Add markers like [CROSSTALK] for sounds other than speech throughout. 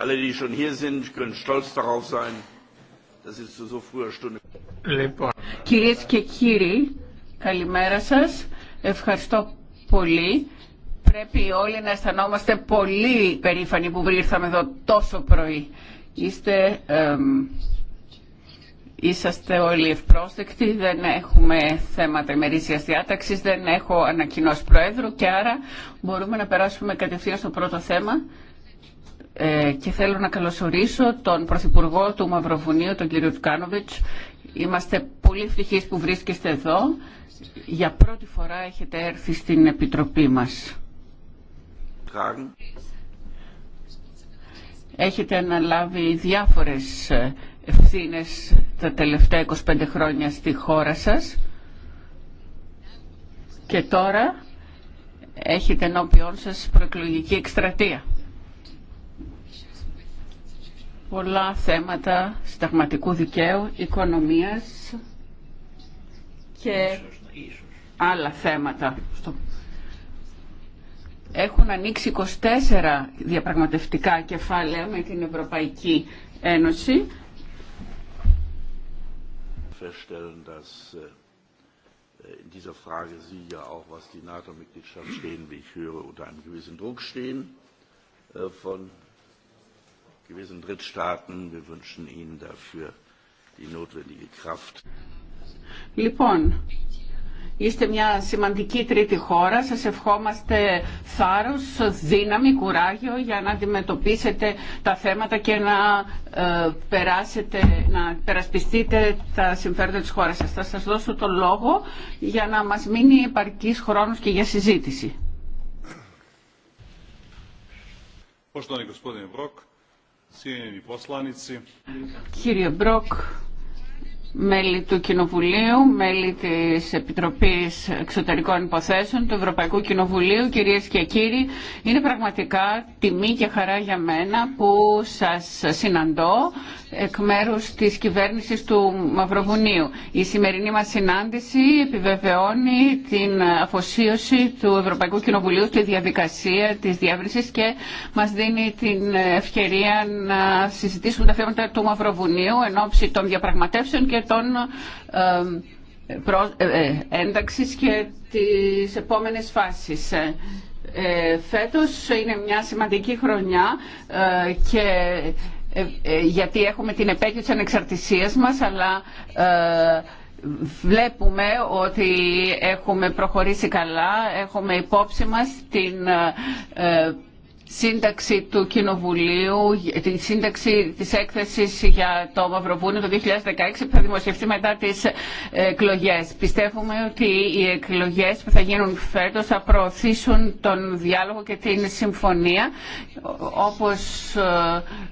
Alle, Κυρίες και κύριοι, καλημέρα σα. Ευχαριστώ πολύ. Πρέπει όλοι να αισθανόμαστε πολύ περήφανοι που ήρθαμε εδώ τόσο πρωί. Είστε, είσαστε όλοι ευπρόσδεκτοι, δεν έχουμε θέματα ημερήσιας διάταξης, δεν έχω ανακοινώσει Προέδρου και άρα μπορούμε να περάσουμε κατευθείαν στο πρώτο θέμα ε, και θέλω να καλωσορίσω τον Πρωθυπουργό του Μαυροβουνίου, τον κύριο Τουκάνοβιτς. Είμαστε πολύ ευτυχείς που βρίσκεστε εδώ. Για πρώτη φορά έχετε έρθει στην Επιτροπή μας. Έχετε αναλάβει διάφορες ευθύνες τα τελευταία 25 χρόνια στη χώρα σας και τώρα έχετε ενώπιόν σας προεκλογική εκστρατεία πολλά θέματα συνταγματικού δικαίου, οικονομίας και άλλα θέματα. Έχουν ανοίξει 24 διαπραγματευτικά κεφάλαια με την Ευρωπαϊκή Ένωση. feststellen, dass In dieser Frage Sie ja auch, was die NATO-Mitgliedschaft stehen, wie ich höre, unter einem gewissen Druck stehen äh, von Drittstaaten. Wir Λοιπόν, είστε μια σημαντική τρίτη χώρα. Σας ευχόμαστε θάρρος, δύναμη, κουράγιο για να αντιμετωπίσετε τα θέματα και να, ε, περάσετε, να περασπιστείτε τα συμφέροντα της χώρας σας. Θα σας δώσω το λόγο για να μας μείνει επαρκής χρόνος και για συζήτηση. Poštovani gospodine Κύριε Μπροκ, μέλη του Κοινοβουλίου, μέλη της Επιτροπής Εξωτερικών Υποθέσεων του Ευρωπαϊκού Κοινοβουλίου, κυρίες και κύριοι, είναι πραγματικά τιμή και χαρά για μένα που σας συναντώ εκ μέρους της κυβέρνησης του Μαυροβουνίου. Η σημερινή μας συνάντηση επιβεβαιώνει την αφοσίωση του Ευρωπαϊκού Κοινοβουλίου στη διαδικασία της διεύρυνσης και μας δίνει την ευκαιρία να συζητήσουμε τα θέματα του Μαυροβουνίου εν ώψη των διαπραγματεύσεων των ε, ε, ένταξης και τις επόμενες φάσεις. Ε, φέτος είναι μια σημαντική χρονιά και γιατί έχουμε την επέτειο της ανεξαρτησίας μας, αλλά βλέπουμε ότι έχουμε προχωρήσει καλά, έχουμε υπόψη μας την σύνταξη του Κοινοβουλίου, τη σύνταξη της έκθεσης για το Μαυροβούνιο το 2016 που θα δημοσιευτεί μετά τις εκλογές. Πιστεύουμε ότι οι εκλογές που θα γίνουν φέτος θα προωθήσουν τον διάλογο και την συμφωνία όπως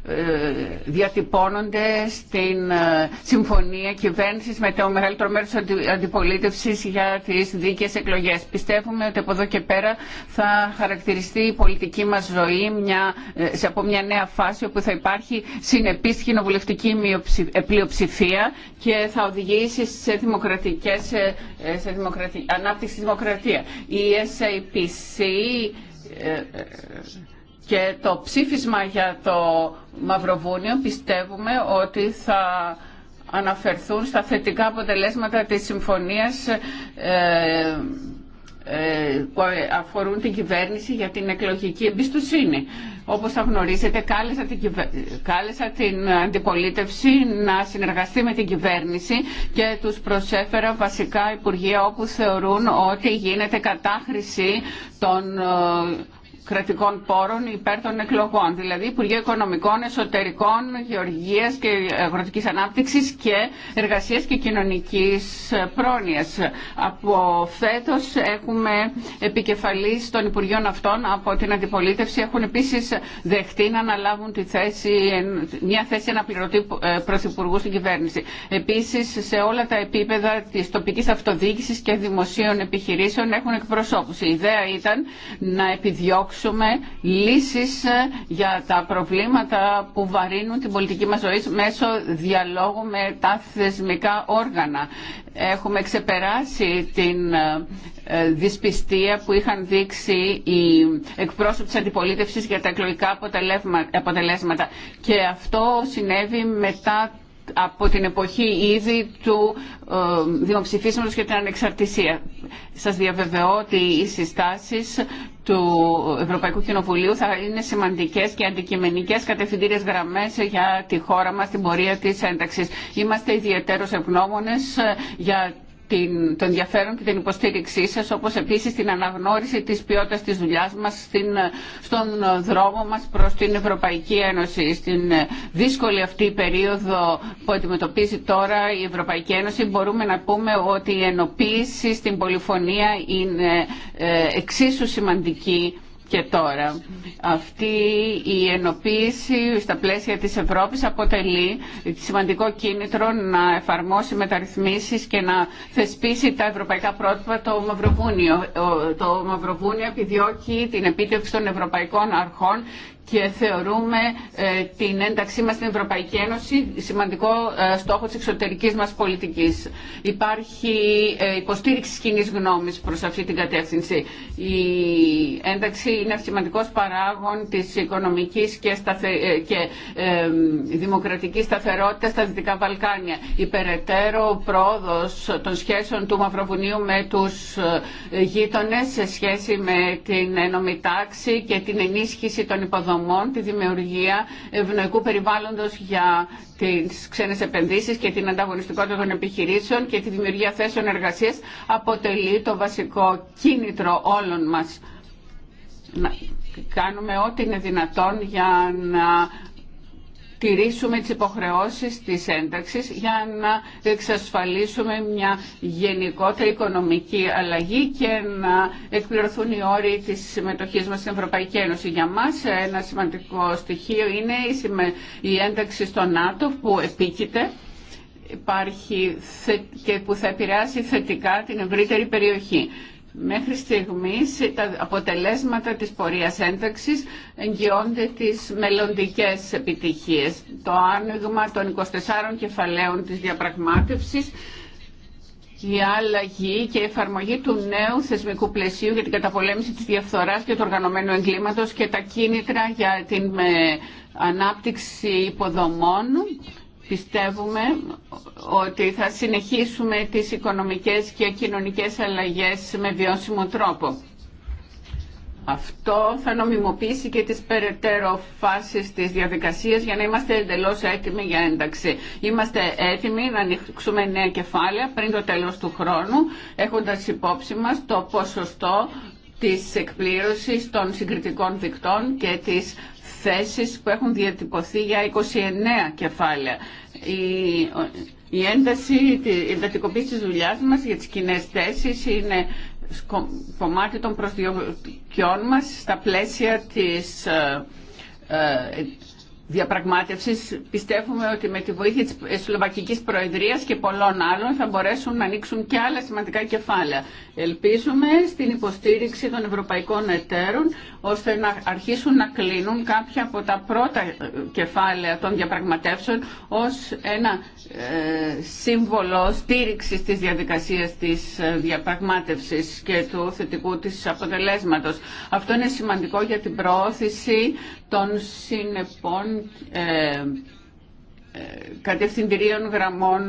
ε, διατυπώνονται στην ε, συμφωνία κυβέρνηση με το μεγαλύτερο μέρος αντιπολίτευσης για τις δίκαιες εκλογές. Πιστεύουμε ότι από εδώ και πέρα θα χαρακτηριστεί η πολιτική μας ζωή ζωή ε, από μια νέα φάση όπου θα υπάρχει συνεπής κοινοβουλευτική ε, πλειοψηφία και θα οδηγήσει σε, δημοκρατικές, ε, σε ανάπτυξη δημοκρατία. Η SAPC και το ψήφισμα για το Μαυροβούνιο πιστεύουμε ότι θα αναφερθούν στα θετικά αποτελέσματα της συμφωνίας ε, αφορούν την κυβέρνηση για την εκλογική εμπιστοσύνη. Όπως θα γνωρίζετε, κάλεσα την, κάλεσα την αντιπολίτευση να συνεργαστεί με την κυβέρνηση και τους προσέφερα βασικά υπουργεία όπου θεωρούν ότι γίνεται κατάχρηση των ε, κρατικών πόρων υπέρ των εκλογών, δηλαδή Υπουργείο Οικονομικών, Εσωτερικών, Γεωργίας και Αγροτικής Ανάπτυξης και Εργασίας και Κοινωνικής Πρόνοιας. Από φέτος έχουμε επικεφαλής των Υπουργείων αυτών από την αντιπολίτευση. Έχουν επίσης δεχτεί να αναλάβουν τη θέση, μια θέση αναπληρωτή ε, πρωθυπουργού στην κυβέρνηση. Επίσης σε όλα τα επίπεδα της τοπικής αυτοδιοίκησης και δημοσίων επιχειρήσεων έχουν εκπροσώπους. Η ιδέα ήταν να επιδιώξουν ψάξουμε λύσεις ε, για τα προβλήματα που βαρύνουν την πολιτική μας ζωή μέσω διαλόγου με τα θεσμικά όργανα. Έχουμε ξεπεράσει την ε, ε, δυσπιστία που είχαν δείξει οι εκπρόσωποι της αντιπολίτευσης για τα εκλογικά αποτελέσματα και αυτό συνέβη μετά από την εποχή ήδη του ε, δημοψηφίσματος και την ανεξαρτησία. Σας διαβεβαιώ ότι οι συστάσεις του Ευρωπαϊκού Κοινοβουλίου θα είναι σημαντικές και αντικειμενικές κατευθυντήριες γραμμές για τη χώρα μας, την πορεία της ένταξης. Είμαστε ιδιαίτερως ευγνώμονες ε, για την, το ενδιαφέρον και την υποστήριξή σας, όπως επίσης την αναγνώριση της ποιότητας της δουλειάς μας στον δρόμο μας προς την Ευρωπαϊκή Ένωση. Στην δύσκολη αυτή περίοδο που αντιμετωπίζει τώρα η Ευρωπαϊκή Ένωση μπορούμε να πούμε ότι η ενοποίηση στην πολυφωνία είναι ε, εξίσου σημαντική και τώρα. Αυτή η ενοποίηση στα πλαίσια της Ευρώπης αποτελεί σημαντικό κίνητρο να εφαρμόσει μεταρρυθμίσεις και να θεσπίσει τα ευρωπαϊκά πρότυπα το Μαυροβούνιο. Το Μαυροβούνιο επιδιώκει την επίτευξη των ευρωπαϊκών αρχών και θεωρούμε ε, την ένταξή μας στην Ευρωπαϊκή Ένωση σημαντικό ε, στόχο της εξωτερικής μας πολιτικής. Υπάρχει ε, υποστήριξη κοινή γνώμης προς αυτή την κατεύθυνση. Η ένταξη είναι σημαντικός παράγων της οικονομικής και, σταθε... και δημοκρατικής σταθερότητας στα Δυτικά Βαλκάνια. Η περαιτέρω πρόοδος των σχέσεων του Μαυροβουνίου με τους γείτονες σε σχέση με την ενωμητάξη και την ενίσχυση των υποδομών τη δημιουργία ευνοϊκού περιβάλλοντος για τις ξένες επενδύσεις και την ανταγωνιστικότητα των επιχειρήσεων και τη δημιουργία θέσεων εργασίας αποτελεί το βασικό κίνητρο όλων μας. κάνουμε ό,τι είναι δυνατόν για να τηρήσουμε τις υποχρεώσεις της ένταξης για να εξασφαλίσουμε μια γενικότερη οικονομική αλλαγή και να εκπληρωθούν οι όροι της συμμετοχής μας στην Ευρωπαϊκή Ένωση. Για μας ένα σημαντικό στοιχείο είναι η ένταξη στο ΝΑΤΟ που επίκειται υπάρχει και που θα επηρεάσει θετικά την ευρύτερη περιοχή. Μέχρι στιγμής τα αποτελέσματα της πορείας ένταξης εγγυώνται τις μελλοντικές επιτυχίες. Το άνοιγμα των 24 κεφαλαίων της διαπραγμάτευσης η αλλαγή και η εφαρμογή του νέου θεσμικού πλαισίου για την καταπολέμηση της διαφθοράς και του οργανωμένου εγκλήματος και τα κίνητρα για την ε, ανάπτυξη υποδομών Πιστεύουμε ότι θα συνεχίσουμε τις οικονομικές και κοινωνικές αλλαγές με βιώσιμο τρόπο. Αυτό θα νομιμοποιήσει και τις περαιτέρω φάσεις της διαδικασίας για να είμαστε εντελώς έτοιμοι για ένταξη. Είμαστε έτοιμοι να ανοίξουμε νέα κεφάλαια πριν το τέλος του χρόνου, έχοντας υπόψη μας το ποσοστό της εκπλήρωσης των συγκριτικών δικτών και της θέσεις που έχουν διατυπωθεί για 29 κεφάλαια. Η, η ένταση, η εντατικοποίηση της δουλειάς μας για τις κοινέ θέσεις είναι κομμάτι των προσδιοκιών μας στα πλαίσια της ε, ε, διαπραγμάτευσης πιστεύουμε ότι με τη βοήθεια της Σλοβακικής Προεδρίας και πολλών άλλων θα μπορέσουν να ανοίξουν και άλλα σημαντικά κεφάλαια. Ελπίζουμε στην υποστήριξη των ευρωπαϊκών εταίρων ώστε να αρχίσουν να κλείνουν κάποια από τα πρώτα κεφάλαια των διαπραγματεύσεων ως ένα ε, σύμβολο στήριξης της διαδικασίας της ε, διαπραγμάτευσης και του θετικού της αποτελέσματος. Αυτό είναι σημαντικό για την προώθηση των συνεπών ε, ε, κατευθυντηρίων γραμμών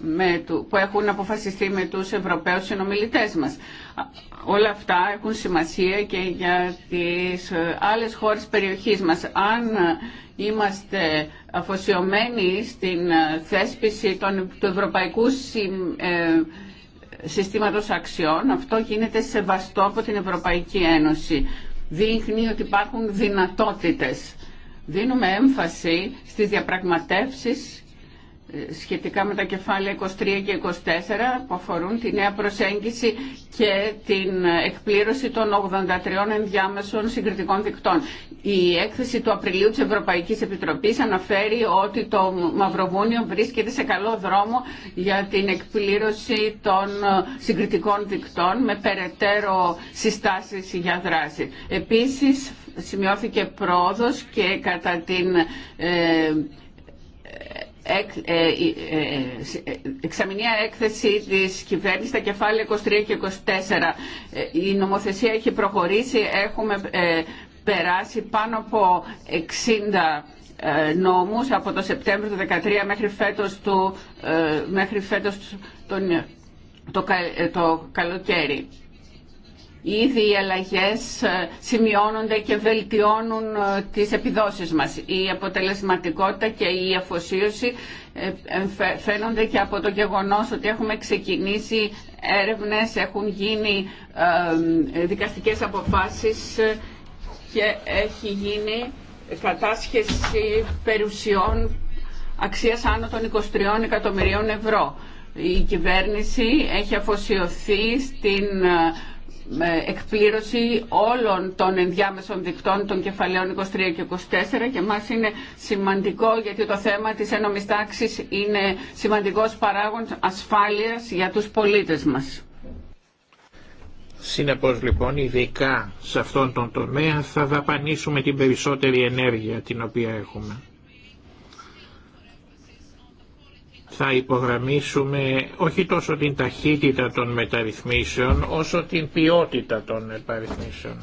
με, που έχουν αποφασιστεί με τους Ευρωπαίους συνομιλητές μας. Όλα αυτά έχουν σημασία και για τις ε, άλλες χώρες περιοχής μας. Αν είμαστε αφοσιωμένοι στην ε, θέσπιση των, του Ευρωπαϊκού συ, Συστήματος Αξιών, αυτό γίνεται σεβαστό από την Ευρωπαϊκή Ένωση δείχνει ότι υπάρχουν δυνατότητες. Δίνουμε έμφαση στις διαπραγματεύσεις σχετικά με τα κεφάλαια 23 και 24 που αφορούν τη νέα προσέγγιση και την εκπλήρωση των 83 ενδιάμεσων συγκριτικών δικτών. Η έκθεση του Απριλίου της Ευρωπαϊκής Επιτροπής αναφέρει ότι το Μαυροβούνιο βρίσκεται σε καλό δρόμο για την εκπλήρωση των συγκριτικών δικτών με περαιτέρω συστάσεις για δράση. Επίσης σημειώθηκε πρόοδος και κατά την ε, ε, ε, ε, εξαμηνία έκθεση της κυβέρνησης τα κεφάλαια 23 και 24. Η νομοθεσία έχει προχωρήσει, έχουμε περάσει πάνω από 60 νόμους από το Σεπτέμβριο του 2013 μέχρι φέτος, του, μέχρι φέτος τον, το καλοκαίρι. Ήδη οι αλλαγές ε, σημειώνονται και βελτιώνουν ε, τις επιδόσεις μας. Η αποτελεσματικότητα και η αφοσίωση ε, φαίνονται και από το γεγονός ότι έχουμε ξεκινήσει έρευνες, έχουν γίνει δικαστικές αποφάσεις και έχει γίνει κατάσχεση περιουσιών αξίας άνω των 23 εκατομμυρίων ευρώ. Η κυβέρνηση έχει αφοσιωθεί στην εκπλήρωση όλων των ενδιάμεσων δικτών των κεφαλαίων 23 και 24 και μας είναι σημαντικό γιατί το θέμα της ένομης τάξης είναι σημαντικός παράγοντας ασφάλειας για τους πολίτες μας. Συνεπώς λοιπόν ειδικά σε αυτόν τον τομέα θα δαπανίσουμε την περισσότερη ενέργεια την οποία έχουμε. θα υπογραμμίσουμε όχι τόσο την ταχύτητα των μεταρρυθμίσεων όσο την ποιότητα των μεταρρυθμίσεων.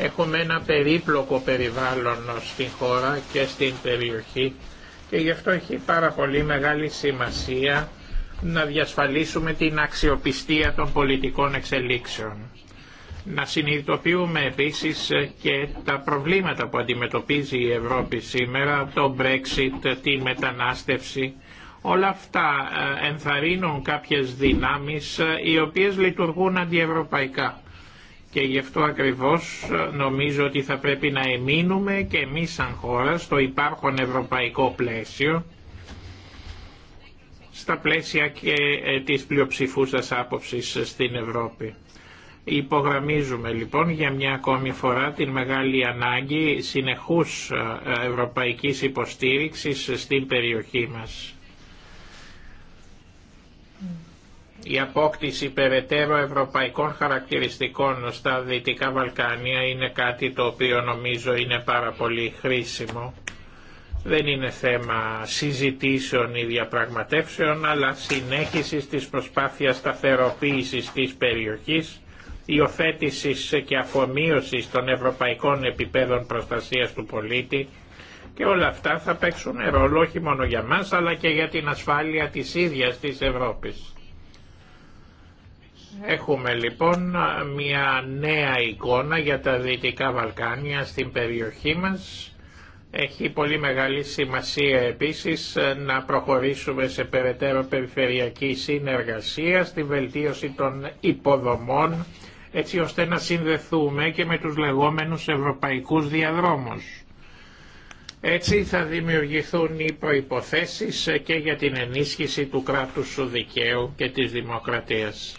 Έχουμε ένα περίπλοκο περιβάλλον στην χώρα και στην περιοχή και γι' αυτό έχει πάρα πολύ μεγάλη σημασία να διασφαλίσουμε την αξιοπιστία των πολιτικών εξελίξεων. Να συνειδητοποιούμε επίσης και τα προβλήματα που αντιμετωπίζει η Ευρώπη σήμερα, το Brexit, τη μετανάστευση, Όλα αυτά ε, ενθαρρύνουν κάποιες δυνάμεις ε, οι οποίες λειτουργούν αντιευρωπαϊκά. Και γι' αυτό ακριβώς ε, νομίζω ότι θα πρέπει να εμείνουμε και εμείς σαν χώρα στο υπάρχον ευρωπαϊκό πλαίσιο, στα πλαίσια και της πλειοψηφούσας άποψης στην Ευρώπη. Υπογραμμίζουμε λοιπόν για μια ακόμη φορά την μεγάλη ανάγκη συνεχούς ευρωπαϊκής υποστήριξης στην περιοχή μας. Η απόκτηση περαιτέρω ευρωπαϊκών χαρακτηριστικών στα Δυτικά Βαλκάνια είναι κάτι το οποίο νομίζω είναι πάρα πολύ χρήσιμο. Δεν είναι θέμα συζητήσεων ή διαπραγματεύσεων, αλλά συνέχισης της προσπάθειας σταθεροποίησης της περιοχής, υιοθέτηση και αφομοίωσης των ευρωπαϊκών επιπέδων προστασίας του πολίτη και όλα αυτά θα παίξουν ρόλο όχι μόνο για μας αλλά και για την ασφάλεια της ίδιας της Ευρώπης. Ε. Έχουμε λοιπόν μια νέα εικόνα για τα Δυτικά Βαλκάνια στην περιοχή μας. Έχει πολύ μεγάλη σημασία επίσης να προχωρήσουμε σε περαιτέρω περιφερειακή συνεργασία, στη βελτίωση των υποδομών, έτσι ώστε να συνδεθούμε και με τους λεγόμενους ευρωπαϊκούς διαδρόμους. Έτσι θα δημιουργηθούν οι προϋποθέσεις και για την ενίσχυση του κράτους του δικαίου και της δημοκρατίας.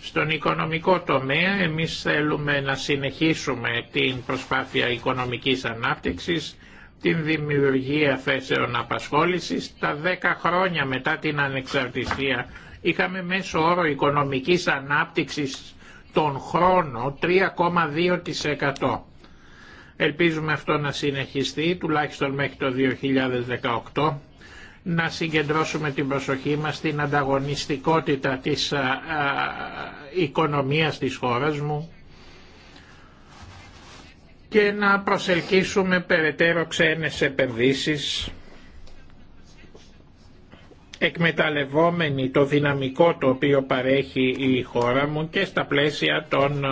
Στον οικονομικό τομέα εμείς θέλουμε να συνεχίσουμε την προσπάθεια οικονομικής ανάπτυξης, την δημιουργία θέσεων απασχόλησης. Τα 10 χρόνια μετά την ανεξαρτησία είχαμε μέσο όρο οικονομικής ανάπτυξης τον χρόνο 3,2%. Ελπίζουμε αυτό να συνεχιστεί τουλάχιστον μέχρι το 2018 να συγκεντρώσουμε την προσοχή μας στην ανταγωνιστικότητα της οικονομίας της χώρας μου και να προσελκύσουμε περαιτέρω ξένες επενδύσεις εκμεταλλευόμενοι το δυναμικό το οποίο παρέχει η χώρα μου και στα πλαίσια των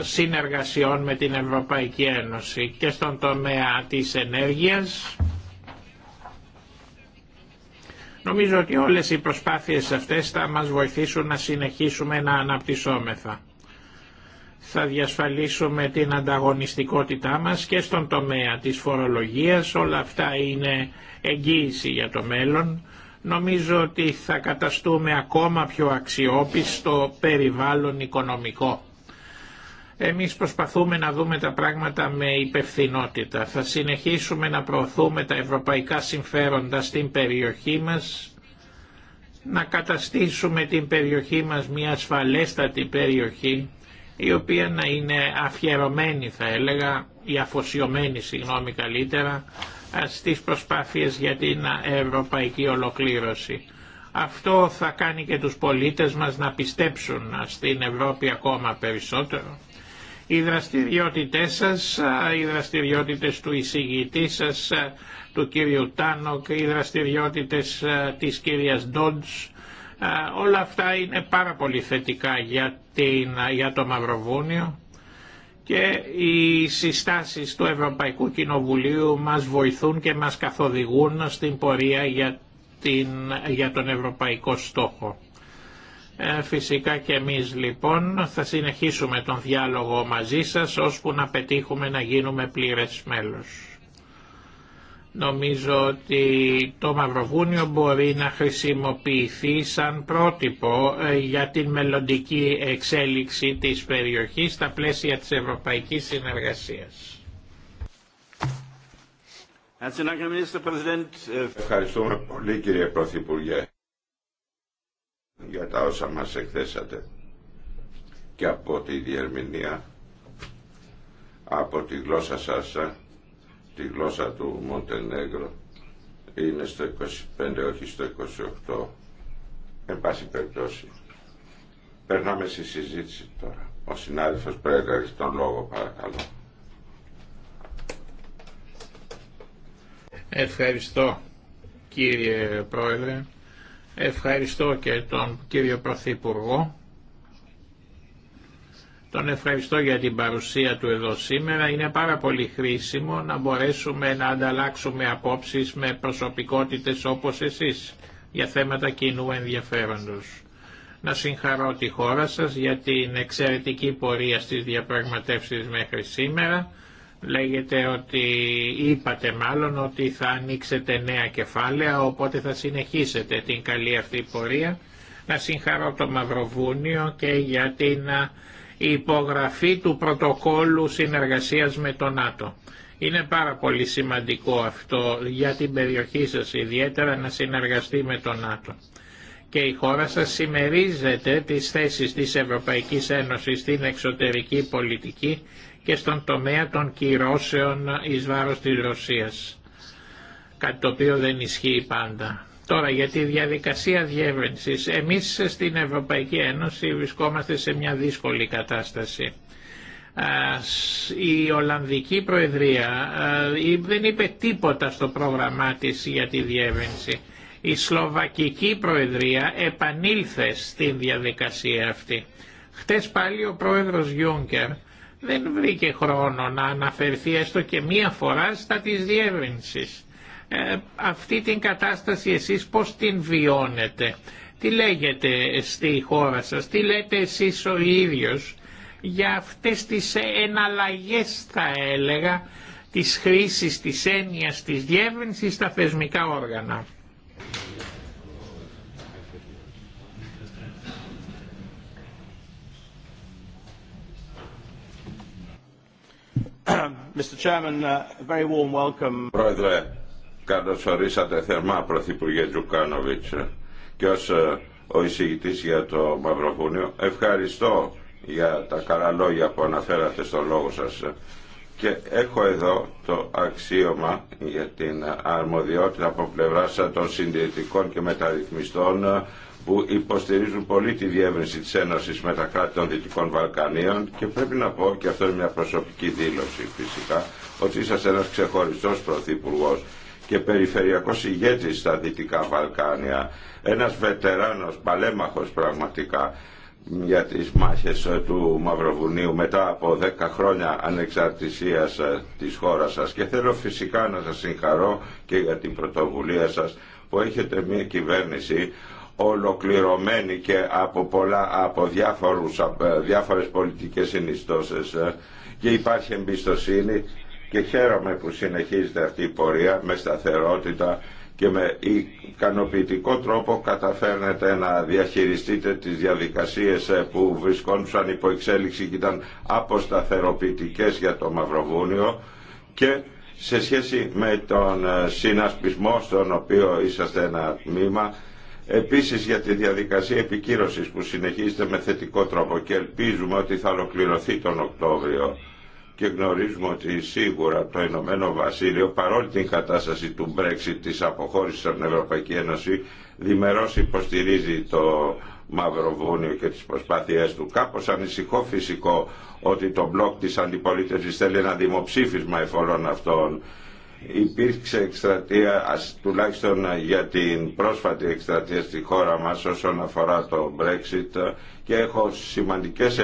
συνεργασιών με την Ευρωπαϊκή Ένωση και στον τομέα της ενέργειας Νομίζω ότι όλες οι προσπάθειες αυτές θα μας βοηθήσουν να συνεχίσουμε να αναπτυσσόμεθα. Θα διασφαλίσουμε την ανταγωνιστικότητά μας και στον τομέα της φορολογίας. Όλα αυτά είναι εγγύηση για το μέλλον. Νομίζω ότι θα καταστούμε ακόμα πιο αξιόπιστο περιβάλλον οικονομικό. Εμείς προσπαθούμε να δούμε τα πράγματα με υπευθυνότητα. Θα συνεχίσουμε να προωθούμε τα ευρωπαϊκά συμφέροντα στην περιοχή μας, να καταστήσουμε την περιοχή μας μια ασφαλέστατη περιοχή, η οποία να είναι αφιερωμένη θα έλεγα, ή αφοσιωμένη συγγνώμη καλύτερα, στις προσπάθειες για την ευρωπαϊκή ολοκλήρωση. Αυτό θα κάνει και τους πολίτες μας να πιστέψουν στην Ευρώπη ακόμα περισσότερο οι δραστηριότητές σας, οι δραστηριότητες του εισηγητή σας, του κύριου Τάνοκ, οι δραστηριότητες της κυρίας Ντόντς, όλα αυτά είναι πάρα πολύ θετικά για, το Μαυροβούνιο και οι συστάσεις του Ευρωπαϊκού Κοινοβουλίου μας βοηθούν και μας καθοδηγούν στην πορεία για, την, για τον ευρωπαϊκό στόχο. Ε, φυσικά και εμείς λοιπόν θα συνεχίσουμε τον διάλογο μαζί σας ώσπου να πετύχουμε να γίνουμε πλήρες μέλος. Νομίζω ότι το Μαυροβούνιο μπορεί να χρησιμοποιηθεί σαν πρότυπο ε, για την μελλοντική εξέλιξη της περιοχής στα πλαίσια της Ευρωπαϊκής Συνεργασίας. Ευχαριστούμε πολύ κύριε Πρωθυπουργέ για τα όσα μας εκθέσατε και από τη διερμηνία από τη γλώσσα σας τη γλώσσα του Μοντενέγκρο είναι στο 25 όχι στο 28 εν πάση περιπτώσει περνάμε στη συζήτηση τώρα ο συνάδελφος πρέπει να τον λόγο παρακαλώ Ευχαριστώ κύριε Πρόεδρε Ευχαριστώ και τον κύριο Πρωθυπουργό. Τον ευχαριστώ για την παρουσία του εδώ σήμερα. Είναι πάρα πολύ χρήσιμο να μπορέσουμε να ανταλλάξουμε απόψεις με προσωπικότητες όπως εσείς για θέματα κοινού ενδιαφέροντος. Να συγχαρώ τη χώρα σας για την εξαιρετική πορεία στις διαπραγματεύσεις μέχρι σήμερα Λέγεται ότι είπατε μάλλον ότι θα ανοίξετε νέα κεφάλαια, οπότε θα συνεχίσετε την καλή αυτή πορεία. Να συγχαρώ το Μαυροβούνιο και για την υπογραφή του πρωτοκόλου συνεργασίας με τον ΝΑΤΟ. Είναι πάρα πολύ σημαντικό αυτό για την περιοχή σας ιδιαίτερα να συνεργαστεί με τον ΝΑΤΟ. Και η χώρα σας συμμερίζεται τις θέσεις της Ευρωπαϊκής Ένωσης στην εξωτερική πολιτική και στον τομέα των κυρώσεων εις βάρος της Ρωσίας. Κάτι το οποίο δεν ισχύει πάντα. Τώρα για τη διαδικασία διεύρυνσης. Εμείς στην Ευρωπαϊκή Ένωση βρισκόμαστε σε μια δύσκολη κατάσταση. Η Ολλανδική Προεδρία δεν είπε τίποτα στο πρόγραμμά της για τη διεύρυνση. Η Σλοβακική Προεδρία επανήλθε στην διαδικασία αυτή. Χτες πάλι ο πρόεδρος Γιούγκερ, δεν βρήκε χρόνο να αναφερθεί έστω και μία φορά στα της διεύρυνσης. Ε, αυτή την κατάσταση εσείς πώς την βιώνετε, τι λέγετε στη χώρα σας, τι λέτε εσείς ο ίδιος για αυτές τις εναλλαγές θα έλεγα της χρήσης της έννοιας της διεύρυνσης στα θεσμικά όργανα. Κύριε [CLEARS THROAT] uh, Πρόεδρε, καλώς ορίσατε θερμά Πρωθυπουργέ Τζουκάνοβιτς ε, και ως ε, ο εισηγητής για το Μαυροβούνιο. Ευχαριστώ για τα καλά λόγια που αναφέρατε στο λόγο σας. Ε. Και έχω εδώ το αξίωμα για την αρμοδιότητα από πλευράς των συντηρητικών και μεταρρυθμιστών που υποστηρίζουν πολύ τη διεύρυνση της Ένωσης με τα κράτη των Δυτικών Βαλκανίων και πρέπει να πω, και αυτό είναι μια προσωπική δήλωση φυσικά, ότι είσαστε ένας ξεχωριστός πρωθυπουργός και περιφερειακός ηγέτης στα Δυτικά Βαλκάνια, ένας βετεράνος, παλέμαχος πραγματικά για τις μάχες ε, του Μαυροβουνίου μετά από 10 χρόνια ανεξαρτησίας ε, της χώρας σας και θέλω φυσικά να σας συγχαρώ και για την πρωτοβουλία σας που έχετε μια κυβέρνηση ολοκληρωμένη και από, πολλά, από, διάφορους, ε, διάφορες πολιτικές συνιστώσεις ε, και υπάρχει εμπιστοσύνη και χαίρομαι που συνεχίζεται αυτή η πορεία με σταθερότητα και με ικανοποιητικό τρόπο καταφέρνετε να διαχειριστείτε τις διαδικασίες ε, που βρισκόντουσαν υπό εξέλιξη και ήταν αποσταθεροποιητικές για το Μαυροβούνιο και σε σχέση με τον συνασπισμό στον οποίο είσαστε ένα τμήμα Επίσης για τη διαδικασία επικύρωσης που συνεχίζεται με θετικό τρόπο και ελπίζουμε ότι θα ολοκληρωθεί τον Οκτώβριο και γνωρίζουμε ότι σίγουρα το Ηνωμένο Βασίλειο παρόλη την κατάσταση του Brexit της αποχώρησης από την Ευρωπαϊκή Ένωση διμερώς υποστηρίζει το Μαυροβούνιο και τις προσπάθειές του. Κάπως ανησυχώ φυσικό ότι το μπλοκ της αντιπολίτευσης θέλει ένα δημοψήφισμα εφόλων αυτών υπήρξε εκστρατεία, τουλάχιστον για την πρόσφατη εκστρατεία στη χώρα μας όσον αφορά το Brexit, και έχω σημαντικές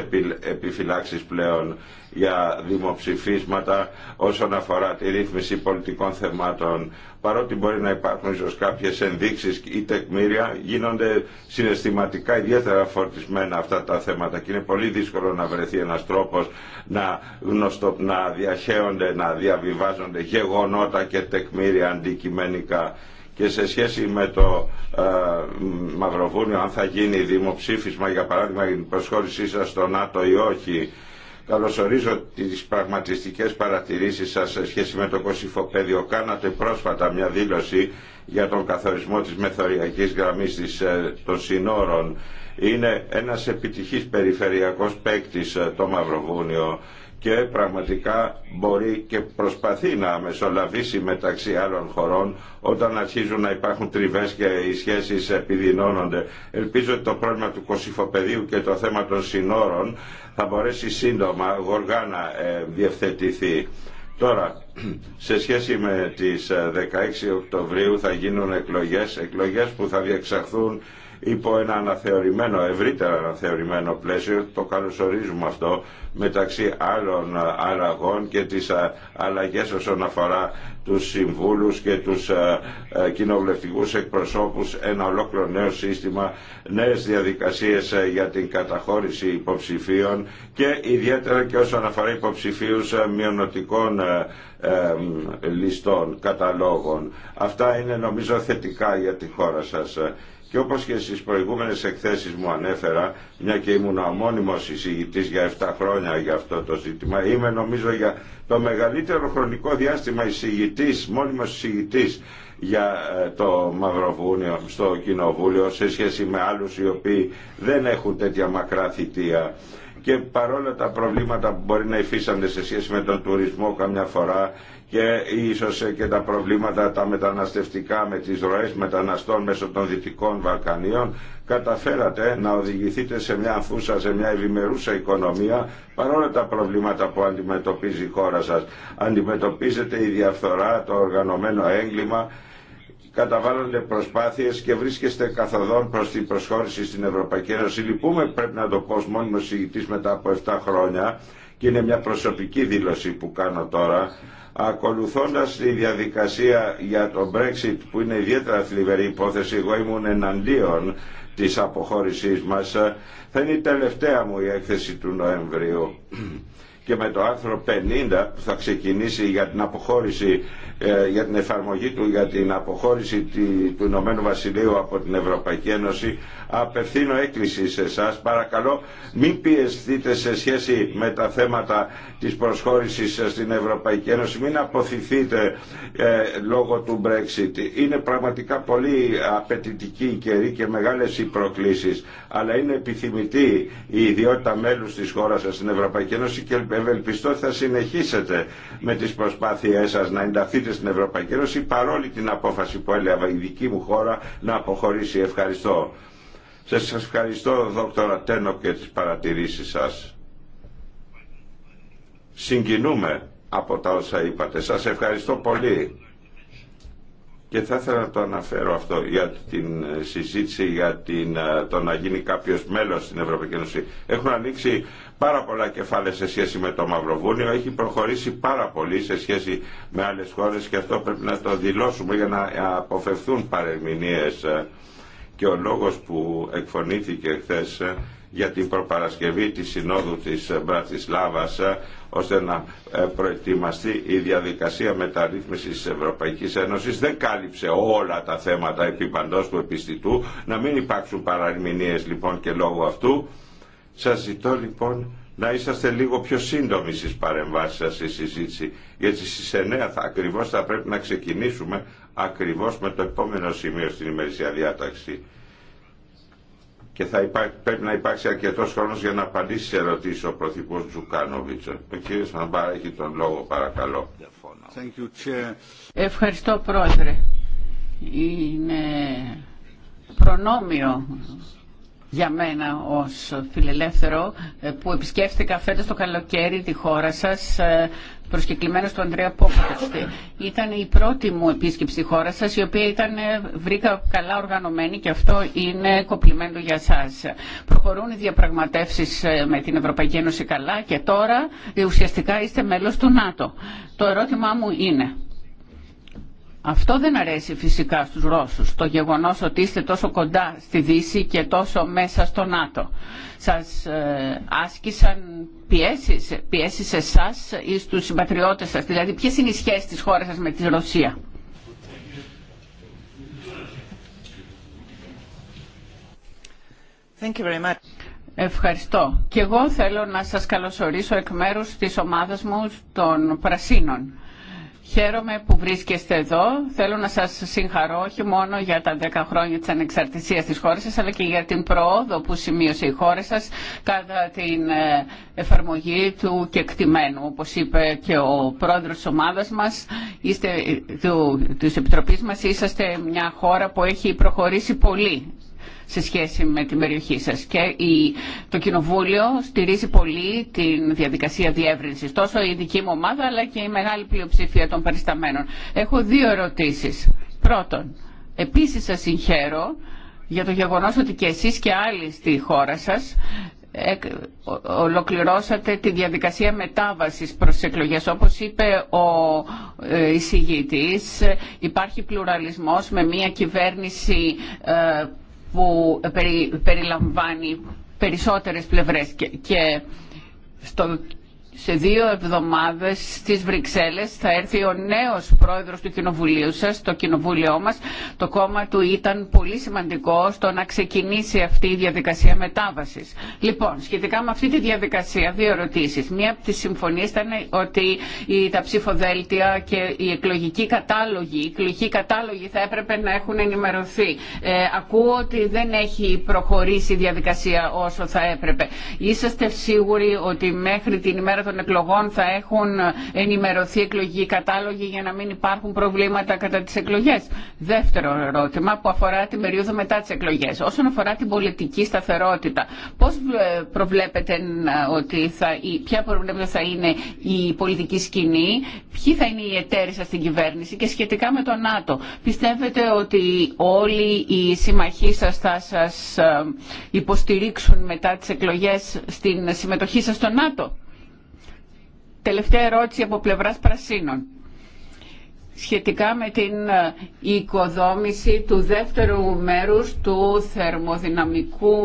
επιφυλάξεις πλέον για δημοψηφίσματα όσον αφορά τη ρύθμιση πολιτικών θεμάτων. Παρότι μπορεί να υπάρχουν ίσως κάποιες ενδείξεις ή τεκμήρια, γίνονται συναισθηματικά ιδιαίτερα φορτισμένα αυτά τα θέματα και είναι πολύ δύσκολο να βρεθεί ένας τρόπος να, να διαχέονται, να διαβιβάζονται γεγονότα και τεκμήρια αντικειμενικά και σε σχέση με το ε, Μαυροβούνιο αν θα γίνει δημοψήφισμα για παράδειγμα για την προσχώρησή σας στο ΝΑΤΟ ή όχι καλωσορίζω τις πραγματιστικές παρατηρήσεις σας σε σχέση με το Κωσυφοπέδιο κάνατε πρόσφατα μια δήλωση για τον καθορισμό της μεθοριακής γραμμής της, ε, των συνόρων είναι ένας επιτυχής περιφερειακός παίκτη ε, το Μαυροβούνιο και πραγματικά μπορεί και προσπαθεί να μεσολαβήσει μεταξύ άλλων χωρών όταν αρχίζουν να υπάρχουν τριβές και οι σχέσεις επιδεινώνονται. Ελπίζω ότι το πρόβλημα του κοσυφοπεδίου και το θέμα των συνόρων θα μπορέσει σύντομα γοργά να ε, διευθετηθεί. Τώρα, σε σχέση με τις 16 ε, Οκτωβρίου θα γίνουν εκλογές, εκλογές που θα διεξαχθούν υπό ένα αναθεωρημένο, ευρύτερα αναθεωρημένο πλαίσιο, το καλωσορίζουμε αυτό, μεταξύ άλλων ε, αλλαγών και τις ε, αλλαγέ όσον αφορά τους συμβούλους και τους ε, κοινοβουλευτικούς εκπροσώπους ένα ολόκληρο νέο σύστημα, νέες διαδικασίες για την καταχώρηση υποψηφίων και ιδιαίτερα και όσον αφορά υποψηφίους μειονοτικών λιστών, καταλόγων. Αυτά είναι νομίζω θετικά για τη χώρα σας. Και όπως και στις προηγούμενες εκθέσεις μου ανέφερα, μια και ήμουν μόνιμο εισηγητής για 7 χρόνια για αυτό το ζήτημα, είμαι νομίζω για το μεγαλύτερο χρονικό διάστημα εισηγητής, μόνιμος εισηγητής για ε, το Μαυροβούνιο στο Κοινοβούλιο σε σχέση με άλλους οι οποίοι δεν έχουν τέτοια μακρά θητεία και παρόλα τα προβλήματα που μπορεί να υφίσανται σε σχέση με τον τουρισμό καμιά φορά και ίσως ε, και τα προβλήματα τα μεταναστευτικά με τις ροές μεταναστών μέσω των Δυτικών Βαλκανίων καταφέρατε να οδηγηθείτε σε μια αφούσα, σε μια ευημερούσα οικονομία παρόλα τα προβλήματα που αντιμετωπίζει η χώρα σας. Αντιμετωπίζετε η διαφθορά, το οργανωμένο έγκλημα καταβάλλονται προσπάθειες και βρίσκεστε καθοδόν προς την προσχώρηση στην Ευρωπαϊκή Ένωση. Λυπούμε πρέπει να το πω ως μόνιμος συγητής μετά από 7 χρόνια και είναι μια προσωπική δήλωση που κάνω τώρα ακολουθώντας τη διαδικασία για το Brexit που είναι ιδιαίτερα θλιβερή υπόθεση εγώ ήμουν εναντίον της αποχώρησής μας θα είναι η τελευταία μου η έκθεση του Νοεμβρίου και με το άρθρο 50 που θα ξεκινήσει για την αποχώρηση ε, για την εφαρμογή του για την αποχώρηση του Ηνωμένου Βασιλείου από την Ευρωπαϊκή Ένωση απευθύνω έκκληση σε εσά. παρακαλώ μην πιεστείτε σε σχέση με τα θέματα της προσχώρησης στην Ευρωπαϊκή Ένωση μην αποθηθείτε ε, λόγω του Brexit είναι πραγματικά πολύ απαιτητική η καιρή και μεγάλες οι προκλήσεις αλλά είναι επιθυμητή η ιδιότητα μέλους της χώρας στην Ευρωπαϊκή Ένωση και ευελπιστώ θα συνεχίσετε με τις προσπάθειές σας να ενταθείτε στην Ευρωπαϊκή Ένωση παρόλη την απόφαση που έλεγα η δική μου χώρα να αποχωρήσει. Ευχαριστώ. Σας ευχαριστώ δόκτωρα Τένο και τις παρατηρήσεις σας. Συγκινούμε από τα όσα είπατε. Σας ευχαριστώ πολύ. Και θα ήθελα να το αναφέρω αυτό για την ε, συζήτηση για την, ε, το να γίνει κάποιος μέλος στην Ευρωπαϊκή Ένωση. Έχουν ανοίξει πάρα πολλά κεφάλαια σε σχέση με το Μαυροβούνιο, έχει προχωρήσει πάρα πολύ σε σχέση με άλλες χώρες και αυτό πρέπει να το δηλώσουμε για να αποφευθούν παρεμηνίες. Και ο λόγος που εκφωνήθηκε χθε για την προπαρασκευή της Συνόδου της Μπρατισλάβας ώστε να ε, προετοιμαστεί η διαδικασία μεταρρύθμισης της Ευρωπαϊκής Ένωσης δεν κάλυψε όλα τα θέματα επί του επιστητού να μην υπάρξουν παραμηνίες λοιπόν και λόγω αυτού σας ζητώ λοιπόν να είσαστε λίγο πιο σύντομοι στις παρεμβάσεις σας στη συζήτηση, γιατί στις 9 θα, ακριβώς θα πρέπει να ξεκινήσουμε ακριβώς με το επόμενο σημείο στην ημερησία διάταξη. Και θα πρέπει να υπάρξει αρκετό χρόνο για να απαντήσει σε ερωτήσει ο Πρωθυπουργό Τζουκάνοβιτ. Ο κ. Σαμπάρα έχει τον λόγο, παρακαλώ. Ευχαριστώ, Πρόεδρε. Είναι προνόμιο για μένα ως φιλελεύθερο ε, που επισκέφθηκα φέτος το καλοκαίρι τη χώρα σας ε, προσκεκλημένος του Ανδρέα Πόποτευστη. Ήταν η πρώτη μου επίσκεψη στη χώρα σας, η οποία ήταν, ε, βρήκα καλά οργανωμένη και αυτό είναι κοπλιμέντο για σας. Προχωρούν οι διαπραγματεύσεις με την Ευρωπαϊκή Ένωση καλά και τώρα ουσιαστικά είστε μέλος του ΝΑΤΟ. Το ερώτημά μου είναι, αυτό δεν αρέσει φυσικά στους Ρώσους, το γεγονός ότι είστε τόσο κοντά στη Δύση και τόσο μέσα στο ΝΑΤΟ. Σας ε, άσκησαν πιέσεις, σε εσάς ή στους συμπατριώτες σας, δηλαδή ποιες είναι οι σχέσεις της χώρας σας με τη Ρωσία. Thank you very much. Ευχαριστώ. Και εγώ θέλω να σας καλωσορίσω εκ μέρους της ομάδας μου των Πρασίνων Χαίρομαι που βρίσκεστε εδώ. Θέλω να σας συγχαρώ όχι μόνο για τα 10 χρόνια της ανεξαρτησίας της χώρας σας, αλλά και για την προόδο που σημείωσε η χώρα σας κατά την ε, εφαρμογή του κεκτημένου. Όπως είπε και ο πρόεδρος της ομάδας μας, είστε, ε, του, της Επιτροπής μας, είσαστε μια χώρα που έχει προχωρήσει πολύ σε σχέση με την περιοχή σας. Και η, το Κοινοβούλιο στηρίζει πολύ την διαδικασία διεύρυνσης, τόσο η δική μου ομάδα αλλά και η μεγάλη πλειοψηφία των παρισταμένων. Έχω δύο ερωτήσεις. Πρώτον, επίσης σας συγχαίρω για το γεγονός ότι και εσείς και άλλοι στη χώρα σας ολοκληρώσατε τη διαδικασία μετάβασης προς εκλογές. Όπως είπε ο ε, εισηγητής, υπάρχει πλουραλισμός με μια κυβέρνηση ε, που περιλαμβάνει περισσότερες πλευρές και, και στο σε δύο εβδομάδες στις Βρυξέλλες θα έρθει ο νέος πρόεδρος του κοινοβουλίου σας, το κοινοβούλιο μας. Το κόμμα του ήταν πολύ σημαντικό στο να ξεκινήσει αυτή η διαδικασία μετάβασης. Λοιπόν, σχετικά με αυτή τη διαδικασία, δύο ερωτήσεις. Μία από τις συμφωνίες ήταν ότι τα ψηφοδέλτια και οι εκλογικοί κατάλογοι, οι εκλογικοί κατάλογοι θα έπρεπε να έχουν ενημερωθεί. Ε, ακούω ότι δεν έχει προχωρήσει η διαδικασία όσο θα έπρεπε. Είσαστε σίγουροι ότι μέχρι την ημέρα των εκλογών θα έχουν ενημερωθεί εκλογικοί κατάλογοι για να μην υπάρχουν προβλήματα κατά τις εκλογές. Δεύτερο ερώτημα που αφορά την περίοδο μετά τις εκλογές. Όσον αφορά την πολιτική σταθερότητα, πώς προβλέπετε ότι θα, ποια προβλέπετε θα είναι η πολιτική σκηνή, ποιοι θα είναι οι εταίροι σας στην κυβέρνηση και σχετικά με το ΝΑΤΟ. Πιστεύετε ότι όλοι οι συμμαχοί σας θα σας ε, υποστηρίξουν μετά τις εκλογές στην συμμετοχή σας στο ΝΑΤΟ τελευταία ερώτηση από πλευράς Πρασίνων σχετικά με την ε, οικοδόμηση του δεύτερου μέρους του θερμοδυναμικού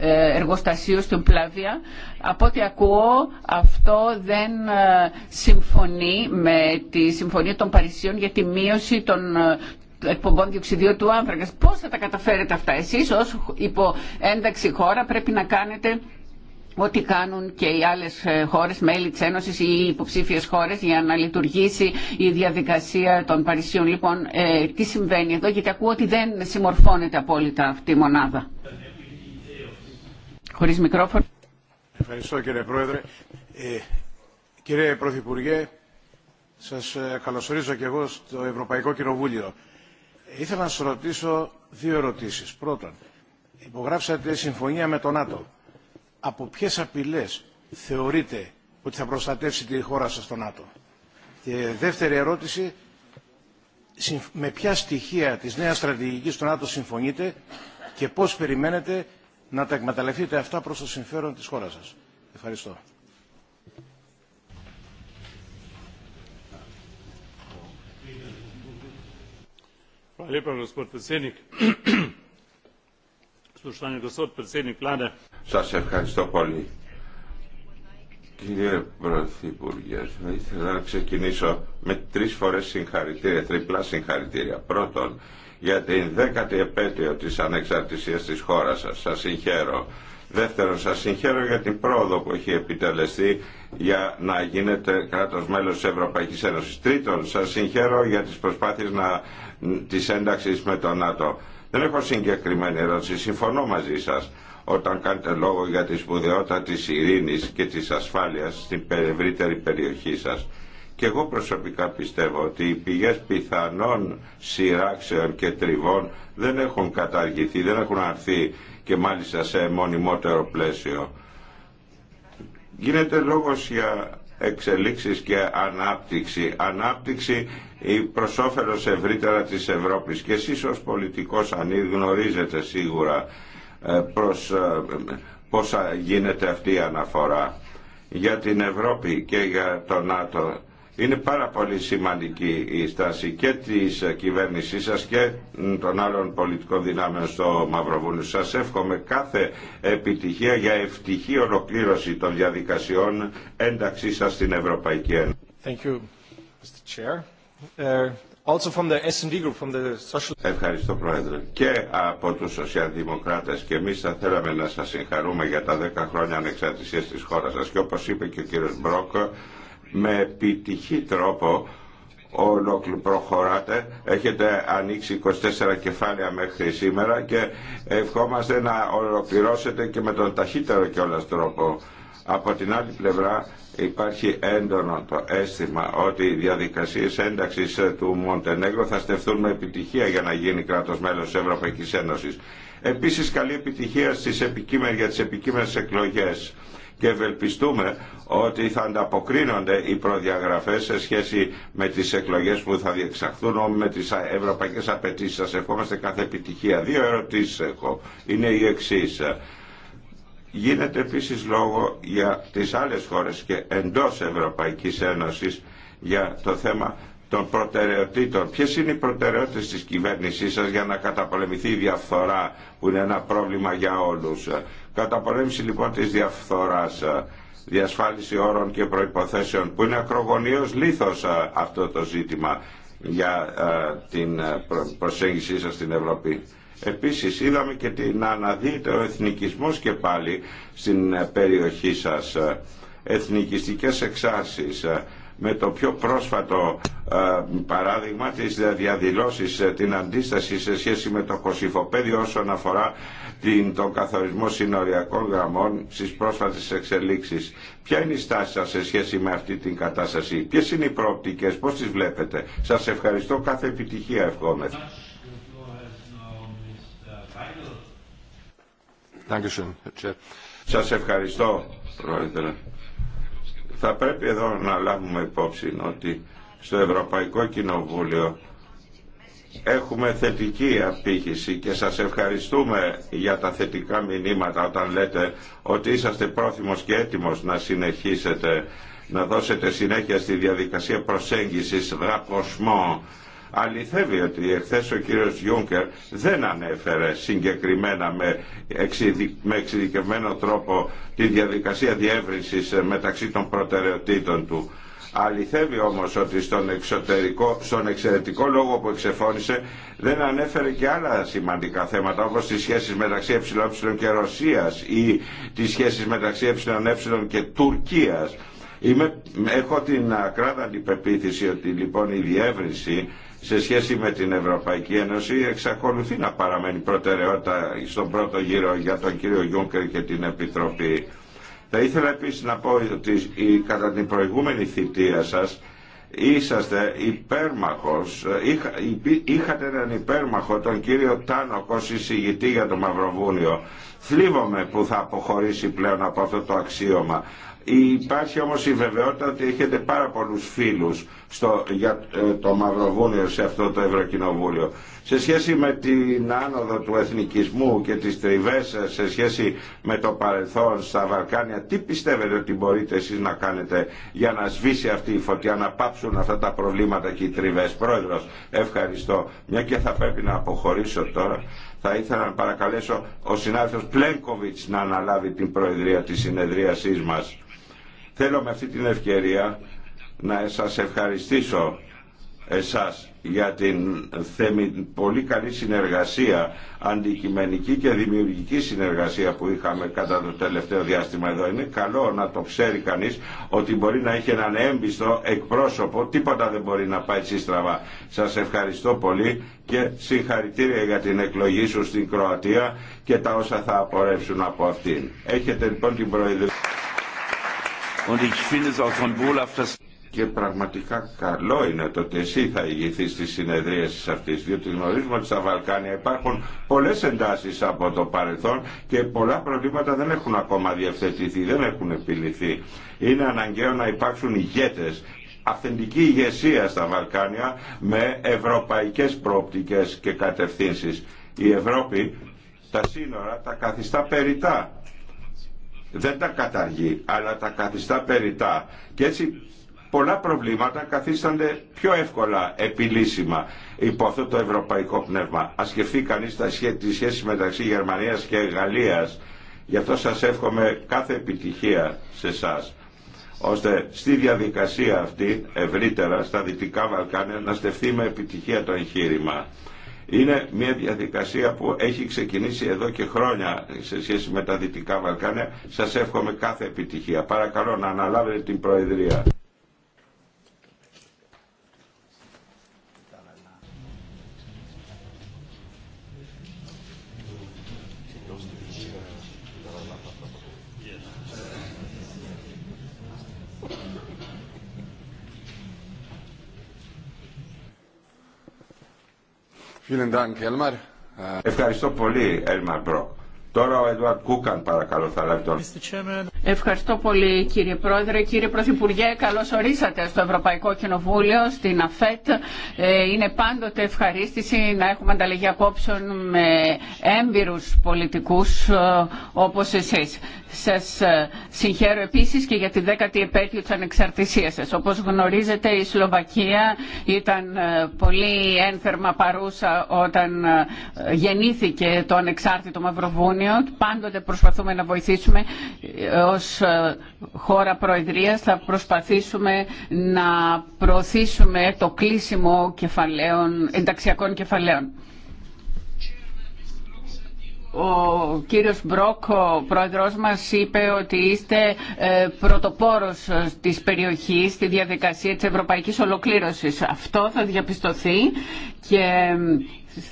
ε, εργοστασίου στην Πλάβια. Από ό,τι ακούω αυτό δεν ε, συμφωνεί με τη Συμφωνία των Παρισίων για τη μείωση των εκπομπών διοξιδίου του άνθρακα. Πώς θα τα καταφέρετε αυτά εσείς ως υπό ένταξη χώρα πρέπει να κάνετε ό,τι κάνουν και οι άλλες ε, χώρες, μέλη της Ένωσης ή οι υποψήφιες χώρες για να λειτουργήσει η διαδικασία των Παρισίων. Λοιπόν, ε, τι συμβαίνει εδώ, γιατί ακούω ότι δεν συμμορφώνεται απόλυτα αυτή η μονάδα. Χωρίς μικρόφωνο. Ευχαριστώ κύριε Πρόεδρε. Ε, κύριε Πρωθυπουργέ, σας ε, καλωσορίζω και εγώ στο Ευρωπαϊκό Κοινοβούλιο. Ε, ήθελα να σας ρωτήσω δύο ερωτήσεις. Πρώτον, υπογράψατε συμφωνία με τον ΝΑΤΟ από ποιε απειλέ θεωρείτε ότι θα προστατεύσει τη χώρα σας στο ΝΑΤΟ. Και δεύτερη ερώτηση, με ποια στοιχεία της νέας στρατηγική του ΝΑΤΟ συμφωνείτε και πώς περιμένετε να τα εκμεταλλευτείτε αυτά προς το συμφέρον της χώρας σας. Ευχαριστώ. Σας ευχαριστώ πολύ. Κύριε Πρωθυπουργέ, θα ήθελα να ξεκινήσω με τρει φορέ συγχαρητήρια, τριπλά συγχαρητήρια. Πρώτον, για την δέκατη επέτειο τη ανεξαρτησία τη χώρα σα, σα συγχαίρω. Δεύτερον, σα συγχαίρω για την πρόοδο που έχει επιτελεστεί για να γίνετε κράτος μέλο τη Ευρωπαϊκή Ένωση. Τρίτον, σα συγχαίρω για τι προσπάθειε τη ένταξη με τον ΝΑΤΟ. Δεν έχω συγκεκριμένη ερώτηση. Συμφωνώ μαζί σας όταν κάνετε λόγο για τη σπουδαιότητα της ειρήνης και της ασφάλειας στην ευρύτερη περιοχή σας. Και εγώ προσωπικά πιστεύω ότι οι πηγές πιθανών σειράξεων και τριβών δεν έχουν καταργηθεί, δεν έχουν αρθεί και μάλιστα σε μονιμότερο πλαίσιο. Γίνεται λόγος για εξελίξεις και ανάπτυξη. Ανάπτυξη προς όφελος ευρύτερα της Ευρώπης και εσείς ως πολιτικός γνωρίζετε σίγουρα ε, προς ε, γίνεται αυτή η αναφορά για την Ευρώπη και για το ΝΑΤΟ είναι πάρα πολύ σημαντική η στάση και της κυβέρνησής σας και των άλλων πολιτικών δυνάμεων στο Μαυροβούνιο. Σας εύχομαι κάθε επιτυχία για ευτυχή ολοκλήρωση των διαδικασιών ένταξή σας στην Ευρωπαϊκή Ένωση. Thank you, Mr. Chair. Uh, from the group, from the social... Ευχαριστώ Πρόεδρε. Και από του σοσιαλδημοκράτες και εμείς θα θέλαμε να σας συγχαρούμε για τα 10 χρόνια ανεξαρτησία της χώρας σας και όπω είπε και ο κύριο Μπρόκ με επιτυχή τρόπο ολόκληρο προχωράτε. Έχετε ανοίξει 24 κεφάλαια μέχρι σήμερα και ευχόμαστε να ολοκληρώσετε και με τον ταχύτερο κιόλας τρόπο. Από την άλλη πλευρά υπάρχει έντονο το αίσθημα ότι οι διαδικασίες ένταξης του Μοντενέγκρο θα στεφθούν με επιτυχία για να γίνει κράτος μέλος της Ευρωπαϊκής Ένωσης. Επίσης καλή επιτυχία στις για τις επικείμενες εκλογές και ευελπιστούμε ότι θα ανταποκρίνονται οι προδιαγραφές σε σχέση με τις εκλογές που θα διεξαχθούν με τις ευρωπαϊκές απαιτήσεις. Σας ευχόμαστε κάθε επιτυχία. Δύο ερωτήσεις έχω. Είναι οι εξή. Γίνεται επίσης λόγο για τις άλλες χώρες και εντός Ευρωπαϊκής Ένωσης για το θέμα των προτεραιοτήτων. Ποιε είναι οι προτεραιότητε τη κυβέρνησή σα για να καταπολεμηθεί η διαφθορά που είναι ένα πρόβλημα για όλου Καταπολέμηση λοιπόν της διαφθοράς, ε, διασφάλιση όρων και προϋποθέσεων που είναι ακρογωνίως λίθος ε, αυτό το ζήτημα για ε, την προσέγγιση σας στην Ευρώπη. Επίσης είδαμε και να αναδύεται ο εθνικισμός και πάλι στην περιοχή σας. Εθνικιστικές εξάσεις με το πιο πρόσφατο παράδειγμα τις διαδηλώσεις, ε, την αντίσταση σε σχέση με το κοσυφοπέδιο όσον αφορά την, τον καθορισμό συνοριακών γραμμών στις πρόσφατες εξελίξεις. Ποια είναι η στάση σας σε σχέση με αυτή την κατάσταση, ποιες είναι οι προοπτικές, πώς τις βλέπετε. Σας ευχαριστώ, κάθε επιτυχία ευχόμεθα. Σας ευχαριστώ, Πρόεδρε. Θα πρέπει εδώ να λάβουμε υπόψη ότι στο Ευρωπαϊκό Κοινοβούλιο έχουμε θετική απήχηση και σας ευχαριστούμε για τα θετικά μηνύματα όταν λέτε ότι είσαστε πρόθυμος και έτοιμος να συνεχίσετε να δώσετε συνέχεια στη διαδικασία προσέγγισης δράποσμο Αληθεύει ότι εχθές ο κύριος Γιούγκερ δεν ανέφερε συγκεκριμένα με, εξειδικευμένο τρόπο τη διαδικασία διεύρυνσης μεταξύ των προτεραιοτήτων του. Αληθεύει όμω ότι στον, εξωτερικό, στον εξαιρετικό λόγο που εξεφώνησε δεν ανέφερε και άλλα σημαντικά θέματα όπως τις σχέσεις μεταξύ ΕΕ και Ρωσίας ή τις σχέσεις μεταξύ ΕΕ και Τουρκίας. έχω την ακράδαντη πεποίθηση ότι λοιπόν η διεύρυνση σε σχέση με την Ευρωπαϊκή Ένωση εξακολουθεί να παραμένει προτεραιότητα στον πρώτο γύρο για τον κύριο Γιούγκερ και την Επιτροπή. Θα ήθελα επίσης να πω ότι κατά την προηγούμενη θητεία σας είσαστε υπέρμαχος, είχατε έναν υπέρμαχο τον κύριο Τάνοκ ως εισηγητή για το Μαυροβούνιο. Θλίβομαι που θα αποχωρήσει πλέον από αυτό το αξίωμα. Υπάρχει όμως η βεβαιότητα ότι έχετε πάρα πολλούς φίλους στο, για ε, το Μαυροβούνιο σε αυτό το Ευρωκοινοβούλιο. Σε σχέση με την άνοδο του εθνικισμού και τις τριβές ε, σε σχέση με το παρελθόν στα Βαλκάνια, τι πιστεύετε ότι μπορείτε εσείς να κάνετε για να σβήσει αυτή η φωτιά, να πάψουν αυτά τα προβλήματα και οι τριβές. Πρόεδρος, ευχαριστώ. Μια και θα πρέπει να αποχωρήσω τώρα. Θα ήθελα να παρακαλέσω ο συνάδελφος Πλένκοβιτς να αναλάβει την προεδρία τη συνεδρίασής μας. Θέλω με αυτή την ευκαιρία να σας ευχαριστήσω εσάς για την πολύ καλή συνεργασία, αντικειμενική και δημιουργική συνεργασία που είχαμε κατά το τελευταίο διάστημα εδώ. Είναι καλό να το ξέρει κανείς ότι μπορεί να έχει έναν έμπιστο εκπρόσωπο, τίποτα δεν μπορεί να πάει έτσι στραβά. Σας ευχαριστώ πολύ και συγχαρητήρια για την εκλογή σου στην Κροατία και τα όσα θα απορρέψουν από αυτήν. Έχετε λοιπόν την προεδρία. Και πραγματικά καλό είναι το ότι εσύ θα ηγηθεί στι συνεδρίε αυτή, διότι γνωρίζουμε ότι στα Βαλκάνια υπάρχουν πολλέ εντάσει από το παρελθόν και πολλά προβλήματα δεν έχουν ακόμα διευθετηθεί, δεν έχουν επιληθεί. Είναι αναγκαίο να υπάρξουν ηγέτε αυθεντική ηγεσία στα Βαλκάνια με ευρωπαϊκές πρόπτικες και κατευθύνσεις. Η Ευρώπη τα σύνορα τα καθιστά περιτά δεν τα καταργεί αλλά τα καθιστά περιτά και έτσι πολλά προβλήματα καθίστανται πιο εύκολα επιλύσιμα υπό αυτό το ευρωπαϊκό πνεύμα. Α σκεφτεί κανεί τη σχέση μεταξύ Γερμανία και Γαλλία. γι' αυτό σας εύχομαι κάθε επιτυχία σε εσά ώστε στη διαδικασία αυτή ευρύτερα στα Δυτικά Βαλκάνια να στεφθεί με επιτυχία το εγχείρημα. Είναι μια διαδικασία που έχει ξεκινήσει εδώ και χρόνια σε σχέση με τα Δυτικά Βαλκάνια. Σας εύχομαι κάθε επιτυχία. Παρακαλώ να αναλάβετε την Προεδρία. Ευχαριστώ πολύ, Έλμαρ Μπροκ. Τώρα ο Εντουάρτ Κούκαν παρακαλώ θα λάβει τον. Ευχαριστώ πολύ κύριε Πρόεδρε. Κύριε Πρωθυπουργέ, καλώς ορίσατε στο Ευρωπαϊκό Κοινοβούλιο, στην ΑΦΕΤ. Ε, είναι πάντοτε ευχαρίστηση να έχουμε ανταλλαγή απόψεων με έμπειρους πολιτικούς ε, όπως εσείς. Σας ε, συγχαίρω επίσης και για τη δέκατη επέτειο της ανεξαρτησίας σας. Όπως γνωρίζετε η Σλοβακία ήταν πολύ ένθερμα παρούσα όταν γεννήθηκε το ανεξάρτητο Μαυροβούνιο. Πάντοτε προσπαθούμε να βοηθήσουμε ως ε, χώρα προεδρίας θα προσπαθήσουμε να προωθήσουμε το κλείσιμο κεφαλαίων, ενταξιακών κεφαλαίων. Ο κύριος Μπρόκ, ο πρόεδρος μας, είπε ότι είστε ε, πρωτοπόρος της περιοχής στη διαδικασία της ευρωπαϊκής ολοκλήρωσης. Αυτό θα διαπιστωθεί και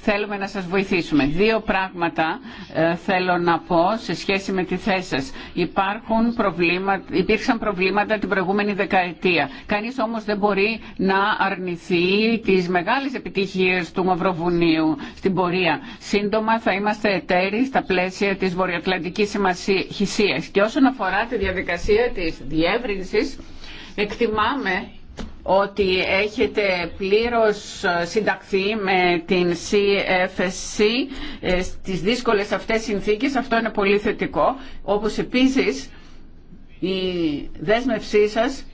θέλουμε να σας βοηθήσουμε. Δύο πράγματα ε, θέλω να πω σε σχέση με τη θέση σας. Υπάρχουν προβλήματα, υπήρξαν προβλήματα την προηγούμενη δεκαετία. Κανείς όμως δεν μπορεί να αρνηθεί τις μεγάλες επιτυχίες του Μαυροβουνίου στην πορεία. Σύντομα θα είμαστε εταίροι στα πλαίσια της βορειοατλαντικής χυσίας. Και όσον αφορά τη διαδικασία της διεύρυνσης, εκτιμάμε ότι έχετε πλήρως συνταχθεί με την CFSC ε, στις δύσκολες αυτές συνθήκες. Αυτό είναι πολύ θετικό. Όπως επίσης η δέσμευσή σας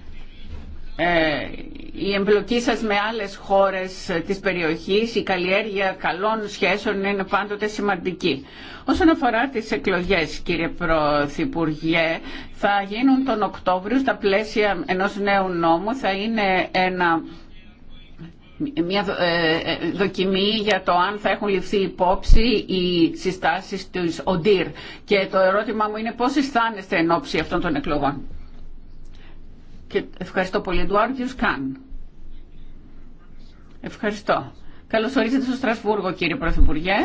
ε, η εμπλοκή σας με άλλες χώρες της περιοχής, η καλλιέργεια καλών σχέσεων είναι πάντοτε σημαντική. Όσον αφορά τις εκλογές, κύριε Πρωθυπουργέ, θα γίνουν τον Οκτώβριο στα πλαίσια ενός νέου νόμου, θα είναι ένα μια ε, ε, δοκιμή για το αν θα έχουν ληφθεί υπόψη οι συστάσεις του ΟΝΤΙΡ. Και το ερώτημά μου είναι πώς αισθάνεστε εν ώψη αυτών των εκλογών. Και ευχαριστώ πολύ, Εντουάρντ κύριος Ευχαριστώ. Καλωσορίζετε ορίσατε στο Στρασβούργο, κύριε Πρωθυπουργέ.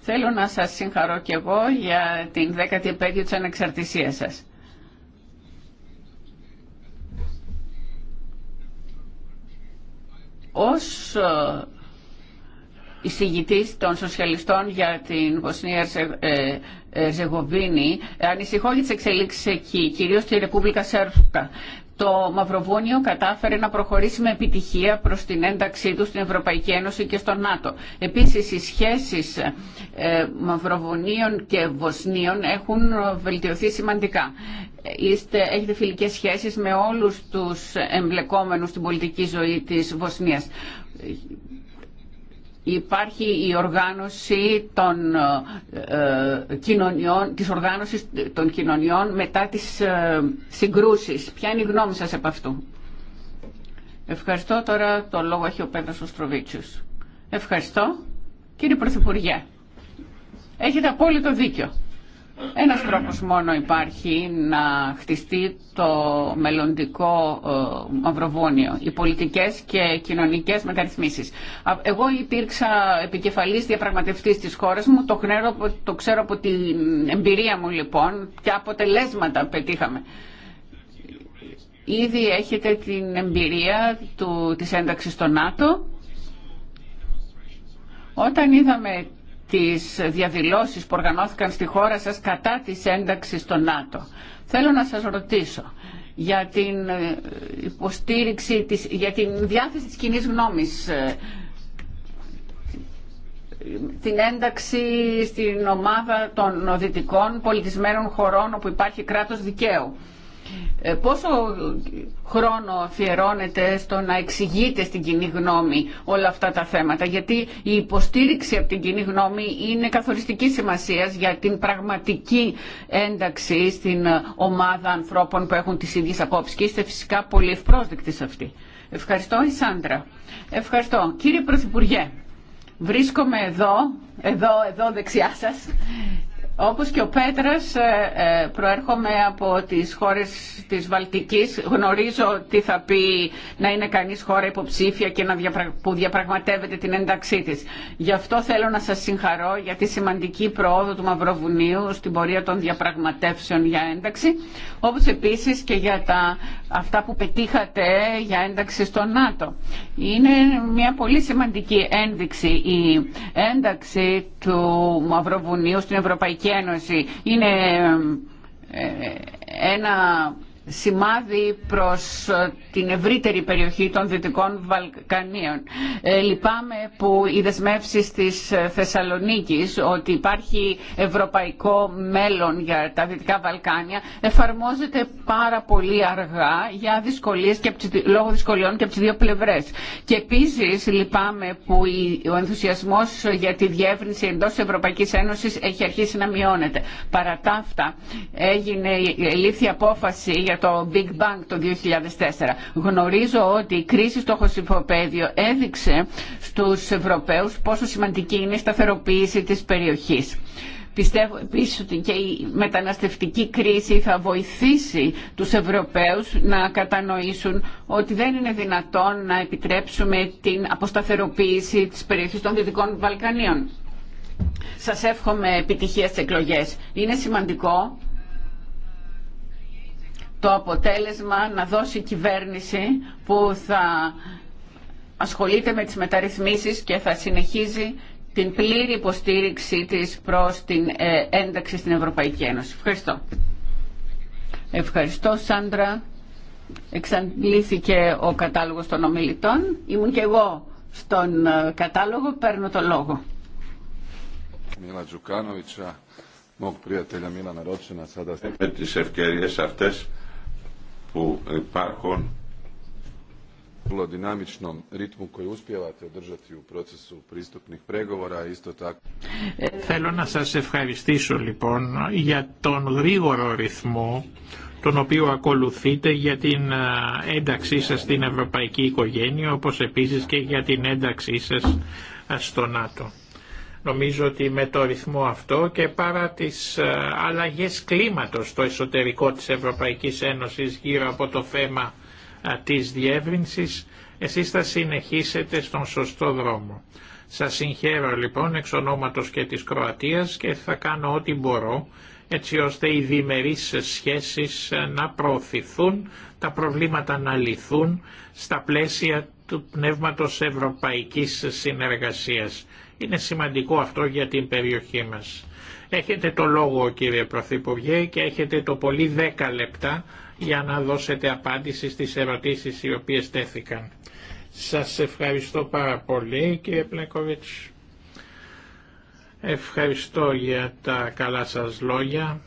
Θέλω να σας συγχαρώ και εγώ για την δέκατη επέτειο τη ανεξαρτησία σας. Ως ε, εισηγητής των σοσιαλιστών για την Βοσνία ε, Ερζεγοβίνη, ανησυχώ για τις εξελίξει εκεί, κυρίως στη Ρεπούμπλικα Σέρφκα το Μαυροβούνιο κατάφερε να προχωρήσει με επιτυχία προς την ένταξή του στην Ευρωπαϊκή Ένωση και στο ΝΑΤΟ. Επίσης, οι σχέσεις ε, Μαυροβουνίων και Βοσνίων έχουν βελτιωθεί σημαντικά. Είστε, έχετε φιλικές σχέσεις με όλους τους εμπλεκόμενους στην πολιτική ζωή της Βοσνίας υπάρχει η οργάνωση των ε, κοινωνιών, της οργάνωσης των κοινωνιών μετά τις ε, συγκρούσεις. Ποια είναι η γνώμη σας από αυτού. Ευχαριστώ τώρα, το λόγο έχει ο Πέτρος Οστροβίτσιος. Ευχαριστώ. Κύριε Πρωθυπουργέ, έχετε απόλυτο δίκιο. Ένας τρόπος μόνο υπάρχει να χτιστεί το μελλοντικό ε, μαυροβόνιο, οι πολιτικές και κοινωνικές μεταρρυθμίσεις. Εγώ υπήρξα επικεφαλής διαπραγματευτής της χώρας μου, το ξέρω, το ξέρω από την εμπειρία μου λοιπόν, ποια αποτελέσματα πετύχαμε. Ήδη έχετε την εμπειρία του, της ένταξης στο ΝΑΤΟ. Όταν είδαμε τις διαδηλώσεις που οργανώθηκαν στη χώρα σας κατά της ένταξης στο ΝΑΤΟ. Θέλω να σας ρωτήσω για την ε, υποστήριξη, της, για την διάθεση της κοινή γνώμης ε, την ένταξη στην ομάδα των δυτικών πολιτισμένων χωρών όπου υπάρχει κράτος δικαίου. Ε, πόσο χρόνο αφιερώνετε στο να εξηγείτε στην κοινή γνώμη όλα αυτά τα θέματα γιατί η υποστήριξη από την κοινή γνώμη είναι καθοριστική σημασίας για την πραγματική ένταξη στην ομάδα ανθρώπων που έχουν τις ίδιες απόψεις και είστε φυσικά πολύ ευπρόσδεκτοι σε αυτή. Ευχαριστώ η Σάντρα. Ευχαριστώ. Κύριε Πρωθυπουργέ, βρίσκομαι εδώ, εδώ, εδώ δεξιά σας όπως και ο Πέτρας ε, ε, προέρχομαι από τις χώρες της Βαλτικής. Γνωρίζω τι θα πει να είναι κανείς χώρα υποψήφια και να που διαπραγματεύεται την ένταξή της. Γι' αυτό θέλω να σας συγχαρώ για τη σημαντική προόδο του Μαυροβουνίου στην πορεία των διαπραγματεύσεων για ένταξη. Όπως επίσης και για τα, αυτά που πετύχατε για ένταξη στο ΝΑΤΟ. Είναι μια πολύ σημαντική ένδειξη η ένταξη του Μαυροβουνίου στην Ευρωπαϊκή Ένωση. Είναι ε, ε ένα σημάδι προς ε, την ευρύτερη περιοχή των Δυτικών Βαλκανίων. Ε, λυπάμαι που οι δεσμεύσει της ε, Θεσσαλονίκης ότι υπάρχει ευρωπαϊκό μέλλον για τα Δυτικά Βαλκάνια εφαρμόζεται πάρα πολύ αργά για δυσκολίες και, λόγω δυσκολιών και από τις δύο πλευρές. Και επίσης λυπάμαι που ο ενθουσιασμός για τη διεύρυνση εντός της Ευρωπαϊκής Ένωσης έχει αρχίσει να μειώνεται. Παρά τα αυτά έγινε, απόφαση το Big Bang το 2004. Γνωρίζω ότι η κρίση στο χωσιφοπαίδιο έδειξε στους Ευρωπαίους πόσο σημαντική είναι η σταθεροποίηση της περιοχής. Πιστεύω επίσης ότι και η μεταναστευτική κρίση θα βοηθήσει τους Ευρωπαίους να κατανοήσουν ότι δεν είναι δυνατόν να επιτρέψουμε την αποσταθεροποίηση της περιοχής των Δυτικών Βαλκανίων. Σας εύχομαι επιτυχία στις εκλογές. Είναι σημαντικό το αποτέλεσμα να δώσει κυβέρνηση που θα ασχολείται με τις μεταρρυθμίσεις και θα συνεχίζει την πλήρη υποστήριξή της προς την ε, ένταξη στην Ευρωπαϊκή Ένωση. Ευχαριστώ. Ευχαριστώ Σάντρα. Εξαντλήθηκε ο κατάλογος των ομιλητών. Ήμουν και εγώ στον ε, κατάλογο. Παίρνω το λόγο. Ε, με τις ευκαιρίες αυτές που υπάρχουν Θέλω να σας ευχαριστήσω λοιπόν για τον γρήγορο ρυθμό τον οποίο ακολουθείτε για την ε, ένταξή σας στην ευρωπαϊκή οικογένεια όπως επίσης και για την ένταξή σας ε, στο ΝΑΤΟ. Νομίζω ότι με το ρυθμό αυτό και παρά τις ε, αλλαγές κλίματος στο εσωτερικό της Ευρωπαϊκής Ένωσης γύρω από το θέμα ε, της διεύρυνσης, εσείς θα συνεχίσετε στον σωστό δρόμο. Σας συγχαίρω λοιπόν εξ ονόματος και της Κροατίας και θα κάνω ό,τι μπορώ έτσι ώστε οι διμερείς σχέσεις ε, να προωθηθούν, τα προβλήματα να λυθούν στα πλαίσια του πνεύματος ευρωπαϊκής συνεργασίας. Είναι σημαντικό αυτό για την περιοχή μας. Έχετε το λόγο κύριε Πρωθυπουργέ και έχετε το πολύ 10 λεπτά για να δώσετε απάντηση στις ερωτήσεις οι οποίες τέθηκαν. Σας ευχαριστώ πάρα πολύ κύριε Πλέκοβιτς. Ευχαριστώ για τα καλά σας λόγια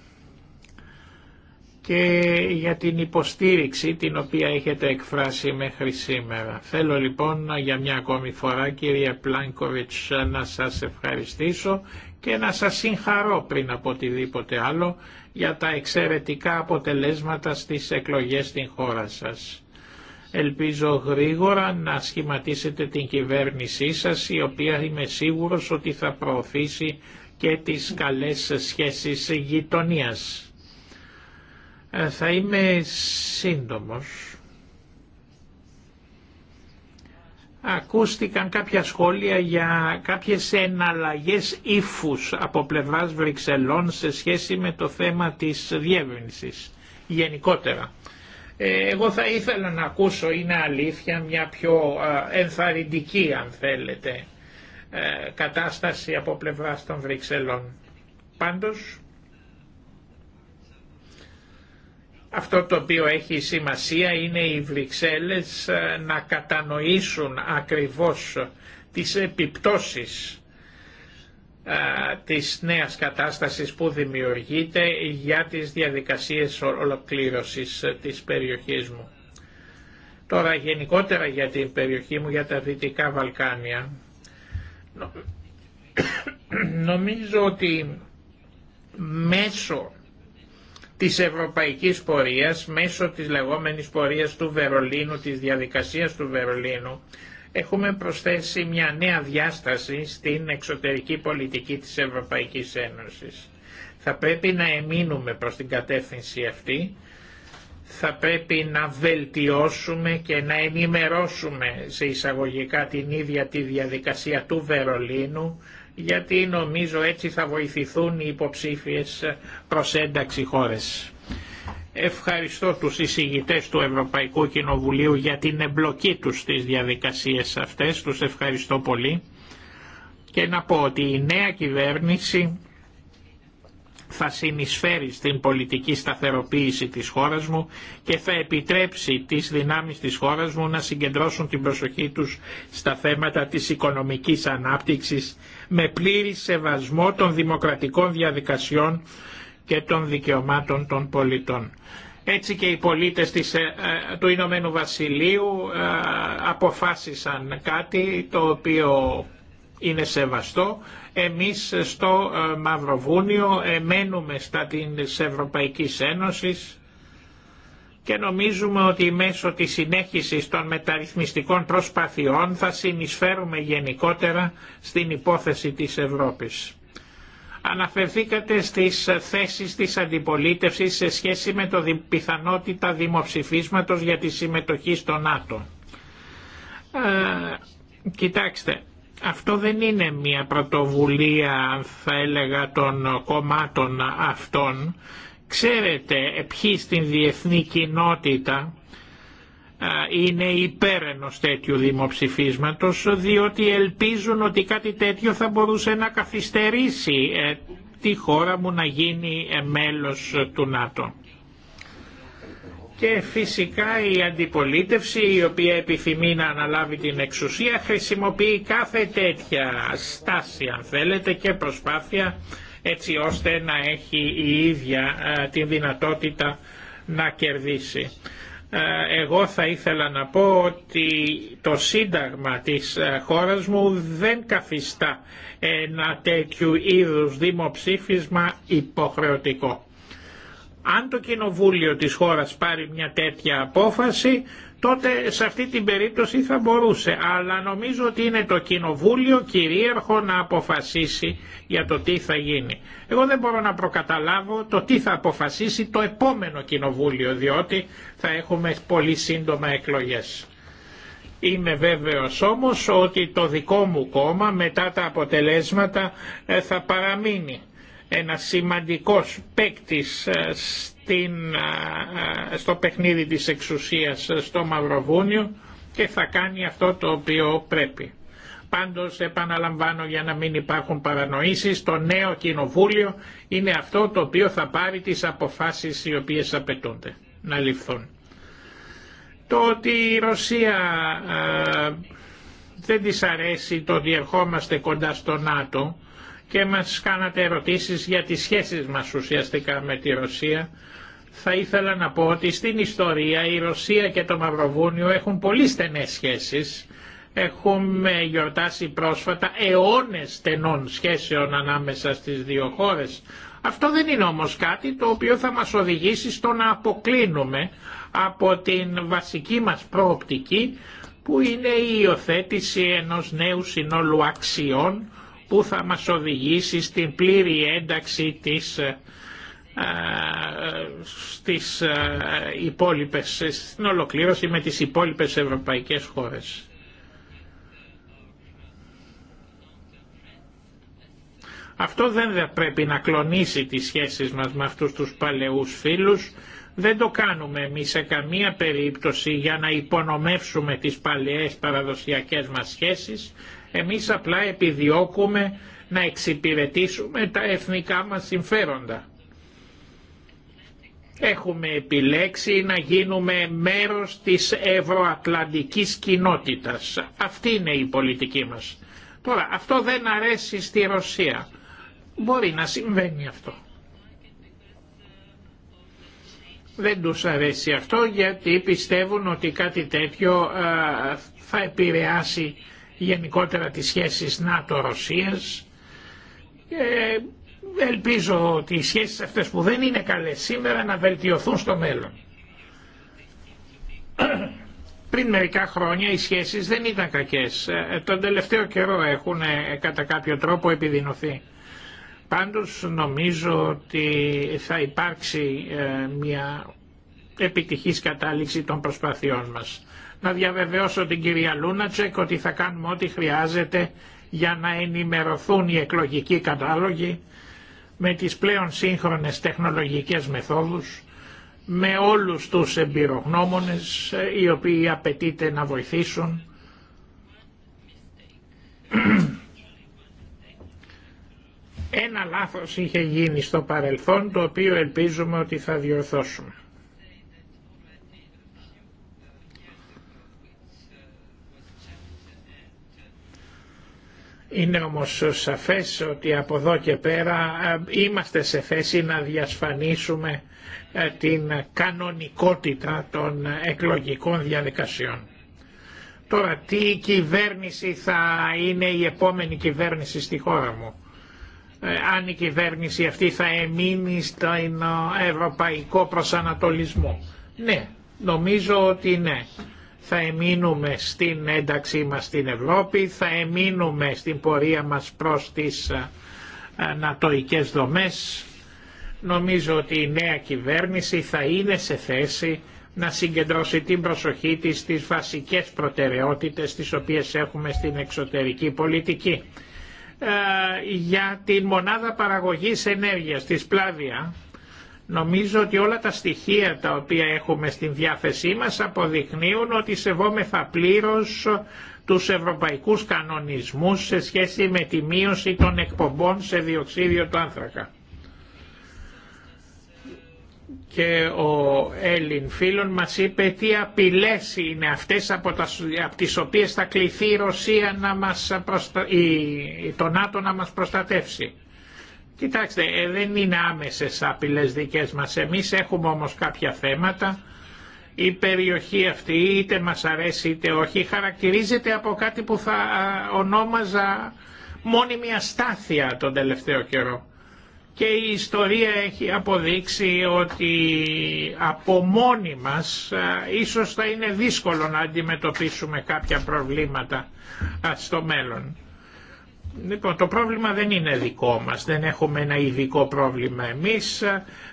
και για την υποστήριξη την οποία έχετε εκφράσει μέχρι σήμερα. Θέλω λοιπόν για μια ακόμη φορά κύριε Πλάνκοβιτς να σας ευχαριστήσω και να σας συγχαρώ πριν από οτιδήποτε άλλο για τα εξαιρετικά αποτελέσματα στις εκλογές στην χώρα σας. Ελπίζω γρήγορα να σχηματίσετε την κυβέρνησή σας η οποία είμαι σίγουρος ότι θα προωθήσει και τις καλές σχέσεις γειτονίας. Ε, θα είμαι σύντομος. Ακούστηκαν κάποια σχόλια για κάποιες εναλλαγές ύφους από πλευράς Βρυξελών σε σχέση με το θέμα της διεύρυνσης γενικότερα. Ε, εγώ θα ήθελα να ακούσω, είναι αλήθεια, μια πιο ενθαρρυντική αν θέλετε ε, κατάσταση από πλευράς των Βρυξελών. Πάντως, Αυτό το οποίο έχει σημασία είναι οι Βρυξέλλες ε, να κατανοήσουν ακριβώς τις επιπτώσεις ε, της νέας κατάστασης που δημιουργείται για τις διαδικασίες ολοκλήρωσης ε, της περιοχής μου. Τώρα γενικότερα για την περιοχή μου, για τα Δυτικά Βαλκάνια, [COUGHS] νομίζω ότι μέσω της ευρωπαϊκής πορείας μέσω της λεγόμενης πορείας του Βερολίνου, της διαδικασίας του Βερολίνου, έχουμε προσθέσει μια νέα διάσταση στην εξωτερική πολιτική της Ευρωπαϊκής Ένωσης. Θα πρέπει να εμείνουμε προς την κατεύθυνση αυτή, θα πρέπει να βελτιώσουμε και να ενημερώσουμε σε εισαγωγικά την ίδια τη διαδικασία του Βερολίνου, γιατί νομίζω έτσι θα βοηθηθούν οι υποψήφιες προς ένταξη χώρες. Ευχαριστώ τους εισηγητές του Ευρωπαϊκού Κοινοβουλίου για την εμπλοκή τους στις διαδικασίες αυτές. Τους ευχαριστώ πολύ. Και να πω ότι η νέα κυβέρνηση θα συνεισφέρει στην πολιτική σταθεροποίηση της χώρας μου και θα επιτρέψει τις δυνάμεις της χώρας μου να συγκεντρώσουν την προσοχή τους στα θέματα της οικονομικής ανάπτυξης με πλήρη σεβασμό των δημοκρατικών διαδικασιών και των δικαιωμάτων των πολιτών. Έτσι και οι πολίτες της, ε, ε, του Ηνωμένου Βασιλείου ε, αποφάσισαν κάτι το οποίο είναι σεβαστό εμείς στο ε, Μαυροβούνιο ε, μένουμε στα την Ευρωπαϊκής Ένωσης και νομίζουμε ότι μέσω της συνέχισης των μεταρρυθμιστικών προσπαθειών θα συνεισφέρουμε γενικότερα στην υπόθεση της Ευρώπης. Αναφερθήκατε στις θέσεις της αντιπολίτευσης σε σχέση με το πιθανότητα δημοψηφίσματος για τη συμμετοχή στο ΝΑΤΟ. Ε, κοιτάξτε, αυτό δεν είναι μια πρωτοβουλία θα έλεγα των κομμάτων αυτών. Ξέρετε ποιοι στην διεθνή κοινότητα είναι υπέρ ενός τέτοιου δημοψηφίσματος διότι ελπίζουν ότι κάτι τέτοιο θα μπορούσε να καθυστερήσει ε, τη χώρα μου να γίνει ε, μέλος του ΝΑΤΟ και φυσικά η αντιπολίτευση η οποία επιθυμεί να αναλάβει την εξουσία χρησιμοποιεί κάθε τέτοια στάση αν θέλετε και προσπάθεια έτσι ώστε να έχει η ίδια ε, την δυνατότητα να κερδίσει. Ε, εγώ θα ήθελα να πω ότι το σύνταγμα της ε, χώρας μου δεν καθιστά ένα τέτοιου είδους δημοψήφισμα υποχρεωτικό. Αν το κοινοβούλιο της χώρας πάρει μια τέτοια απόφαση, τότε σε αυτή την περίπτωση θα μπορούσε. Αλλά νομίζω ότι είναι το κοινοβούλιο κυρίαρχο να αποφασίσει για το τι θα γίνει. Εγώ δεν μπορώ να προκαταλάβω το τι θα αποφασίσει το επόμενο κοινοβούλιο, διότι θα έχουμε πολύ σύντομα εκλογές. Είμαι βέβαιος όμως ότι το δικό μου κόμμα μετά τα αποτελέσματα ε, θα παραμείνει ένα σημαντικός παίκτη ε, ε, ε, στο παιχνίδι της εξουσίας στο Μαυροβούνιο και θα κάνει αυτό το οποίο πρέπει. Πάντως επαναλαμβάνω για να μην υπάρχουν παρανοήσεις, το νέο κοινοβούλιο είναι αυτό το οποίο θα πάρει τις αποφάσεις οι οποίες απαιτούνται να ληφθούν. Το ότι η Ρωσία δεν της αρέσει το ότι κοντά στο ΝΑΤΟ και μας κάνατε ερωτήσεις για τις σχέσεις μας ουσιαστικά με τη Ρωσία. Θα ήθελα να πω ότι στην ιστορία η Ρωσία και το Μαυροβούνιο έχουν πολύ στενές σχέσεις. Έχουμε γιορτάσει πρόσφατα αιώνες στενών σχέσεων ανάμεσα στις δύο χώρες. Αυτό δεν είναι όμως κάτι το οποίο θα μας οδηγήσει στο να αποκλίνουμε από την βασική μας προοπτική που είναι η υιοθέτηση ενός νέου συνόλου αξιών που θα μας οδηγήσει στην πλήρη ένταξη της, ε, ε, στις ε, στην ολοκλήρωση με τις υπόλοιπες ευρωπαϊκές χώρες. Αυτό δεν θα πρέπει να κλονίσει τις σχέσεις μας με αυτούς τους παλαιούς φίλους. Δεν το κάνουμε εμεί σε καμία περίπτωση για να υπονομεύσουμε τις παλαιές παραδοσιακές μας σχέσεις. Εμείς απλά επιδιώκουμε να εξυπηρετήσουμε τα εθνικά μας συμφέροντα. Έχουμε επιλέξει να γίνουμε μέρος της ευρωατλαντικής κοινότητας. Αυτή είναι η πολιτική μας. Τώρα, αυτό δεν αρέσει στη Ρωσία. Μπορεί να συμβαίνει αυτό. Δεν τους αρέσει αυτό γιατί πιστεύουν ότι κάτι τέτοιο θα επηρεάσει γενικότερα τις σχέσεις ΝΑΤΟ-Ρωσίας. Ε, ελπίζω ότι οι σχέσεις αυτές που δεν είναι καλές σήμερα να βελτιωθούν στο μέλλον. Πριν μερικά χρόνια οι σχέσεις δεν ήταν κακές. Ε, τον τελευταίο καιρό έχουν ε, κατά κάποιο τρόπο επιδεινωθεί. Πάντως νομίζω ότι θα υπάρξει ε, μια επιτυχής κατάληξη των προσπαθειών μας να διαβεβαιώσω την κυρία Λούνατσεκ ότι θα κάνουμε ό,τι χρειάζεται για να ενημερωθούν οι εκλογικοί κατάλογοι με τις πλέον σύγχρονες τεχνολογικές μεθόδους, με όλους τους εμπειρογνώμονες ε, οι οποίοι απαιτείται να βοηθήσουν. Ένα λάθος είχε γίνει στο παρελθόν το οποίο ελπίζουμε ότι θα διορθώσουμε. Είναι όμως σαφές ότι από εδώ και πέρα ε, είμαστε σε θέση να διασφανίσουμε ε, την κανονικότητα των εκλογικών διαδικασιών. Τώρα τι κυβέρνηση θα είναι η επόμενη κυβέρνηση στη χώρα μου. Ε, αν η κυβέρνηση αυτή θα εμείνει στον ευρωπαϊκό προσανατολισμό. Ναι, νομίζω ότι ναι θα εμείνουμε στην ένταξή μας στην Ευρώπη, θα εμείνουμε στην πορεία μας προς τις ε, ε, νατοικές δομές. Νομίζω ότι η νέα κυβέρνηση θα είναι σε θέση να συγκεντρώσει την προσοχή της στις βασικές προτεραιότητες τις οποίες έχουμε στην εξωτερική πολιτική. Ε, για την μονάδα παραγωγής ενέργειας της Πλάβια, Νομίζω ότι όλα τα στοιχεία τα οποία έχουμε στην διάθεσή μας αποδεικνύουν ότι σεβόμεθα πλήρως τους ευρωπαϊκούς κανονισμούς σε σχέση με τη μείωση των εκπομπών σε διοξίδιο του άνθρακα. Και ο Έλλην φίλων μας είπε τι απειλές είναι αυτές από, τα, από τις οποίες θα κληθεί η Ρωσία να μας προστα... η... το ΝΑΤΟ να μας προστατεύσει. Κοιτάξτε, ε, δεν είναι άμεσες απειλές δικές μας. Εμείς έχουμε όμως κάποια θέματα. Η περιοχή αυτή, είτε μας αρέσει είτε όχι, χαρακτηρίζεται από κάτι που θα ονόμαζα μόνιμη αστάθεια τον τελευταίο καιρό. Και η ιστορία έχει αποδείξει ότι από μόνοι μας ίσως θα είναι δύσκολο να αντιμετωπίσουμε κάποια προβλήματα στο μέλλον. Λοιπόν, το πρόβλημα δεν είναι δικό μας, δεν έχουμε ένα ειδικό πρόβλημα εμείς.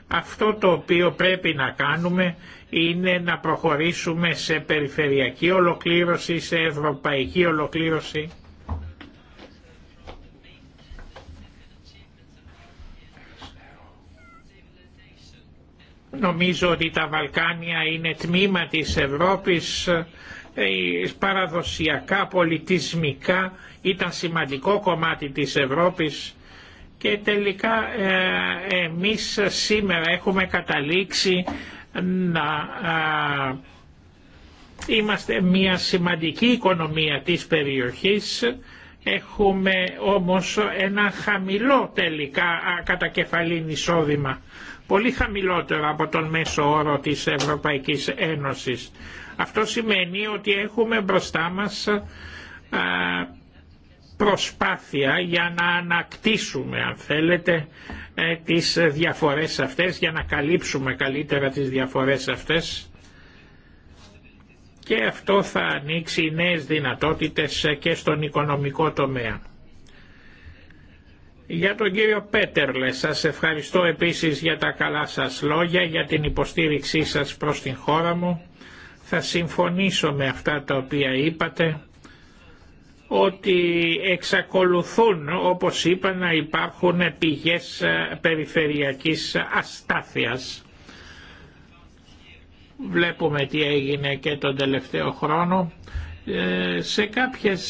Αυτό το οποίο πρέπει να κάνουμε είναι να προχωρήσουμε σε περιφερειακή ολοκλήρωση, σε ευρωπαϊκή ολοκλήρωση. Νομίζω ότι τα Βαλκάνια είναι τμήμα της Ευρώπης, ε, παραδοσιακά, πολιτισμικά ήταν σημαντικό κομμάτι της Ευρώπης και τελικά ε, εμείς σήμερα έχουμε καταλήξει να ε, είμαστε μια σημαντική οικονομία της περιοχής έχουμε όμως ένα χαμηλό τελικά κατακεφαλήν εισόδημα πολύ χαμηλότερο από τον μέσο όρο της Ευρωπαϊκής Ένωσης. Αυτό σημαίνει ότι έχουμε μπροστά μας προσπάθεια για να ανακτήσουμε αν θέλετε ε, τις διαφορές αυτές, για να καλύψουμε καλύτερα τις διαφορές αυτές και αυτό θα ανοίξει νέες δυνατότητες ε, και στον οικονομικό τομέα. Για τον κύριο Πέτερλε σας ευχαριστώ επίσης για τα καλά σας λόγια, για την υποστήριξή σας προς την χώρα μου. Θα συμφωνήσω με αυτά τα οποία είπατε ότι εξακολουθούν όπως είπα να υπάρχουν πηγές ε, περιφερειακής αστάθειας. Βλέπουμε τι έγινε και τον τελευταίο χρόνο. Ε, σε κάποιες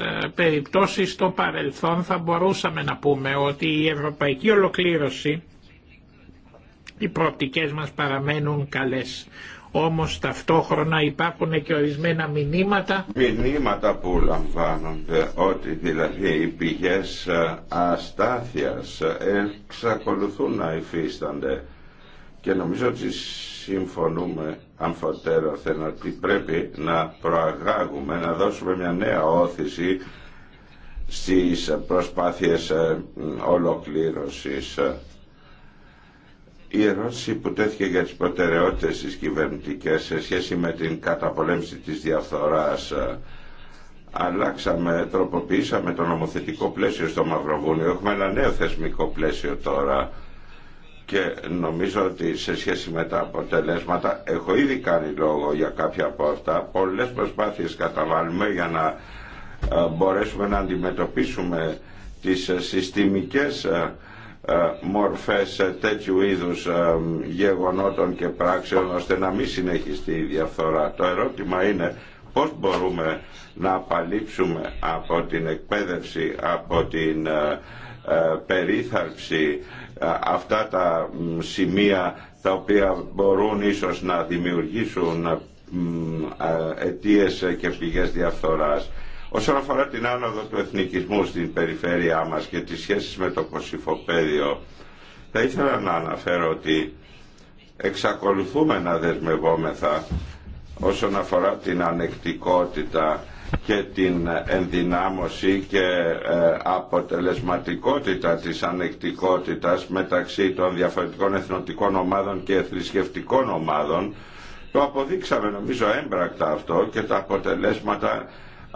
ε, περιπτώσεις στο παρελθόν θα μπορούσαμε να πούμε ότι η ευρωπαϊκή ολοκλήρωση οι προοπτικές μας παραμένουν καλές όμως ταυτόχρονα υπάρχουν και ορισμένα μηνύματα. Μηνύματα που λαμβάνονται ότι δηλαδή οι πηγές ε, αστάθειας ε, εξακολουθούν να υφίστανται και νομίζω ότι συμφωνούμε αμφωτέρωθεν ότι πρέπει να προαγάγουμε, να δώσουμε μια νέα όθηση στις προσπάθειες ε, ολοκλήρωσης η ερώτηση που τέθηκε για τις προτεραιότητες της κυβερνητικές σε σχέση με την καταπολέμηση της διαφθοράς ε, αλλάξαμε, τροποποιήσαμε το νομοθετικό πλαίσιο στο Μαυροβούνιο. Έχουμε ένα νέο θεσμικό πλαίσιο τώρα και νομίζω ότι σε σχέση με τα αποτελέσματα έχω ήδη κάνει λόγο για κάποια από αυτά. Πολλές προσπάθειες καταβάλουμε για να ε, μπορέσουμε να αντιμετωπίσουμε τις ε, συστημικές ε, μορφές τέτοιου είδους ε, γεγονότων και πράξεων ώστε να μην συνεχιστεί η διαφθορά. Το ερώτημα είναι πώς μπορούμε να απαλείψουμε από την εκπαίδευση, από την ε, περίθαλψη αυτά τα σημεία τα οποία μπορούν ίσως να δημιουργήσουν αιτίες και πηγές διαφθοράς. Όσον αφορά την άνοδο του εθνικισμού στην περιφέρειά μας και τις σχέσεις με το ποσυφοπαίδιο θα ήθελα να αναφέρω ότι εξακολουθούμε να δεσμευόμεθα όσον αφορά την ανεκτικότητα και την ενδυνάμωση και ε, αποτελεσματικότητα της ανεκτικότητας μεταξύ των διαφορετικών εθνοτικών ομάδων και θρησκευτικών ομάδων. Το αποδείξαμε νομίζω έμπρακτα αυτό και τα αποτελέσματα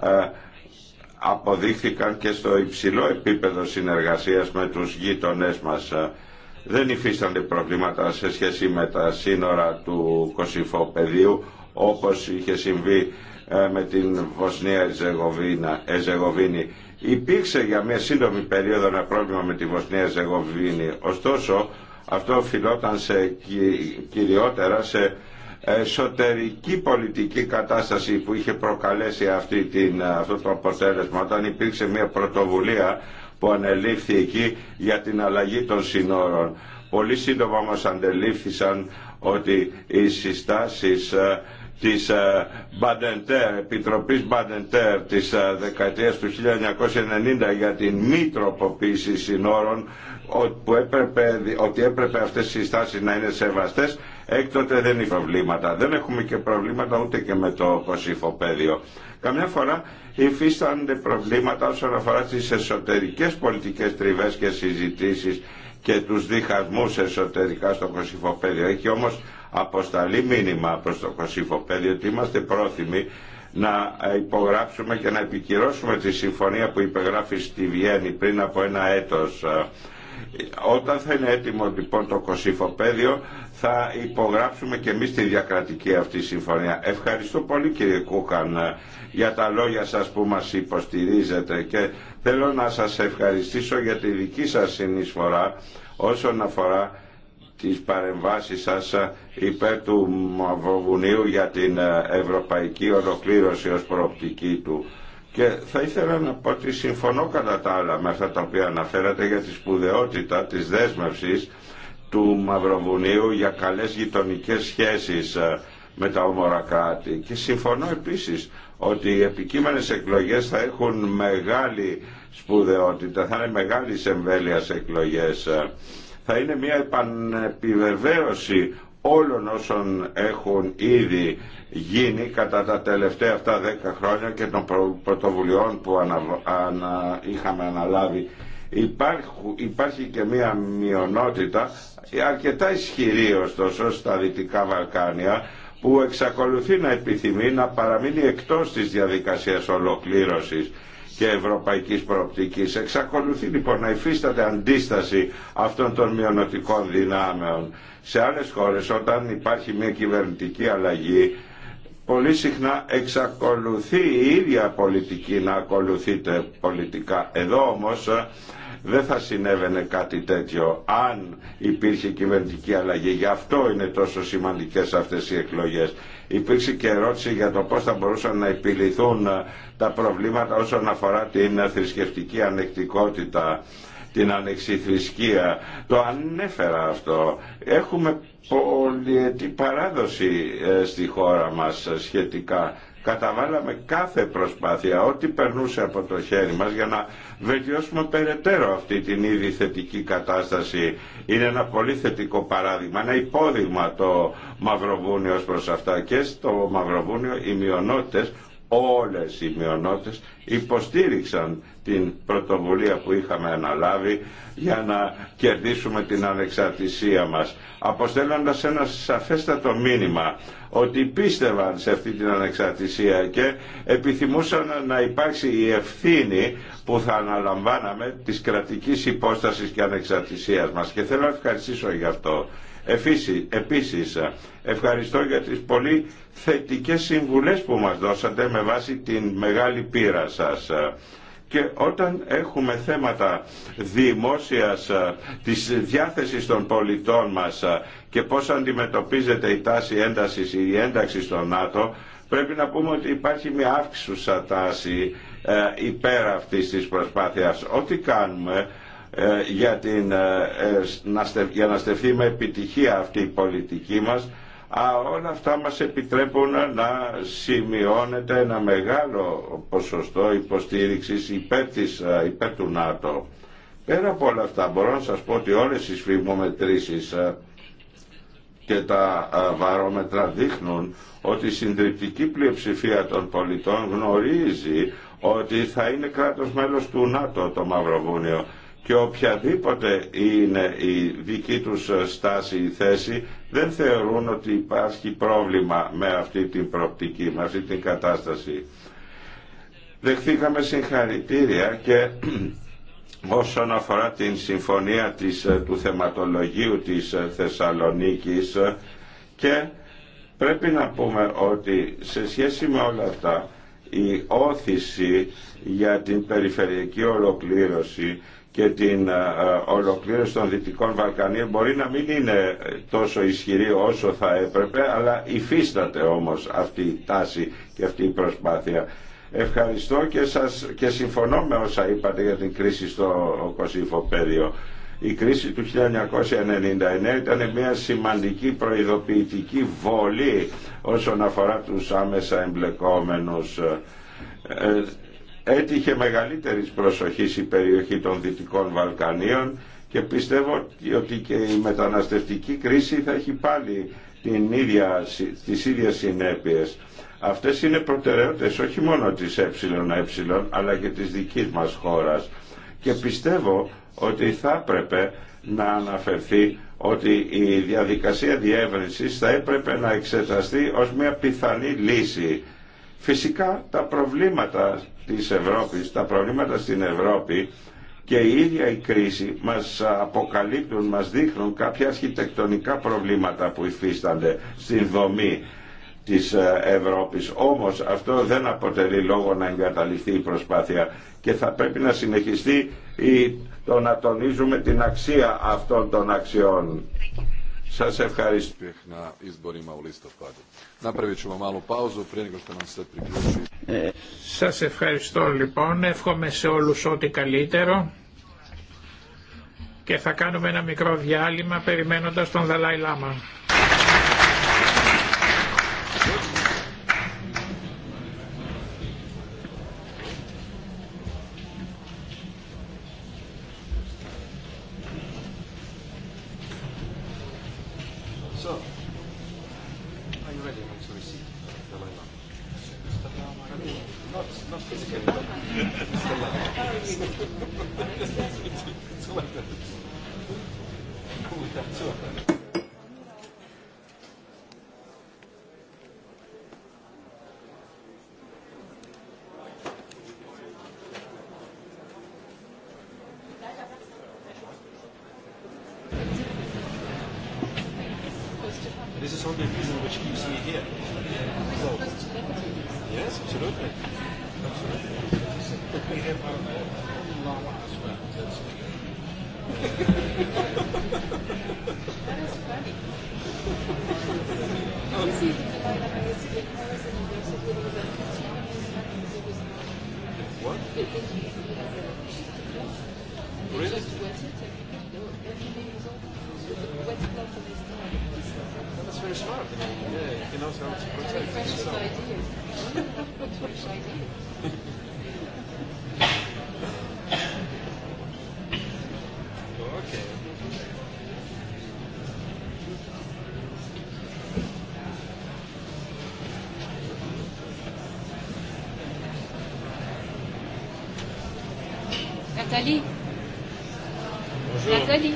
ε, αποδείχθηκαν και στο υψηλό επίπεδο συνεργασίας με τους γείτονές μας. Δεν υφίστανται προβλήματα σε σχέση με τα σύνορα του Κωσυφοπεδίου όπως είχε συμβεί ε, με την Βοσνία Εζεγοβίνη. Υπήρξε για μια σύντομη περίοδο ένα πρόβλημα με τη Βοσνία Εζεγοβίνη. Ωστόσο αυτό οφειλόταν σε κυριότερα σε εσωτερική πολιτική κατάσταση που είχε προκαλέσει αυτή την, αυτό το αποτέλεσμα όταν υπήρξε μια πρωτοβουλία που ανελήφθη εκεί για την αλλαγή των συνόρων. Πολύ σύντομα μας αντελήφθησαν ότι οι συστάσεις ε, της Μπαντεντέρ, Επιτροπής Μπαντεντέρ της ε, δεκαετίας του 1990 για την μη τροποποίηση συνόρων που έπρεπε, ότι έπρεπε αυτές οι συστάσεις να είναι σεβαστές Έκτοτε δεν είναι προβλήματα. Δεν έχουμε και προβλήματα ούτε και με το κοσυφοπέδιο. Καμιά φορά υφίστανται προβλήματα όσον αφορά τις εσωτερικές πολιτικές τριβές και συζητήσεις και τους διχασμούς εσωτερικά στο κοσυφοπέδιο. Έχει όμως αποσταλεί μήνυμα προς το κοσυφοπέδιο ότι είμαστε πρόθυμοι να υπογράψουμε και να επικυρώσουμε τη συμφωνία που υπεγράφει στη Βιέννη πριν από ένα έτος. Ε, όταν θα είναι έτοιμο λοιπόν το κοσυφοπέδιο θα υπογράψουμε και εμείς τη διακρατική αυτή συμφωνία. Ευχαριστώ πολύ κύριε Κούχαν ε, για τα λόγια σας που μας υποστηρίζετε και θέλω να σας ευχαριστήσω για τη δική σας συνεισφορά όσον αφορά τις παρεμβάσεις σας ε, υπέρ του Μαυροβουνίου για την ε, ευρωπαϊκή ολοκλήρωση ως προοπτική του. Και θα ήθελα να πω ότι συμφωνώ κατά τα άλλα με αυτά τα οποία αναφέρατε για τη σπουδαιότητα της δέσμευσης του Μαυροβουνίου για καλές γειτονικές σχέσεις ε, με τα όμορα κράτη. Και συμφωνώ επίσης ότι οι επικείμενες εκλογές θα έχουν μεγάλη σπουδαιότητα, θα είναι μεγάλη εμβέλεια εκλογές. Ε, θα είναι μια επανεπιβεβαίωση όλων όσων έχουν ήδη γίνει κατά τα τελευταία αυτά δέκα χρόνια και των πρωτοβουλειών που ανα... ανα... είχαμε αναλάβει υπάρχει και μία μειονότητα αρκετά ισχυρή ωστόσο στα Δυτικά Βαλκάνια που εξακολουθεί να επιθυμεί να παραμείνει εκτός της διαδικασίας ολοκλήρωσης και ευρωπαϊκής προοπτικής. Εξακολουθεί λοιπόν να υφίσταται αντίσταση αυτών των μειονοτικών δυνάμεων. Σε άλλες χώρες όταν υπάρχει μια κυβερνητική αλλαγή πολύ συχνά εξακολουθεί η ίδια πολιτική να ακολουθείτε πολιτικά. Εδώ όμως ε, δεν θα συνέβαινε κάτι τέτοιο αν υπήρχε κυβερνητική αλλαγή. Γι' αυτό είναι τόσο σημαντικές αυτές οι εκλογές. Υπήρξε και ερώτηση για το πώς θα μπορούσαν να επιληθούν ε, τα προβλήματα όσον αφορά την θρησκευτική ανεκτικότητα την ανεξιθρησκεία. Το ανέφερα αυτό. Έχουμε πολυετή παράδοση ε, στη χώρα μας σχετικά. Καταβάλαμε κάθε προσπάθεια, ό,τι περνούσε από το χέρι μας για να βελτιώσουμε περαιτέρω αυτή την ήδη θετική κατάσταση. Είναι ένα πολύ θετικό παράδειγμα, ένα υπόδειγμα το Μαυροβούνιο ως προς αυτά και στο Μαυροβούνιο οι μειονότητες όλες οι μειονότητες υποστήριξαν την πρωτοβουλία που είχαμε αναλάβει για να κερδίσουμε την ανεξαρτησία μας αποστέλλοντας ένα σαφέστατο μήνυμα ότι πίστευαν σε αυτή την ανεξαρτησία και επιθυμούσαν να υπάρξει η ευθύνη που θα αναλαμβάναμε της κρατικής υπόστασης και ανεξαρτησίας μας και θέλω να ευχαριστήσω γι' αυτό Επίσης, ευχαριστώ για τις πολύ θετικές συμβουλές που μας δώσατε με βάση την μεγάλη πείρα σας και όταν έχουμε θέματα δημόσιας ε, της διάθεσης των πολιτών μας ε, και πώς αντιμετωπίζεται η τάση έντασης ή η ένταξη στο ΝΑΤΟ πρέπει να πούμε ότι υπάρχει μια αύξουσα τάση ε, υπέρ αυτής της προσπάθειας. Ό,τι κάνουμε ε, για, την, ε, ε, να στεφθεί με επιτυχία αυτή η πολιτική μας Α, όλα αυτά μας επιτρέπουν να σημειώνεται ένα μεγάλο ποσοστό υποστήριξης υπέρ, της, υπέρ του ΝΑΤΟ. Πέρα από όλα αυτά μπορώ να σας πω ότι όλες οι σφιγμομετρήσεις και τα βαρόμετρα δείχνουν ότι η συντριπτική πλειοψηφία των πολιτών γνωρίζει ότι θα είναι κράτος μέλος του ΝΑΤΟ το Μαυροβούνιο και οποιαδήποτε είναι η δική τους στάση ή θέση δεν θεωρούν ότι υπάρχει πρόβλημα με αυτή την προοπτική, με αυτή την κατάσταση. Δεχθήκαμε συγχαρητήρια και [CLEARS THROAT] όσον αφορά την συμφωνία της, του θεματολογίου της Θεσσαλονίκης και πρέπει να πούμε ότι σε σχέση με όλα αυτά η όθηση για την περιφερειακή ολοκλήρωση και την ε, ε, ολοκλήρωση των Δυτικών Βαλκανίων μπορεί να μην είναι τόσο ισχυρή όσο θα έπρεπε, αλλά υφίσταται όμως αυτή η τάση και αυτή η προσπάθεια. Ευχαριστώ και, σας, και συμφωνώ με όσα είπατε για την κρίση στο Κωσίφο Πέδιο. Η κρίση του 1999 ήταν μια σημαντική προειδοποιητική βολή όσον αφορά τους άμεσα εμπλεκόμενους ε, έτυχε μεγαλύτερης προσοχής η περιοχή των Δυτικών Βαλκανίων και πιστεύω ότι και η μεταναστευτική κρίση θα έχει πάλι την ίδια, τις ίδιες συνέπειες. Αυτές είναι προτεραιότητες όχι μόνο της ΕΕ αλλά και της δικής μας χώρας. Και πιστεύω ότι θα έπρεπε να αναφερθεί ότι η διαδικασία διεύρυνσης θα έπρεπε να εξεταστεί ως μια πιθανή λύση Φυσικά τα προβλήματα της Ευρώπης, τα προβλήματα στην Ευρώπη και η ίδια η κρίση μας αποκαλύπτουν, μας δείχνουν κάποια αρχιτεκτονικά προβλήματα που υφίστανται στην δομή της Ευρώπης. Όμως αυτό δεν αποτελεί λόγο να εγκαταληφθεί η προσπάθεια και θα πρέπει να συνεχιστεί η, το να τονίζουμε την αξία αυτών των αξιών. Σας ευχαριστώ. Napravit ćemo malu pauzu prije nego što nam se priključi. Ε, σας ευχαριστώ λοιπόν, εύχομαι σε όλους ό,τι kalitero και θα κάνουμε ένα μικρό διάλειμμα περιμένοντας τον Δαλάι Λάμα. Nathalie Nathalie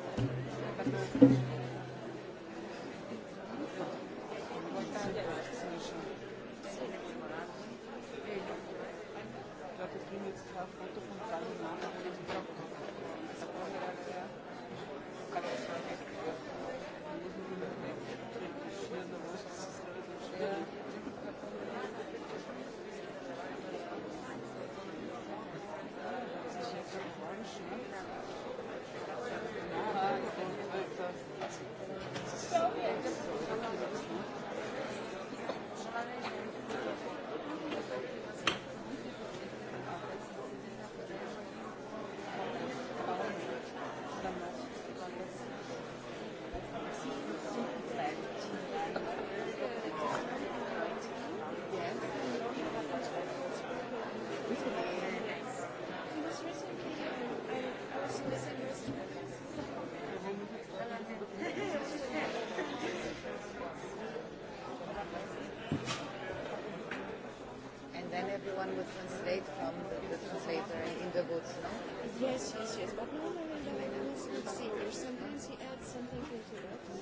one would translate from the translator in the books, no? Yes, yes, yes. But normally in the language, sometimes he adds something into it.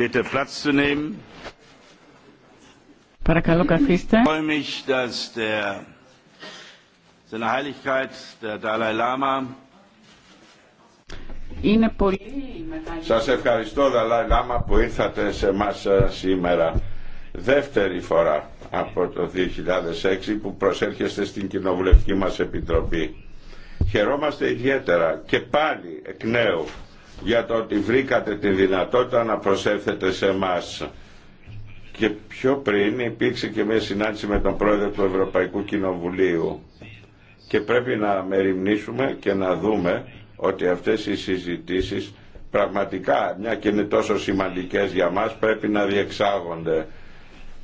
Bitte Platz zu nehmen. Παρακαλώ καθίστε. Είναι πολύ Σας ευχαριστώ Δαλάι Λάμα που ήρθατε σε μας ε, σήμερα. Δεύτερη φορά από το 2006 που προσέρχεστε στην κοινοβουλευτική μας επιτροπή. Χαιρόμαστε ιδιαίτερα και πάλι εκ νέου για το ότι βρήκατε τη δυνατότητα να προσέλθετε σε εμά. Και πιο πριν υπήρξε και μια συνάντηση με τον πρόεδρο του Ευρωπαϊκού Κοινοβουλίου. Και πρέπει να μεριμνήσουμε και να δούμε ότι αυτές οι συζητήσεις πραγματικά, μια και είναι τόσο σημαντικές για μας, πρέπει να διεξάγονται.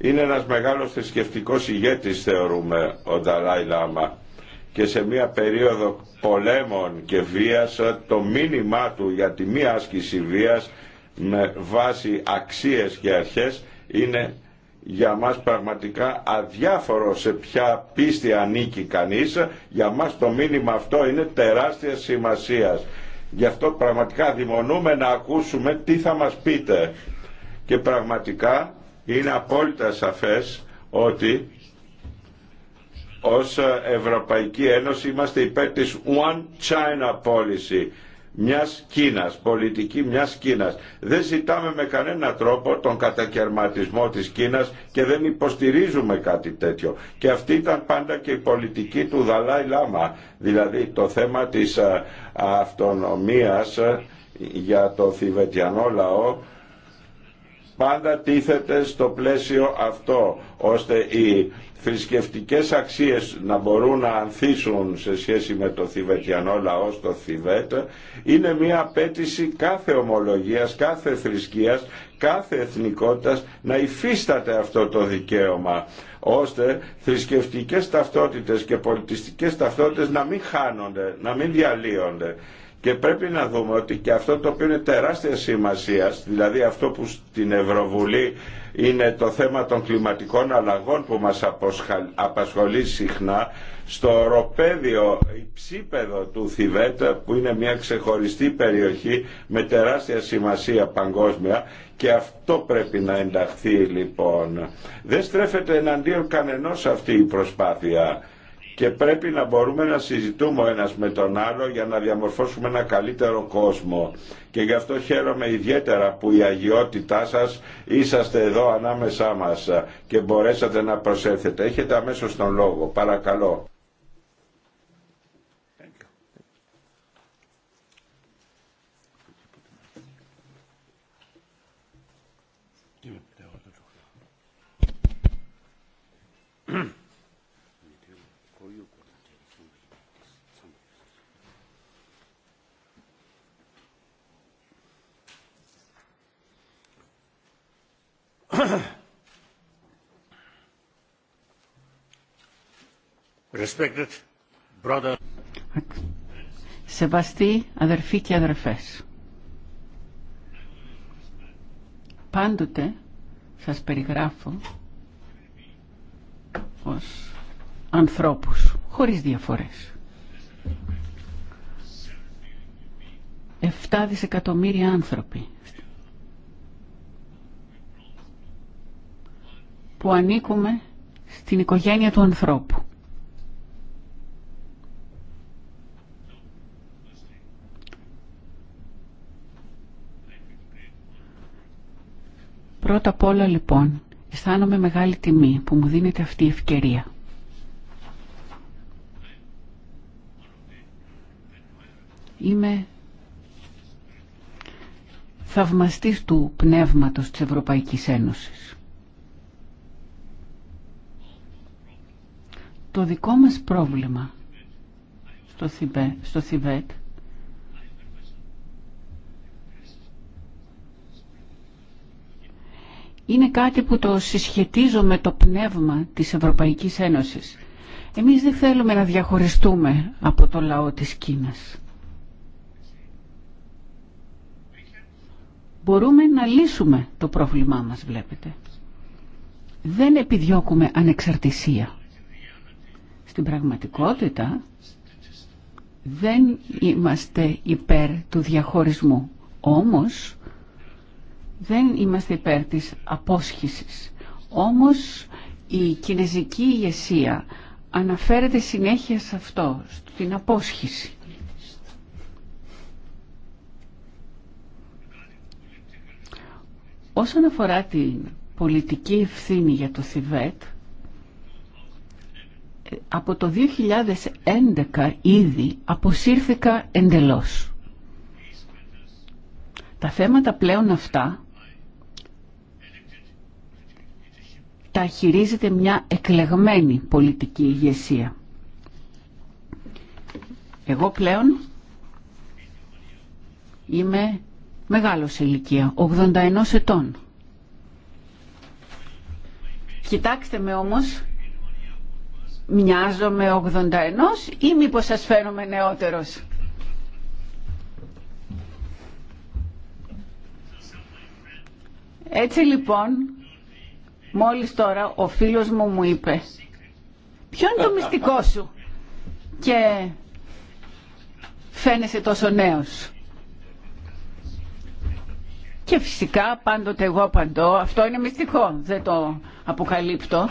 Είναι ένας μεγάλος θρησκευτικό ηγέτης θεωρούμε ο Νταλάη Λάμα και σε μια περίοδο πολέμων και βίας το μήνυμά του για τη μία άσκηση βίας με βάση αξίες και αρχές είναι για μας πραγματικά αδιάφορο σε ποια πίστη ανήκει κανείς για μας το μήνυμα αυτό είναι τεράστια σημασίας γι' αυτό πραγματικά δημονούμε να ακούσουμε τι θα μας πείτε και πραγματικά είναι απόλυτα σαφές ότι ως Ευρωπαϊκή Ένωση είμαστε υπέρ της One China Policy μιας Κίνας, πολιτική μιας Κίνας. Δεν ζητάμε με κανένα τρόπο τον κατακαιρματισμό της Κίνας και δεν υποστηρίζουμε κάτι τέτοιο. Και αυτή ήταν πάντα και η πολιτική του Δαλάη Λάμα, δηλαδή το θέμα της ε, αυτονομίας ε, για το θηβετιανό λαό πάντα τίθεται στο πλαίσιο αυτό, ώστε οι θρησκευτικές αξίες να μπορούν να ανθίσουν σε σχέση με το θηβετιανό λαό στο Θιβέτ, είναι μια απέτηση κάθε ομολογίας, κάθε θρησκείας, κάθε εθνικότητας να υφίσταται αυτό το δικαίωμα ώστε θρησκευτικές ταυτότητες και πολιτιστικές ταυτότητες να μην χάνονται, να μην διαλύονται. Και πρέπει να δούμε ότι και αυτό το οποίο είναι τεράστια σημασία, δηλαδή αυτό που στην Ευρωβουλή είναι το θέμα των κλιματικών αλλαγών που μας απασχολεί συχνά, στο οροπέδιο υψίπεδο του Θιβέτ που είναι μια ξεχωριστή περιοχή με τεράστια σημασία παγκόσμια και αυτό πρέπει να ενταχθεί λοιπόν. Δεν στρέφεται εναντίον κανενός αυτή η προσπάθεια και πρέπει να μπορούμε να συζητούμε ο ένας με τον άλλο για να διαμορφώσουμε ένα καλύτερο κόσμο. Και γι' αυτό χαίρομαι ιδιαίτερα που η αγιότητά σας είσαστε εδώ ανάμεσά μας και μπορέσατε να προσέλθετε. Έχετε αμέσως τον λόγο. Παρακαλώ. Respected brother. Σεβαστοί αδερφοί και αδερφές, πάντοτε σας περιγράφω ως ανθρώπους, χωρίς διαφορές. 7 δισεκατομμύρια άνθρωποι που ανήκουμε στην οικογένεια του ανθρώπου. Πρώτα απ' όλα λοιπόν, αισθάνομαι μεγάλη τιμή που μου δίνεται αυτή η ευκαιρία. Είμαι θαυμαστής του πνεύματος της Ευρωπαϊκής Ένωσης. το δικό μας πρόβλημα στο, Θιβέ, στο Θιβέτ είναι κάτι που το συσχετίζω με το πνεύμα της Ευρωπαϊκής Ένωσης. Εμείς δεν θέλουμε να διαχωριστούμε από το λαό της Κίνας. Μπορούμε να λύσουμε το πρόβλημά μας, βλέπετε. Δεν επιδιώκουμε ανεξαρτησία. Στην πραγματικότητα δεν είμαστε υπέρ του διαχωρισμού, όμως δεν είμαστε υπέρ της απόσχησης. Όμως η κινέζικη ηγεσία αναφέρεται συνέχεια σε αυτό, στην απόσχηση. Όσον αφορά την πολιτική ευθύνη για το Θιβέτ, από το 2011 ήδη αποσύρθηκα εντελώς. Τα θέματα πλέον αυτά τα χειρίζεται μια εκλεγμένη πολιτική ηγεσία. Εγώ πλέον είμαι μεγάλος ηλικία, 81 ετών. Κοιτάξτε με όμως μοιάζομαι 81 ή μήπως σας φαίνομαι νεότερος. Έτσι λοιπόν, μόλις τώρα ο φίλος μου μου είπε «Ποιο είναι το μυστικό σου» και φαίνεσαι τόσο νέος. Και φυσικά πάντοτε εγώ απαντώ, αυτό είναι μυστικό, δεν το αποκαλύπτω.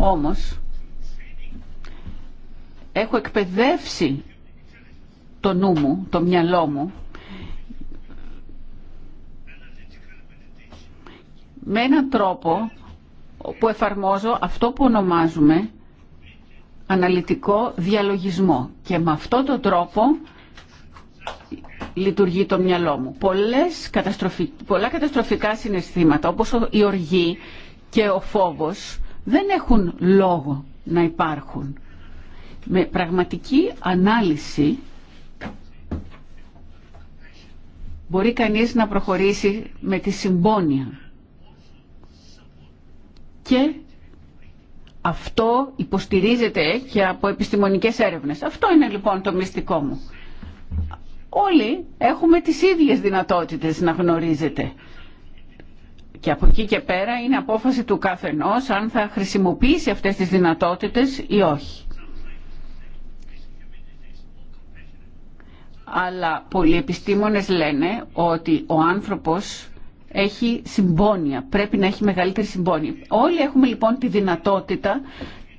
Όμως, έχω εκπαιδεύσει το νου μου, το μυαλό μου, με έναν τρόπο που εφαρμόζω αυτό που ονομάζουμε αναλυτικό διαλογισμό. Και με αυτό τον τρόπο λειτουργεί το μυαλό μου. Πολλές πολλά καταστροφικά συναισθήματα, όπως η οργή και ο φόβος, δεν έχουν λόγο να υπάρχουν. Με πραγματική ανάλυση μπορεί κανείς να προχωρήσει με τη συμπόνια. Και αυτό υποστηρίζεται και από επιστημονικές έρευνες. Αυτό είναι λοιπόν το μυστικό μου. Όλοι έχουμε τις ίδιες δυνατότητες να γνωρίζετε και από εκεί και πέρα είναι απόφαση του καθενός αν θα χρησιμοποιήσει αυτές τις δυνατότητες ή όχι. Αλλά πολλοί επιστήμονες λένε ότι ο άνθρωπος έχει συμπόνια, πρέπει να έχει μεγαλύτερη συμπόνια. Όλοι έχουμε λοιπόν τη δυνατότητα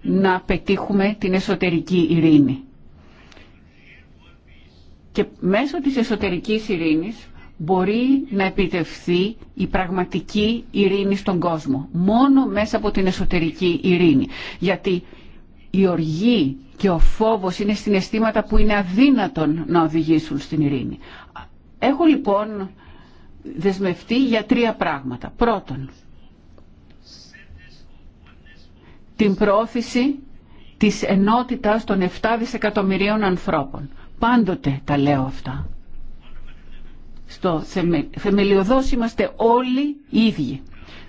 να πετύχουμε την εσωτερική ειρήνη. Και μέσω της εσωτερικής ειρήνης μπορεί να επιτευχθεί η πραγματική ειρήνη στον κόσμο. Μόνο μέσα από την εσωτερική ειρήνη. Γιατί η οργή και ο φόβος είναι συναισθήματα που είναι αδύνατον να οδηγήσουν στην ειρήνη. Έχω λοιπόν δεσμευτεί για τρία πράγματα. Πρώτον, την πρόθεση της ενότητας των 7 δισεκατομμυρίων ανθρώπων. Πάντοτε τα λέω αυτά. Στο θεμελιωδώς είμαστε όλοι οι ίδιοι.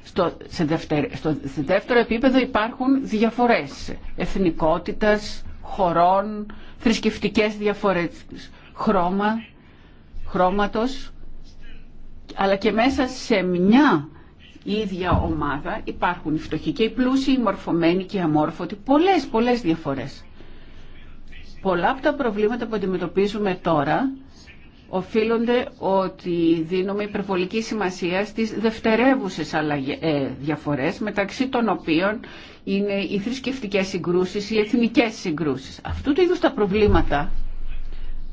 Στο, σε, δεύτερο, στο, δεύτερο επίπεδο υπάρχουν διαφορές εθνικότητας, χωρών, θρησκευτικές διαφορές, χρώμα, χρώματος, αλλά και μέσα σε μια ίδια ομάδα υπάρχουν οι φτωχοί και οι πλούσιοι, οι μορφωμένοι και οι αμόρφωτοι, πολλές, πολλές διαφορές. Πολλά από τα προβλήματα που αντιμετωπίζουμε τώρα οφείλονται ότι δίνουμε υπερβολική σημασία στις δευτερεύουσες ε, διαφορές μεταξύ των οποίων είναι οι θρησκευτικέ συγκρούσεις, οι εθνικές συγκρούσεις. Αυτού του είδους τα προβλήματα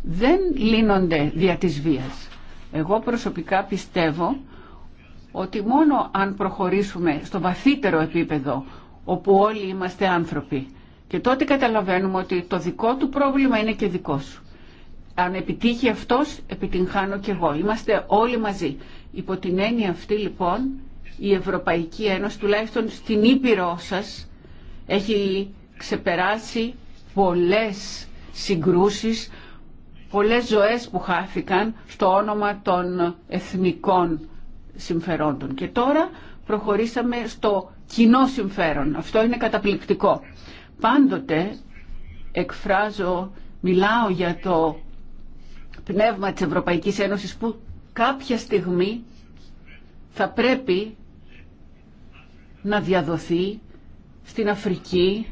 δεν λύνονται δια της βίας. Εγώ προσωπικά πιστεύω ότι μόνο αν προχωρήσουμε στο βαθύτερο επίπεδο όπου όλοι είμαστε άνθρωποι και τότε καταλαβαίνουμε ότι το δικό του πρόβλημα είναι και δικό σου αν επιτύχει αυτός, επιτυγχάνω και εγώ. Είμαστε όλοι μαζί. Υπό την έννοια αυτή λοιπόν, η Ευρωπαϊκή Ένωση, τουλάχιστον στην Ήπειρό σας, έχει ξεπεράσει πολλές συγκρούσεις, πολλές ζωές που χάθηκαν στο όνομα των εθνικών συμφερόντων. Και τώρα προχωρήσαμε στο κοινό συμφέρον. Αυτό είναι καταπληκτικό. Πάντοτε εκφράζω, μιλάω για το πνεύμα της Ευρωπαϊκής Ένωσης που κάποια στιγμή θα πρέπει να διαδοθεί στην Αφρική,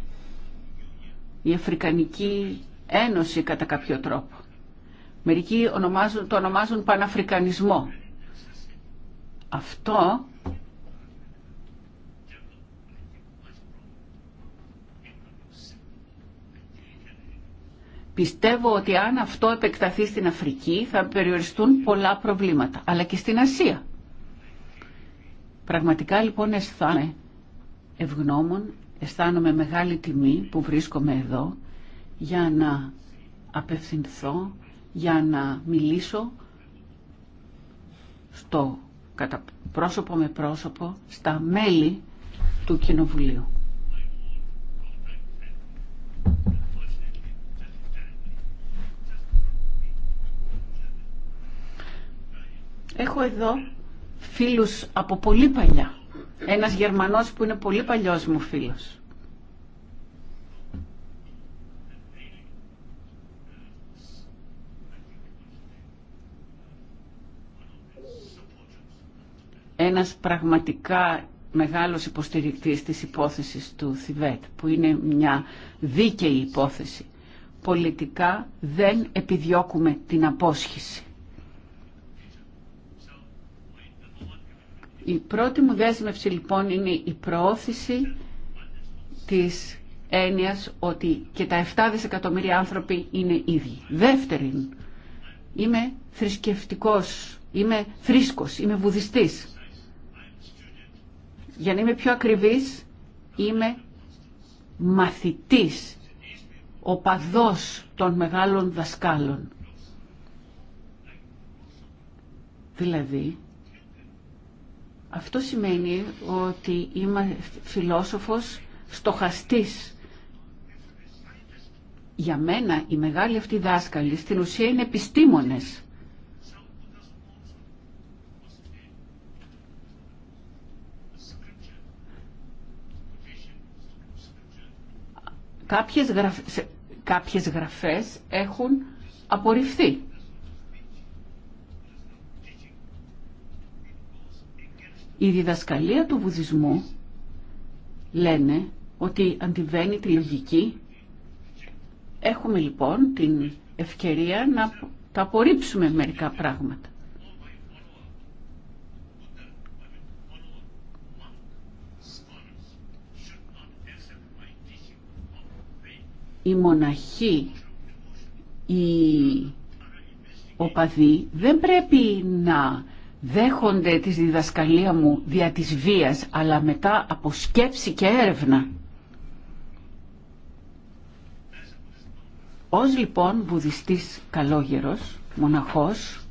η Αφρικανική Ένωση κατά κάποιο τρόπο. Μερικοί ονομάζουν, το ονομάζουν Παναφρικανισμό. Αυτό Πιστεύω ότι αν αυτό επεκταθεί στην Αφρική θα περιοριστούν πολλά προβλήματα, αλλά και στην Ασία. Πραγματικά λοιπόν αισθάνομαι ευγνώμων, αισθάνομαι μεγάλη τιμή που βρίσκομαι εδώ για να απευθυνθώ, για να μιλήσω στο κατά πρόσωπο με πρόσωπο στα μέλη του Κοινοβουλίου. Έχω εδώ φίλους από πολύ παλιά. Ένας Γερμανός που είναι πολύ παλιός μου φίλος. Ένας πραγματικά μεγάλος υποστηρικτής της υπόθεσης του Θιβέτ, που είναι μια δίκαιη υπόθεση. Πολιτικά δεν επιδιώκουμε την απόσχηση. Η πρώτη μου δέσμευση λοιπόν είναι η προώθηση της έννοιας ότι και τα 7 δισεκατομμύρια άνθρωποι είναι ίδιοι. δεύτερη είμαι θρησκευτικός, είμαι θρήσκος, είμαι βουδιστής. Για να είμαι πιο ακριβής, είμαι μαθητής, οπαδός των μεγάλων δασκάλων. Δηλαδή, αυτό σημαίνει ότι είμαι φιλόσοφος στοχαστής. Για μένα οι μεγάλοι αυτοί δάσκαλοι στην ουσία είναι επιστήμονες. Κάποιες, κάποιες γραφές έχουν απορριφθεί. Η διδασκαλία του βουδισμού λένε ότι αντιβαίνει τη λογική. Έχουμε λοιπόν την ευκαιρία να τα απορρίψουμε μερικά πράγματα. Οι μοναχοί, οι οπαδοί δεν πρέπει να δέχονται τη διδασκαλία μου δια της βίας, αλλά μετά από σκέψη και έρευνα. Ως λοιπόν βουδιστής καλόγερος, μοναχός,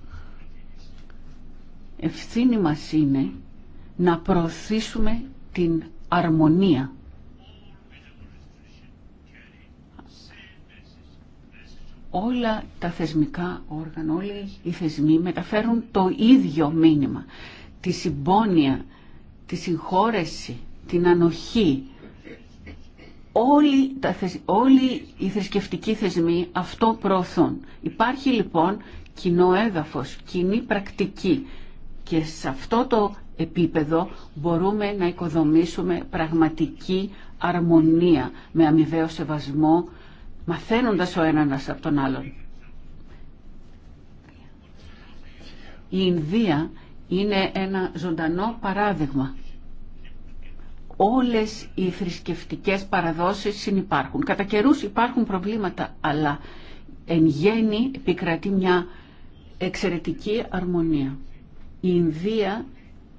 ευθύνη μας είναι να προωθήσουμε την αρμονία όλα τα θεσμικά όργανα, όλοι οι θεσμοί μεταφέρουν το ίδιο μήνυμα. Τη συμπόνια, τη συγχώρεση, την ανοχή. Όλοι, τα, όλοι οι θρησκευτικοί θεσμοί αυτό προωθούν. Υπάρχει λοιπόν κοινό έδαφος, κοινή πρακτική και σε αυτό το επίπεδο μπορούμε να οικοδομήσουμε πραγματική αρμονία με αμοιβαίο σεβασμό μαθαίνοντας ο ένας από τον άλλον. Η Ινδία είναι ένα ζωντανό παράδειγμα. Όλες οι θρησκευτικές παραδόσεις συνυπάρχουν. Κατά καιρού υπάρχουν προβλήματα, αλλά εν γέννη επικρατεί μια εξαιρετική αρμονία. Η Ινδία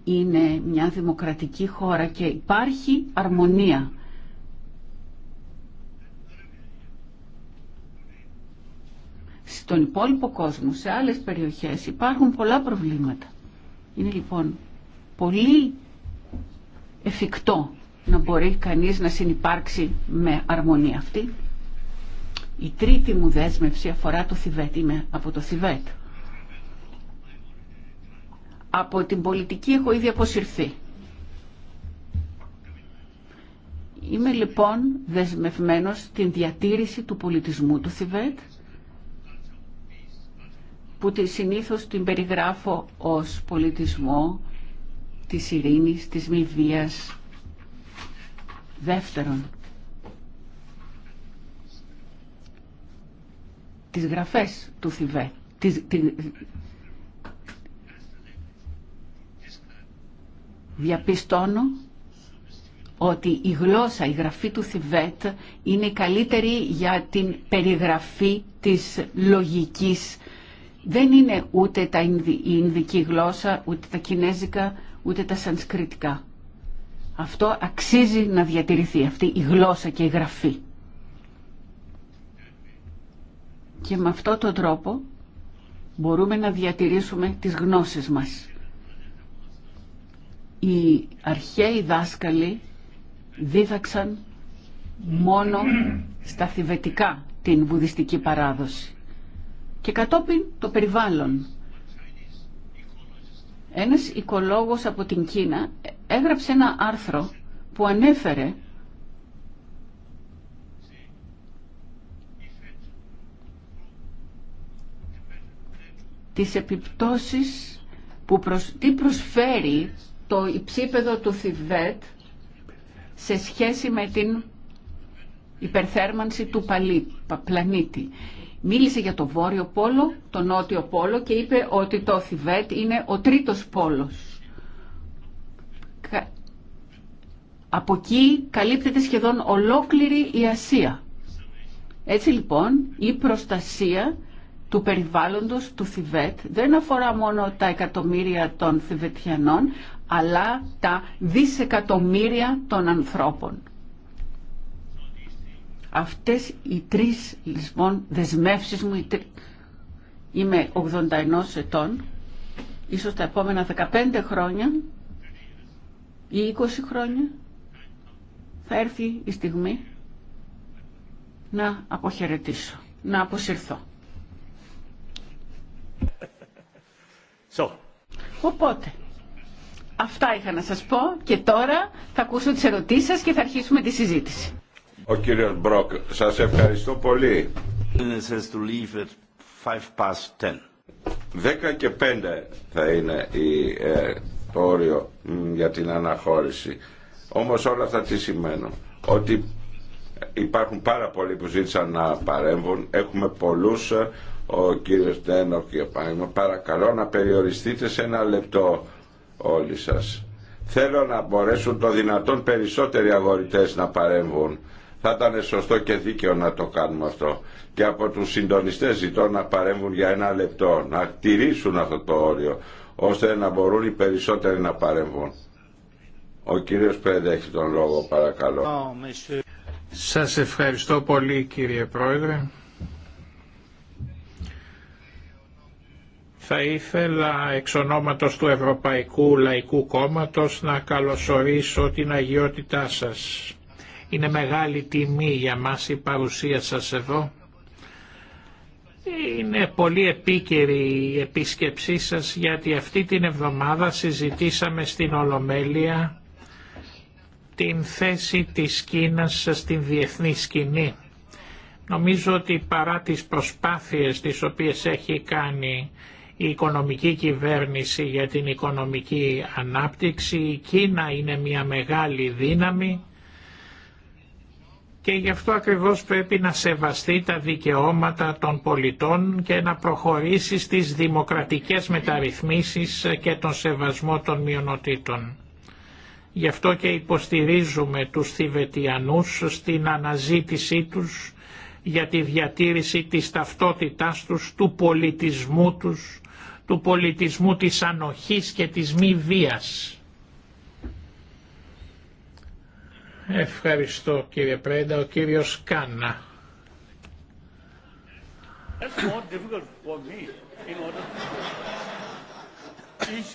είναι μια δημοκρατική χώρα και υπάρχει αρμονία. στον υπόλοιπο κόσμο, σε άλλες περιοχές υπάρχουν πολλά προβλήματα. Είναι λοιπόν πολύ εφικτό να μπορεί κανείς να συνυπάρξει με αρμονία αυτή. Η τρίτη μου δέσμευση αφορά το Θιβέτ. Είμαι από το Θιβέτ. Από την πολιτική έχω ήδη αποσυρθεί. Είμαι λοιπόν δεσμευμένος στην διατήρηση του πολιτισμού του Θιβέτ που τη συνήθως την περιγράφω ως πολιτισμό της ειρήνης, της μη βίας. Δεύτερον, τις γραφές του Θιβέτ. διαπιστώνω ότι η γλώσσα, η γραφή του Θιβέτ είναι καλύτερη για την περιγραφή της λογικής δεν είναι ούτε τα η Ινδική γλώσσα, ούτε τα Κινέζικα, ούτε τα Σανσκριτικά. Αυτό αξίζει να διατηρηθεί, αυτή η γλώσσα και η γραφή. Και με αυτόν τον τρόπο μπορούμε να διατηρήσουμε τις γνώσεις μας. Οι αρχαίοι δάσκαλοι δίδαξαν μόνο στα θηβετικά την βουδιστική παράδοση και κατόπιν το περιβάλλον. Ένας οικολόγος από την Κίνα έγραψε ένα άρθρο που ανέφερε τις επιπτώσεις που προσ... τι προσφέρει το υψίπεδο του Θιβέτ σε σχέση με την υπερθέρμανση του παλί, πλανήτη. Μίλησε για το Βόρειο Πόλο, τον Νότιο Πόλο και είπε ότι το Θιβέτ είναι ο τρίτος πόλος. Από εκεί καλύπτεται σχεδόν ολόκληρη η Ασία. Έτσι λοιπόν η προστασία του περιβάλλοντος του Θιβέτ δεν αφορά μόνο τα εκατομμύρια των Θιβετιανών αλλά τα δισεκατομμύρια των ανθρώπων. Αυτές οι τρεις λοιπόν δεσμεύσεις μου, είμαι 81 ετών, ίσως τα επόμενα 15 χρόνια ή 20 χρόνια θα έρθει η στιγμή να αποχαιρετήσω, να αποσυρθώ. So. Οπότε, αυτά είχα να σας πω και τώρα θα ακούσω τις ερωτήσεις σας και θα αρχίσουμε τη συζήτηση. Ο κύριος Μπρόκ, σας ευχαριστώ πολύ. Δέκα και πέντε θα είναι η, ε, το όριο για την αναχώρηση. Όμως όλα αυτά τι σημαίνουν. Ότι υπάρχουν πάρα πολλοί που ζήτησαν να παρέμβουν. Έχουμε πολλούς. Ε, ο κύριος Τένο και πάνω. Παρακαλώ να περιοριστείτε σε ένα λεπτό όλοι σας. Θέλω να μπορέσουν το δυνατόν περισσότεροι αγορητές να παρέμβουν θα ήταν σωστό και δίκαιο να το κάνουμε αυτό. Και από τους συντονιστές ζητώ να παρέμβουν για ένα λεπτό, να τηρήσουν αυτό το όριο, ώστε να μπορούν οι περισσότεροι να παρέμβουν. Ο κύριος Πρέδε έχει τον λόγο, παρακαλώ. Σας ευχαριστώ πολύ κύριε Πρόεδρε. Θα ήθελα εξ ονόματος του Ευρωπαϊκού Λαϊκού Κόμματος να καλωσορίσω την αγιότητά σας. Είναι μεγάλη τιμή για μας η παρουσία σας εδώ. Είναι πολύ επίκαιρη η επίσκεψή σας γιατί αυτή την εβδομάδα συζητήσαμε στην Ολομέλεια την θέση της Κίνας στην διεθνή σκηνή. Νομίζω ότι παρά τις προσπάθειες τις οποίες έχει κάνει η οικονομική κυβέρνηση για την οικονομική ανάπτυξη, η Κίνα είναι μια μεγάλη δύναμη και γι' αυτό ακριβώς πρέπει να σεβαστεί τα δικαιώματα των πολιτών και να προχωρήσει στις δημοκρατικές μεταρρυθμίσεις και τον σεβασμό των μειονοτήτων. Γι' αυτό και υποστηρίζουμε τους Θηβετιανούς στην αναζήτησή τους για τη διατήρηση της ταυτότητάς τους, του πολιτισμού τους, του πολιτισμού της ανοχής και της μη βίας. Ευχαριστώ κύριε Πρέντα. Ο κύριος Κάννα.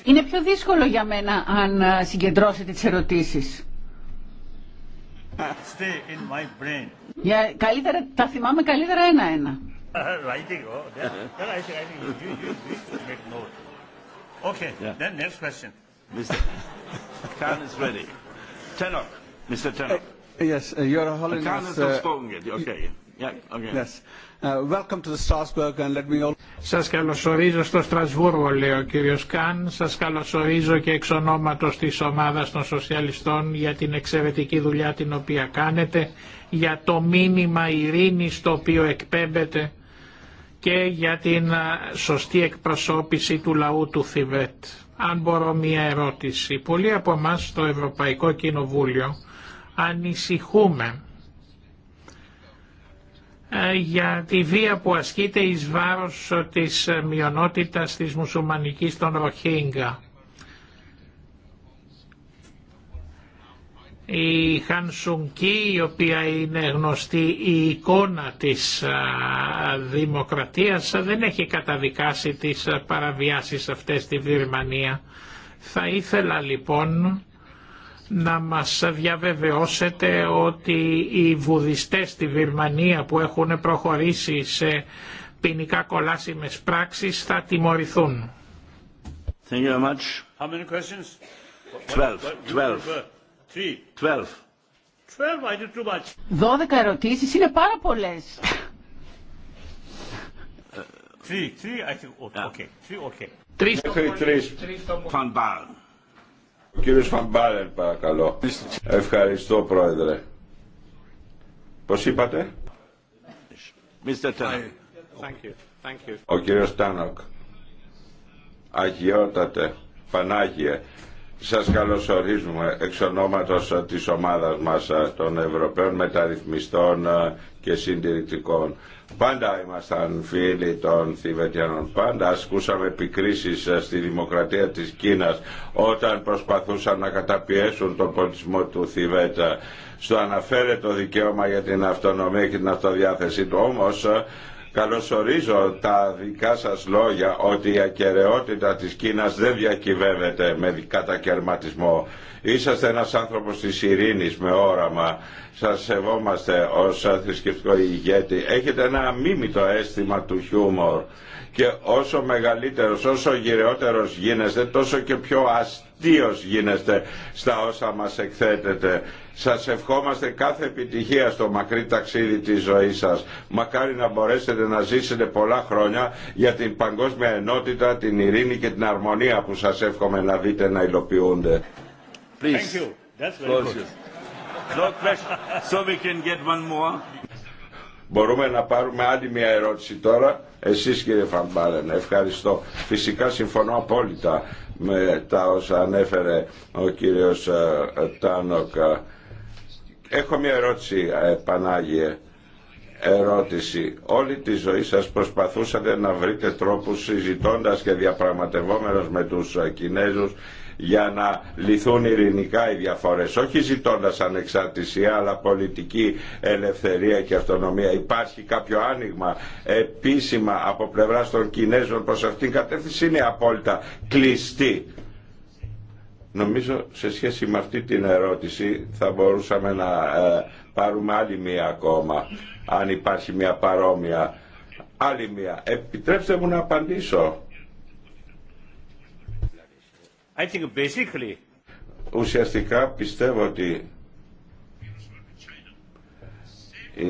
Είναι πιο δύσκολο για μένα αν συγκεντρώσετε τις ερωτήσεις. Ah, stay in my brain. Για, καλύτερα, τα θυμάμαι καλύτερα ένα-ένα. Okay, then next question. Mr. [LAUGHS] Khan is ready. Tenok. Mr. Σας καλωσορίζω στο Στρασβούργο, λέει ο κύριος Καν. Σας καλωσορίζω και εξ ονόματος της ομάδας των σοσιαλιστών για την εξαιρετική δουλειά την οποία κάνετε, για το μήνυμα ειρήνης το οποίο εκπέμπεται και για την σωστή εκπροσώπηση του λαού του Θιβέτ. Αν μπορώ μία ερώτηση. Πολλοί από εμά στο Ευρωπαϊκό Κοινοβούλιο ανησυχούμε ε, για τη βία που ασκείται εις βάρος της ε, μειονότητας της μουσουλμανικής των Ροχίνγκα. Η Χανσουνκή η οποία είναι γνωστή η εικόνα της ε, δημοκρατίας δεν έχει καταδικάσει τις παραβιάσεις αυτές στη Βυρμανία. Θα ήθελα λοιπόν να μας διαβεβαιώσετε ότι οι βουδιστές στη Βυρμανία που έχουν προχωρήσει σε ποινικά κολάσιμες πράξεις θα τιμωρηθούν. Δώδεκα you How many questions? ερωτήσεις είναι πάρα πολλές. Oh, τρεις το I ο κύριος Φαμπάλεν παρακαλώ. Ευχαριστώ πρόεδρε. Πώς είπατε? Thank you. Thank you. Ο κύριος Τάνοκ. Αγιότατε. Πανάγιε. Σας καλωσορίζουμε εξ ονόματος της ομάδας μας ε, των Ευρωπαίων Μεταρρυθμιστών ε, και συντηρητικών. Πάντα ήμασταν φίλοι των Θηβετιανών. Πάντα ασκούσαμε επικρίσεις ε, στη δημοκρατία της Κίνας όταν προσπαθούσαν να καταπιέσουν τον πολιτισμό του Θηβέτα. Ε, στο αναφέρεται το δικαίωμα για την αυτονομία και την αυτοδιάθεση του. Όμως ε, Καλωσορίζω τα δικά σας λόγια ότι η ακαιρεότητα της Κίνας δεν διακυβεύεται με κατακαιρματισμό. Είσαστε ένας άνθρωπος της ειρήνης με όραμα. Σας σεβόμαστε ως θρησκευτικό ηγέτη. Έχετε ένα το αίσθημα του χιούμορ και όσο μεγαλύτερος, όσο γυρεότερος γίνεστε, τόσο και πιο αστείος γίνεστε στα όσα μας εκθέτετε. Σας ευχόμαστε κάθε επιτυχία στο μακρύ ταξίδι της ζωής σας. Μακάρι να μπορέσετε να ζήσετε πολλά χρόνια για την παγκόσμια ενότητα, την ειρήνη και την αρμονία που σας εύχομαι να δείτε να υλοποιούνται. Thank you. Μπορούμε να πάρουμε άλλη μια ερώτηση τώρα. Εσείς κύριε Φαμπάρεν, ευχαριστώ. Φυσικά συμφωνώ απόλυτα με τα όσα ανέφερε ο κύριος ε, Τάνοκα. Έχω μια ερώτηση, ε, Πανάγιε ερώτηση. Όλη τη ζωή σας προσπαθούσατε να βρείτε τρόπους συζητώντας και διαπραγματευόμενος με τους ε, Κινέζους για να λυθούν ειρηνικά οι διαφορές όχι ζητώντας ανεξαρτησία αλλά πολιτική ελευθερία και αυτονομία υπάρχει κάποιο άνοιγμα επίσημα από πλευρά των Κινέζων προς αυτήν την κατεύθυνση είναι απόλυτα κλειστή νομίζω σε σχέση με αυτή την ερώτηση θα μπορούσαμε να ε, πάρουμε άλλη μία ακόμα αν υπάρχει μία παρόμοια άλλη μία επιτρέψτε μου να απαντήσω basically... Ουσιαστικά πιστεύω ότι η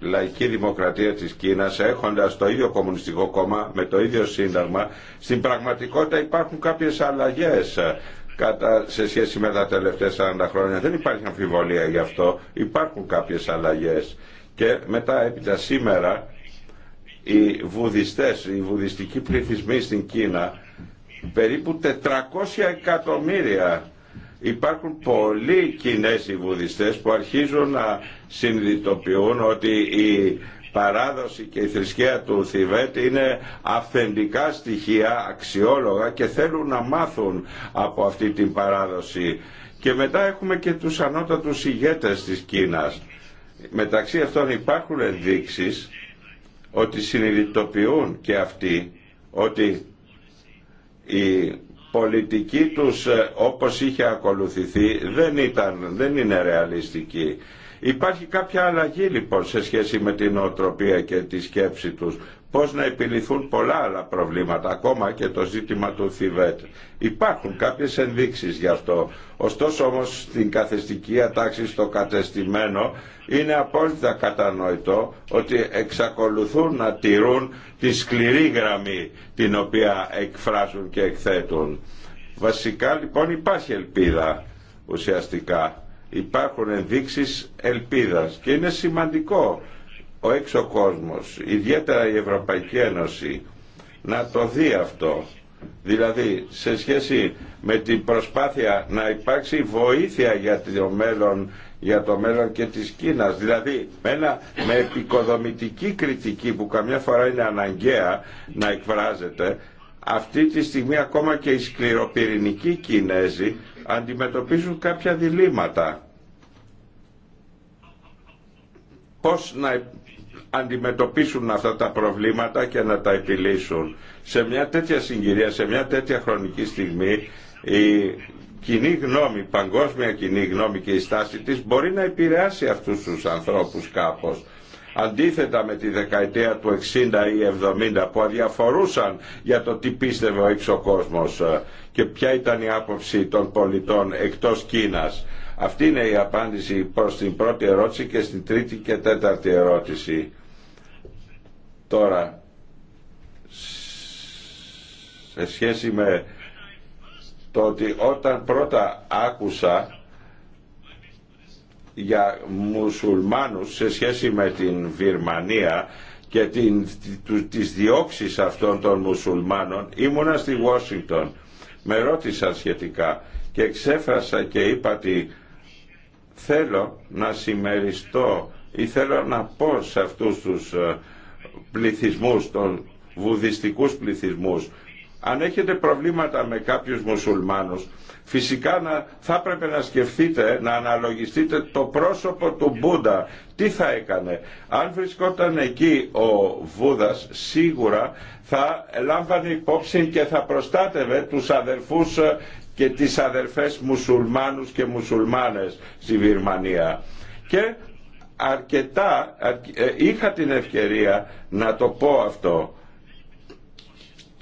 λαϊκή δημοκρατία της Κίνας έχοντας το ίδιο κομμουνιστικό κόμμα με το ίδιο σύνταγμα στην πραγματικότητα υπάρχουν κάποιες αλλαγές ε, κατά, σε σχέση με τα τελευταία 40 χρόνια δεν υπάρχει αμφιβολία γι' αυτό υπάρχουν κάποιες αλλαγές και μετά έπειτα σήμερα οι βουδιστές, οι βουδιστικοί πληθυσμοί στην Κίνα περίπου 400 εκατομμύρια. Υπάρχουν πολλοί Κινέζοι βουδιστές που αρχίζουν να συνειδητοποιούν ότι η παράδοση και η θρησκεία του Θιβέτ είναι αυθεντικά στοιχεία, αξιόλογα και θέλουν να μάθουν από αυτή την παράδοση. Και μετά έχουμε και τους ανώτατους ηγέτες της Κίνας. Μεταξύ αυτών υπάρχουν ενδείξεις ότι συνειδητοποιούν και αυτοί ότι η πολιτική τους ε, όπως είχε ακολουθηθεί δεν, ήταν, δεν είναι ρεαλιστική. Υπάρχει κάποια αλλαγή λοιπόν σε σχέση με την οτροπία και τη σκέψη τους πώς να επιληθούν πολλά άλλα προβλήματα, ακόμα και το ζήτημα του Θιβέτ. Υπάρχουν κάποιες ενδείξεις γι' αυτό. Ωστόσο όμως στην καθεστική ατάξη στο κατεστημένο είναι απόλυτα κατανοητό ότι εξακολουθούν να τηρούν τη σκληρή γραμμή την οποία εκφράζουν και εκθέτουν. Βασικά λοιπόν υπάρχει ελπίδα ουσιαστικά. Υπάρχουν ενδείξεις ελπίδας και είναι σημαντικό ο έξω κόσμος, ιδιαίτερα η Ευρωπαϊκή Ένωση, να το δει αυτό. Δηλαδή, σε σχέση με την προσπάθεια να υπάρξει βοήθεια για το μέλλον, για το μέλλον και της Κίνας. Δηλαδή, με, με επικοδομητική κριτική που καμιά φορά είναι αναγκαία να εκφράζεται, αυτή τη στιγμή ακόμα και οι σκληροπυρηνικοί Κινέζοι αντιμετωπίζουν κάποια διλήμματα. Πώς να αντιμετωπίσουν αυτά τα προβλήματα και να τα επιλύσουν. Σε μια τέτοια συγκυρία, σε μια τέτοια χρονική στιγμή, η κοινή γνώμη, παγκόσμια κοινή γνώμη και η στάση της μπορεί να επηρεάσει αυτούς τους ανθρώπους κάπως. Αντίθετα με τη δεκαετία του 60 ή 70 που αδιαφορούσαν για το τι πίστευε ο έξω κόσμος ε, και ποια ήταν η άποψη των πολιτών εκτός Κίνας. Αυτή είναι η απάντηση προς την πρώτη ερώτηση και στην τρίτη και τέταρτη ερώτηση. Τώρα, σε σχέση με το ότι όταν πρώτα άκουσα για μουσουλμάνους σε σχέση με την Βυρμανία και την, τις διώξεις αυτών των μουσουλμάνων ήμουνα στη Βόσιγκτον, με ρώτησαν σχετικά και εξέφρασα και είπα ότι θέλω να συμμεριστώ ή θέλω να πω σε αυτούς τους ε, πληθυσμούς, των βουδιστικούς πληθυσμούς, αν έχετε προβλήματα με κάποιους μουσουλμάνους, φυσικά να, θα έπρεπε να σκεφτείτε, να αναλογιστείτε το πρόσωπο του Μπούντα. Τι θα έκανε. Αν βρισκόταν εκεί ο Βούδας, σίγουρα θα λάμβανε υπόψη και θα προστάτευε τους αδερφούς ε, και τις αδερφές μουσουλμάνους και μουσουλμάνες στη Βυρμανία. Και αρκετά, ε, είχα την ευκαιρία να το πω αυτό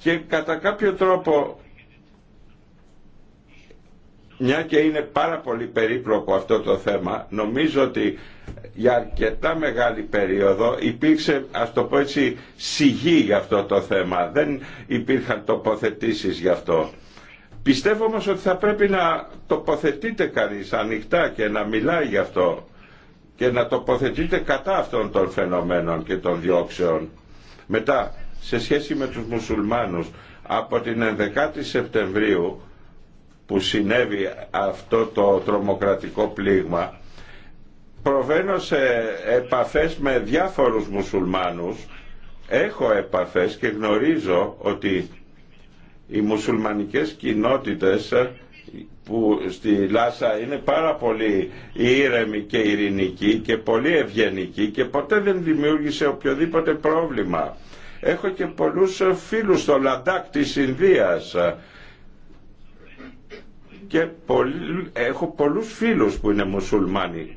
και κατά κάποιο τρόπο μια και είναι πάρα πολύ περίπλοκο αυτό το θέμα, νομίζω ότι για αρκετά μεγάλη περίοδο υπήρξε, ας το πω έτσι, σιγή για αυτό το θέμα. Δεν υπήρχαν τοποθετήσεις γι' αυτό. Πιστεύω όμως ότι θα πρέπει να τοποθετείται κανείς ανοιχτά και να μιλάει γι' αυτό και να τοποθετείτε κατά αυτών των φαινομένων και των διώξεων. Μετά, σε σχέση με τους μουσουλμάνους, από την 11η Σεπτεμβρίου που συνέβη αυτό το τρομοκρατικό πλήγμα, προβαίνω σε επαφές με διάφορους μουσουλμάνους, έχω επαφές και γνωρίζω ότι οι μουσουλμανικές κοινότητες που στη Λάσα είναι πάρα πολύ ήρεμη και ειρηνική και πολύ ευγενική και ποτέ δεν δημιούργησε οποιοδήποτε πρόβλημα. Έχω και πολλούς φίλους στο Λαντάκ της Ινδίας και έχω πολλούς φίλους που είναι μουσουλμάνοι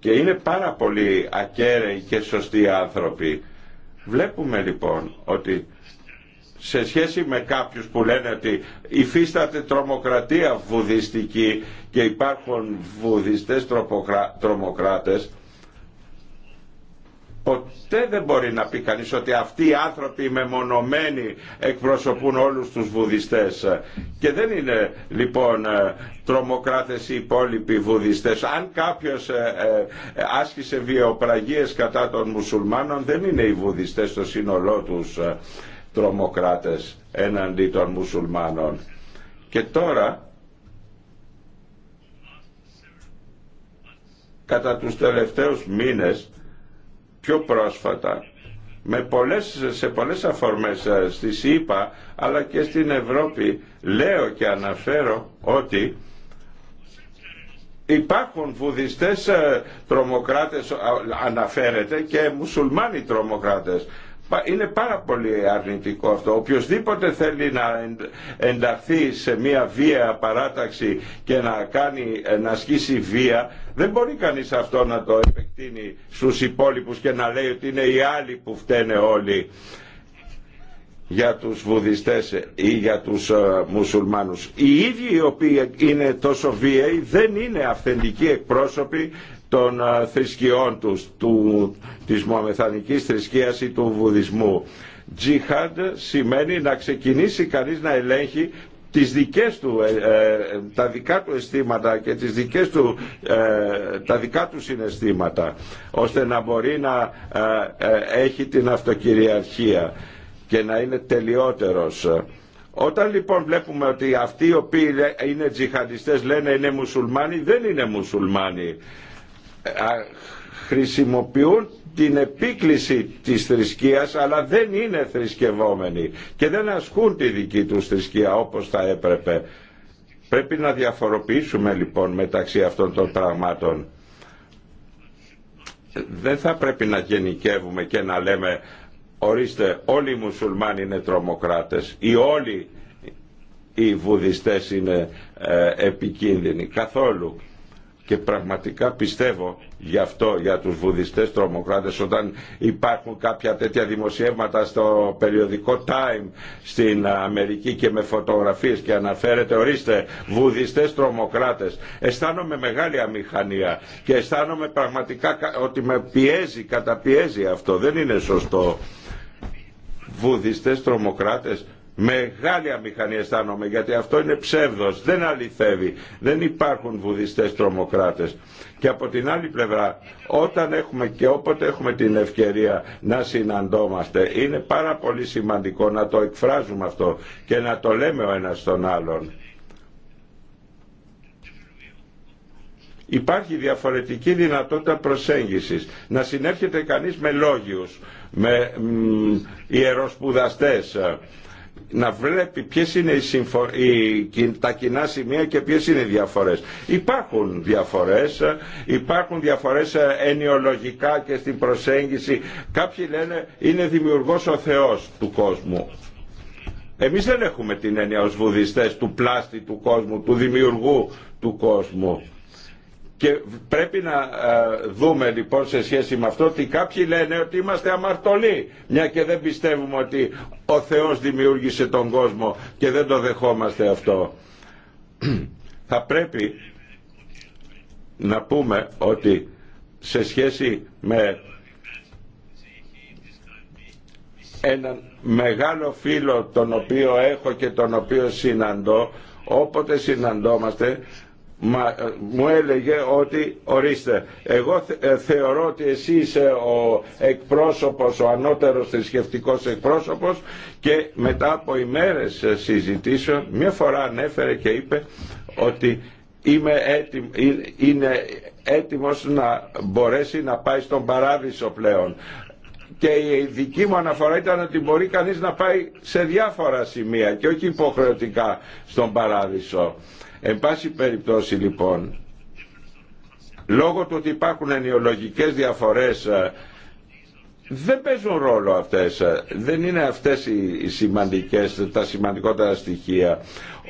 και είναι πάρα πολύ ακέραιοι και σωστοί άνθρωποι. Βλέπουμε λοιπόν ότι σε σχέση με κάποιους που λένε ότι υφίσταται τρομοκρατία βουδιστική και υπάρχουν βουδιστές τρομοκράτες ποτέ δεν μπορεί να πει κανείς ότι αυτοί οι άνθρωποι μεμονωμένοι εκπροσωπούν όλους τους βουδιστές και δεν είναι λοιπόν ε, τρομοκράτες οι υπόλοιποι βουδιστές αν κάποιος ε, ε, άσκησε βιοπραγίες κατά των μουσουλμάνων δεν είναι οι βουδιστές στο σύνολό τους τρομοκράτες έναντι των μουσουλμάνων. Και τώρα κατά τους τελευταίους μήνες πιο πρόσφατα με πολλές, σε πολλές αφορμές ε, στη ΣΥΠΑ αλλά και στην Ευρώπη λέω και αναφέρω ότι υπάρχουν βουδιστές ε, τρομοκράτες αναφέρεται και μουσουλμάνοι τρομοκράτες είναι πάρα πολύ αρνητικό αυτό. Οποιοςδήποτε θέλει να ενταχθεί σε μια βία παράταξη και να, κάνει, να ασκήσει βία, δεν μπορεί κανείς αυτό να το επεκτείνει στους υπόλοιπους και να λέει ότι είναι οι άλλοι που φταίνε όλοι για τους βουδιστές ή για τους ε, μουσουλμάνους. Οι ίδιοι οι οποίοι είναι τόσο βίαιοι δεν είναι αυθεντικοί εκπρόσωποι των ε, θρησκειών τους, του, της μοαμεθανικής θρησκείας ή του βουδισμού. Τζιχάντ σημαίνει να ξεκινήσει κανείς να ελέγχει τις δικές του, ε, ε, τα δικά του αισθήματα και τις δικές του, τα δικά του συναισθήματα, ώστε να μπορεί να έχει την αυτοκυριαρχία και να είναι τελειότερος. Όταν λοιπόν βλέπουμε ότι αυτοί οι οποίοι είναι τζιχαντιστές λένε είναι μουσουλμάνοι, δεν είναι μουσουλμάνοι χρησιμοποιούν την επίκληση της θρησκείας αλλά δεν είναι θρησκευόμενοι και δεν ασκούν τη δική τους θρησκεία όπως θα έπρεπε. Πρέπει να διαφοροποιήσουμε λοιπόν μεταξύ αυτών των πραγμάτων. Δεν θα πρέπει να γενικεύουμε και να λέμε ορίστε όλοι οι μουσουλμάνοι είναι τρομοκράτες ή όλοι οι βουδιστές είναι ε, επικίνδυνοι. Καθόλου και πραγματικά πιστεύω γι' αυτό για τους βουδιστές τρομοκράτες όταν υπάρχουν κάποια τέτοια δημοσιεύματα στο περιοδικό Time στην Αμερική και με φωτογραφίες και αναφέρεται ορίστε βουδιστές τρομοκράτες αισθάνομαι μεγάλη αμηχανία και αισθάνομαι πραγματικά ότι με πιέζει, καταπιέζει αυτό δεν είναι σωστό βουδιστές τρομοκράτες Μεγάλη αμηχανία αισθάνομαι γιατί αυτό είναι ψεύδος, δεν αληθεύει, δεν υπάρχουν βουδιστές τρομοκράτες. Και από την άλλη πλευρά, όταν έχουμε και όποτε έχουμε την ευκαιρία να συναντόμαστε, είναι πάρα πολύ σημαντικό να το εκφράζουμε αυτό και να το λέμε ο ένας τον άλλον. Υπάρχει διαφορετική δυνατότητα προσέγγισης. Να συνέρχεται κανείς με λόγιους, με ιεροσπουδαστές, να βλέπει ποιες είναι οι τα κοινά σημεία και ποιες είναι οι διαφορές. Υπάρχουν διαφορές, ε, υπάρχουν διαφορές ε, ενιολογικά και στην προσέγγιση. Κάποιοι λένε είναι δημιουργός ο Θεός του κόσμου. Εμείς δεν έχουμε την έννοια ως βουδιστές του πλάστη του κόσμου, του δημιουργού του κόσμου. Και πρέπει να ε, δούμε λοιπόν σε σχέση με αυτό ότι κάποιοι λένε ότι είμαστε αμαρτωλοί μια και δεν πιστεύουμε ότι ο Θεός δημιούργησε τον κόσμο και δεν το δεχόμαστε αυτό. [CLEARS THROAT] Θα πρέπει να πούμε ότι σε σχέση με έναν μεγάλο φίλο τον οποίο έχω και τον οποίο συναντώ όποτε συναντώμαστε ε, μου έλεγε ότι ορίστε εγώ ε, θεωρώ ότι εσείς ο εκπρόσωπος ο ανώτερος θρησκευτικό εκπρόσωπος και μετά από ημέρες συζητήσεων μια φορά ανέφερε και είπε ότι είμαι ε, είναι έτοιμος να μπορέσει να πάει στον παράδεισο πλέον και η δική μου αναφορά ήταν ότι μπορεί κανείς να πάει σε διάφορα σημεία και όχι υποχρεωτικά στον παράδεισο Εν πάση περιπτώσει λοιπόν, λόγω του ότι υπάρχουν ενοιολογικές διαφορές ε, δεν παίζουν ρόλο αυτές, ε. δεν είναι αυτές οι σημαντικές, τα σημαντικότερα στοιχεία.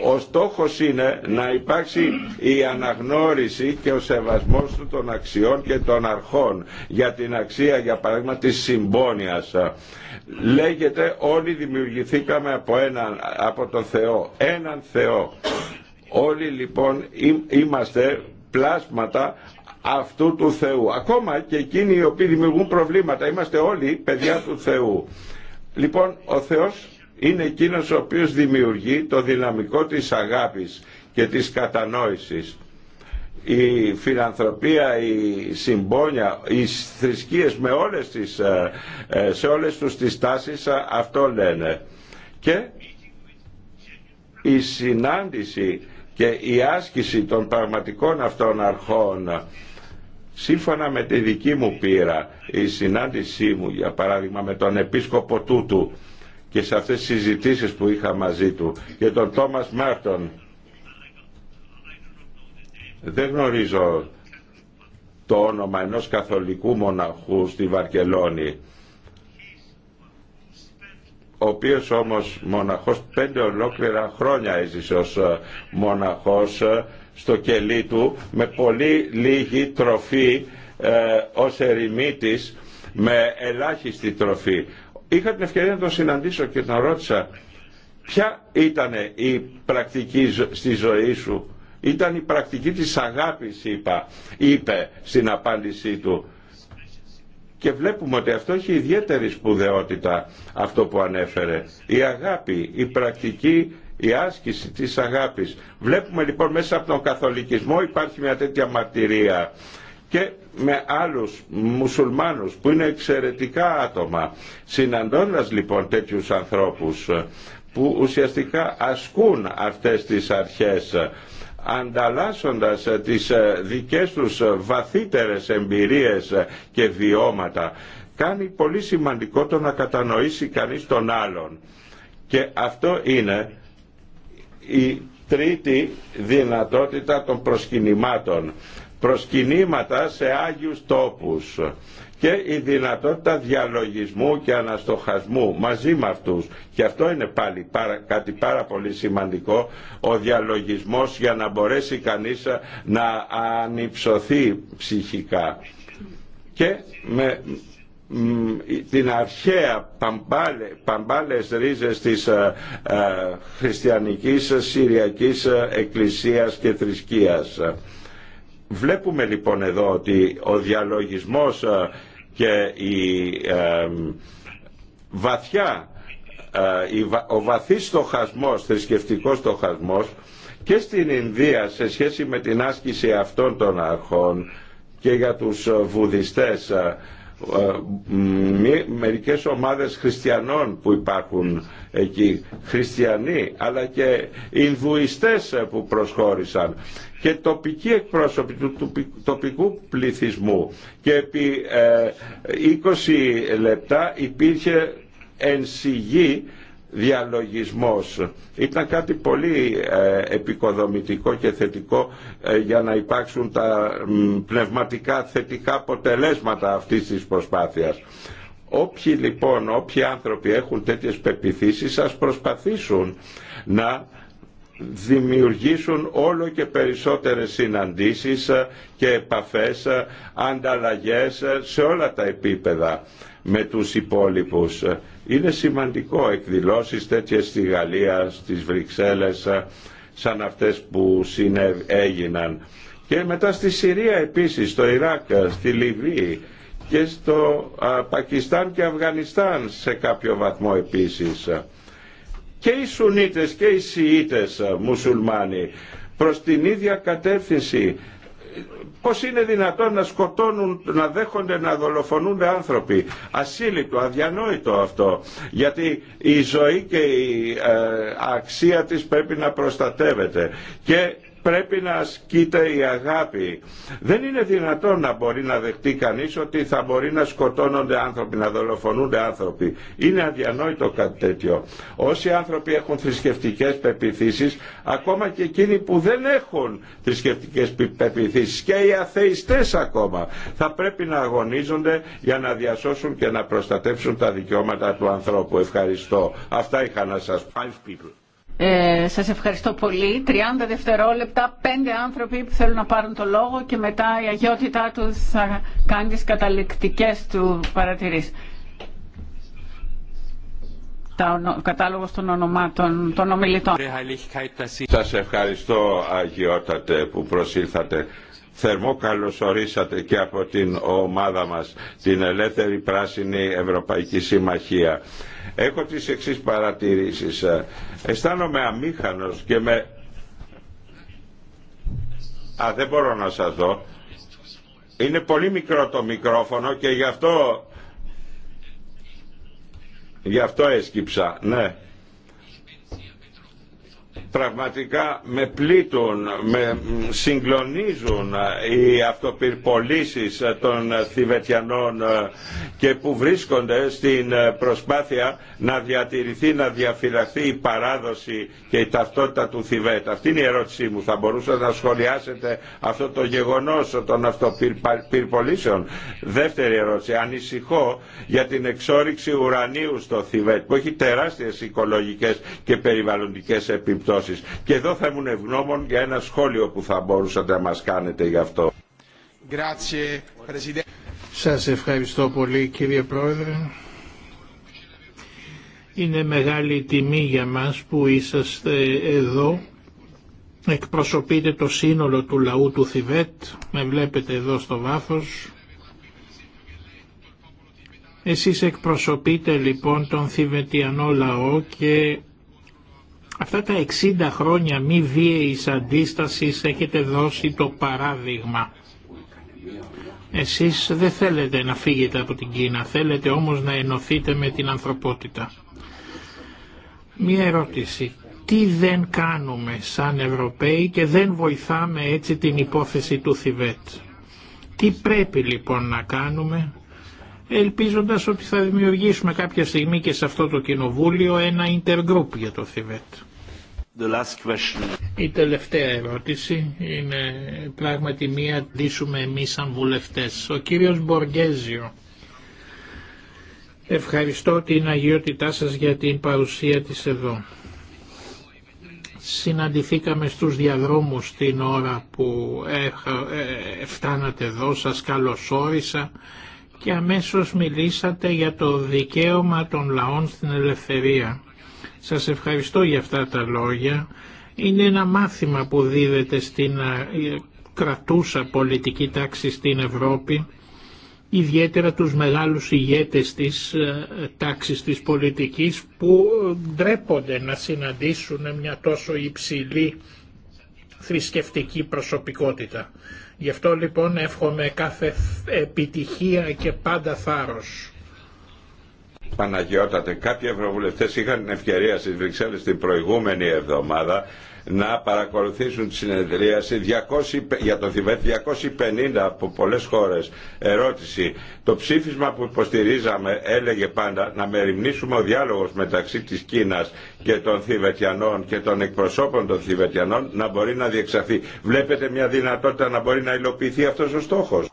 Ο στόχος είναι να υπάρξει η αναγνώριση και ο σεβασμός των αξιών και των αρχών για την αξία, για παράδειγμα, της συμπόνιας. Λέγεται όλοι δημιουργηθήκαμε από, έναν, από τον Θεό, έναν Θεό Όλοι λοιπόν είμαστε πλάσματα αυτού του Θεού. Ακόμα και εκείνοι οι οποίοι δημιουργούν προβλήματα. Είμαστε όλοι παιδιά του Θεού. Λοιπόν, ο Θεός είναι εκείνος ο οποίος δημιουργεί το δυναμικό της αγάπης και της κατανόησης. Η φιλανθρωπία, η συμπόνια, οι θρησκείες με όλες τις, ε, ε, σε όλες τους τις τάσεις ε, αυτό λένε. Και η συνάντηση και η άσκηση των πραγματικών αυτών αρχών Σύμφωνα με τη δική μου πείρα, η συνάντησή μου για παράδειγμα με τον επίσκοπο τούτου και σε αυτές τις συζητήσεις που είχα μαζί του και τον Τόμας Μάρτον δεν γνωρίζω το όνομα ενός καθολικού μοναχού στη Βαρκελόνη ο οποίος όμως μοναχός πέντε ολόκληρα χρόνια έζησε ως ε, μοναχός ε, στο κελί του με πολύ λίγη τροφή ε, ως ερημίτης με ελάχιστη τροφή. Είχα την ευκαιρία να τον συναντήσω και τον ρώτησα ποια ήταν η πρακτική στη ζωή σου. Ήταν η πρακτική της αγάπης είπα, είπε στην απάντησή του και βλέπουμε ότι αυτό έχει ιδιαίτερη σπουδαιότητα αυτό που ανέφερε. Η αγάπη, η πρακτική, η άσκηση της αγάπης. Βλέπουμε λοιπόν μέσα από τον καθολικισμό υπάρχει μια τέτοια μαρτυρία και με άλλους μουσουλμάνους που είναι εξαιρετικά άτομα. Συναντώντας λοιπόν τέτοιους ανθρώπους που ουσιαστικά ασκούν αυτές τις αρχές ανταλλάσσοντας ε, τις ε, δικές τους ε, βαθύτερες εμπειρίες και βιώματα. Κάνει πολύ σημαντικό το να κατανοήσει κανείς τον άλλον. Και αυτό είναι η τρίτη δυνατότητα των προσκυνημάτων προσκυνήματα σε Άγιους τόπους και η δυνατότητα διαλογισμού και αναστοχασμού μαζί με αυτούς. Και αυτό είναι πάλι κάτι πάρα πολύ σημαντικό, ο διαλογισμός για να μπορέσει κανείς να ανυψωθεί ψυχικά. Και με την αρχαία παμπάλε, παμπάλες ρίζες της α, ε, α, ε, χριστιανικής συριακής ε, εκκλησίας και θρησκείας. Βλέπουμε λοιπόν εδώ ότι ο διαλογισμός και η βαθιά, ε, ο βαθύς στοχασμός, θρησκευτικός στοχασμός και στην Ινδία σε σχέση με την άσκηση αυτών των αρχών και για τους βουδιστές ε, ε, μερικές ομάδες χριστιανών που υπάρχουν εκεί, χριστιανοί αλλά και Ινδουιστές ε, που προσχώρησαν και τοπικοί εκπρόσωποι του τοπικού πληθυσμού και επί 20 ε, λεπτά υπήρχε ενσυγή διαλογισμός. Ήταν κάτι πολύ ε, επικοδομητικό και θετικό ε, για να υπάρξουν τα πνευματικά θετικά αποτελέσματα αυτής της προσπάθειας. Όποιοι λοιπόν, όποιοι άνθρωποι έχουν τέτοιες πεπιθήσεις, ας προσπαθήσουν να δημιουργήσουν όλο και περισσότερες συναντήσεις ε, και επαφές, ανταλλαγές σε όλα τα επίπεδα με τους υπόλοιπους είναι σημαντικό εκδηλώσεις τέτοιες στη Γαλλία, στις Βρυξέλλες, ε, σαν αυτές που έγιναν. Και μετά στη Συρία επίσης, στο Ιράκ, ε, στη Λιβύη και στο Πακιστάν και Αφγανιστάν σε κάποιο βαθμό επίσης. Και οι Σουνίτες και οι Σιήτες ε, μουσουλμάνοι προς την ίδια κατεύθυνση πώς είναι δυνατόν να σκοτώνουν, να δέχονται να δολοφονούνται άνθρωποι. Ασύλλητο, αδιανόητο αυτό. Γιατί η ζωή και η ε, αξία της πρέπει να προστατεύεται. Και πρέπει να ασκείται η αγάπη. Δεν είναι δυνατόν να μπορεί να δεχτεί κανείς ότι θα μπορεί να σκοτώνονται άνθρωποι, να δολοφονούνται άνθρωποι. Είναι αδιανόητο κάτι τέτοιο. Όσοι άνθρωποι έχουν θρησκευτικές πεπιθήσεις, ακόμα και εκείνοι που δεν έχουν θρησκευτικές πεπιθήσεις και οι αθεϊστές ακόμα, θα πρέπει να αγωνίζονται για να διασώσουν και να προστατεύσουν τα δικαιώματα του ανθρώπου. Ευχαριστώ. Αυτά είχα να σας πω. Ε, σας ευχαριστώ πολύ. 30 δευτερόλεπτα, πέντε άνθρωποι που θέλουν να πάρουν το λόγο και μετά η αγιότητά του θα κάνει τις καταληκτικές του παρατηρήσεις. Κατάλογο κατάλογος των ονομάτων, των ομιλητών. Σας ευχαριστώ αγιότατε που προσήλθατε. Θερμό καλωσορίσατε και από την ομάδα μας, την Ελεύθερη Πράσινη Ευρωπαϊκή Συμμαχία. Έχω τις εξής παρατηρήσεις. Ε, αισθάνομαι αμήχανος και με... Α, δεν μπορώ να σας δω. Είναι πολύ μικρό το μικρόφωνο και γι' αυτό... Γι' αυτό έσκυψα, ναι πραγματικά με πλήττουν, με συγκλονίζουν οι αυτοπυρπολήσεις των Θηβετιανών ε, και που βρίσκονται στην ε, προσπάθεια να διατηρηθεί, να διαφυλαχθεί η παράδοση και η ταυτότητα του Θηβέτ. Αυτή είναι η ερώτησή μου. Θα μπορούσατε να σχολιάσετε αυτό το γεγονός των αυτοπυρπολίσεων. Δεύτερη ερώτηση. Ανησυχώ για την εξόριξη ουρανίου στο Θηβέτ που έχει τεράστιες οικολογικές και περιβαλλοντικές επιπτώσεις και εδώ θα ήμουν ευγνώμων για ένα σχόλιο που θα μπορούσατε να μας κάνετε γι' αυτό. Σας ευχαριστώ πολύ κύριε Πρόεδρε. Είναι μεγάλη τιμή για μας που είσαστε εδώ. Εκπροσωπείτε το σύνολο του λαού του Θιβέτ. Με βλέπετε εδώ στο βάθος. Εσείς εκπροσωπείτε λοιπόν τον Θιβετιανό λαό και Αυτά τα 60 χρόνια μη βίαιης αντίστασης έχετε δώσει το παράδειγμα. Εσείς δεν θέλετε να φύγετε από την Κίνα, θέλετε όμως να ενωθείτε με την ανθρωπότητα. Μία ερώτηση. Τι δεν κάνουμε σαν Ευρωπαίοι και δεν βοηθάμε έτσι την υπόθεση του Θιβέτ. Τι πρέπει λοιπόν να κάνουμε ελπίζοντας ότι θα δημιουργήσουμε κάποια στιγμή και σε αυτό το κοινοβούλιο ένα intergroup για το Θιβέτ. Η τελευταία ερώτηση είναι πράγματι μία αντίσουμε εμεί σαν βουλευτές. Ο κύριος Μποργέζιο. Ευχαριστώ την αγιότητά σας για την παρουσία της εδώ. Συναντηθήκαμε στους διαδρόμους την ώρα που ε, φτάνατε εδώ, σας καλωσόρισα και αμέσως μιλήσατε για το δικαίωμα των λαών στην ελευθερία. Σας ευχαριστώ για αυτά τα λόγια. Είναι ένα μάθημα που δίδεται στην κρατούσα πολιτική τάξη στην Ευρώπη, ιδιαίτερα τους μεγάλους ηγέτες της τάξης της πολιτικής που ε, ντρέπονται να συναντήσουν μια τόσο υψηλή θρησκευτική προσωπικότητα. Γι' αυτό λοιπόν εύχομαι κάθε επιτυχία και πάντα θάρρος. Παναγιώτατε, κάποιοι ευρωβουλευτές είχαν την ευκαιρία στις Βρυξέλλες την προηγούμενη εβδομάδα να παρακολουθήσουν τη συνεδρίαση 200, για το Θιβέτ 250 από πολλές χώρες. Ερώτηση. Το ψήφισμα που υποστηρίζαμε έλεγε πάντα να μεριμνήσουμε ο διάλογος μεταξύ της Κίνας και των Θιβετιανών και των εκπροσώπων των Θιβετιανών να μπορεί να διεξαφεί. Βλέπετε μια δυνατότητα να μπορεί να υλοποιηθεί αυτός ο στόχος.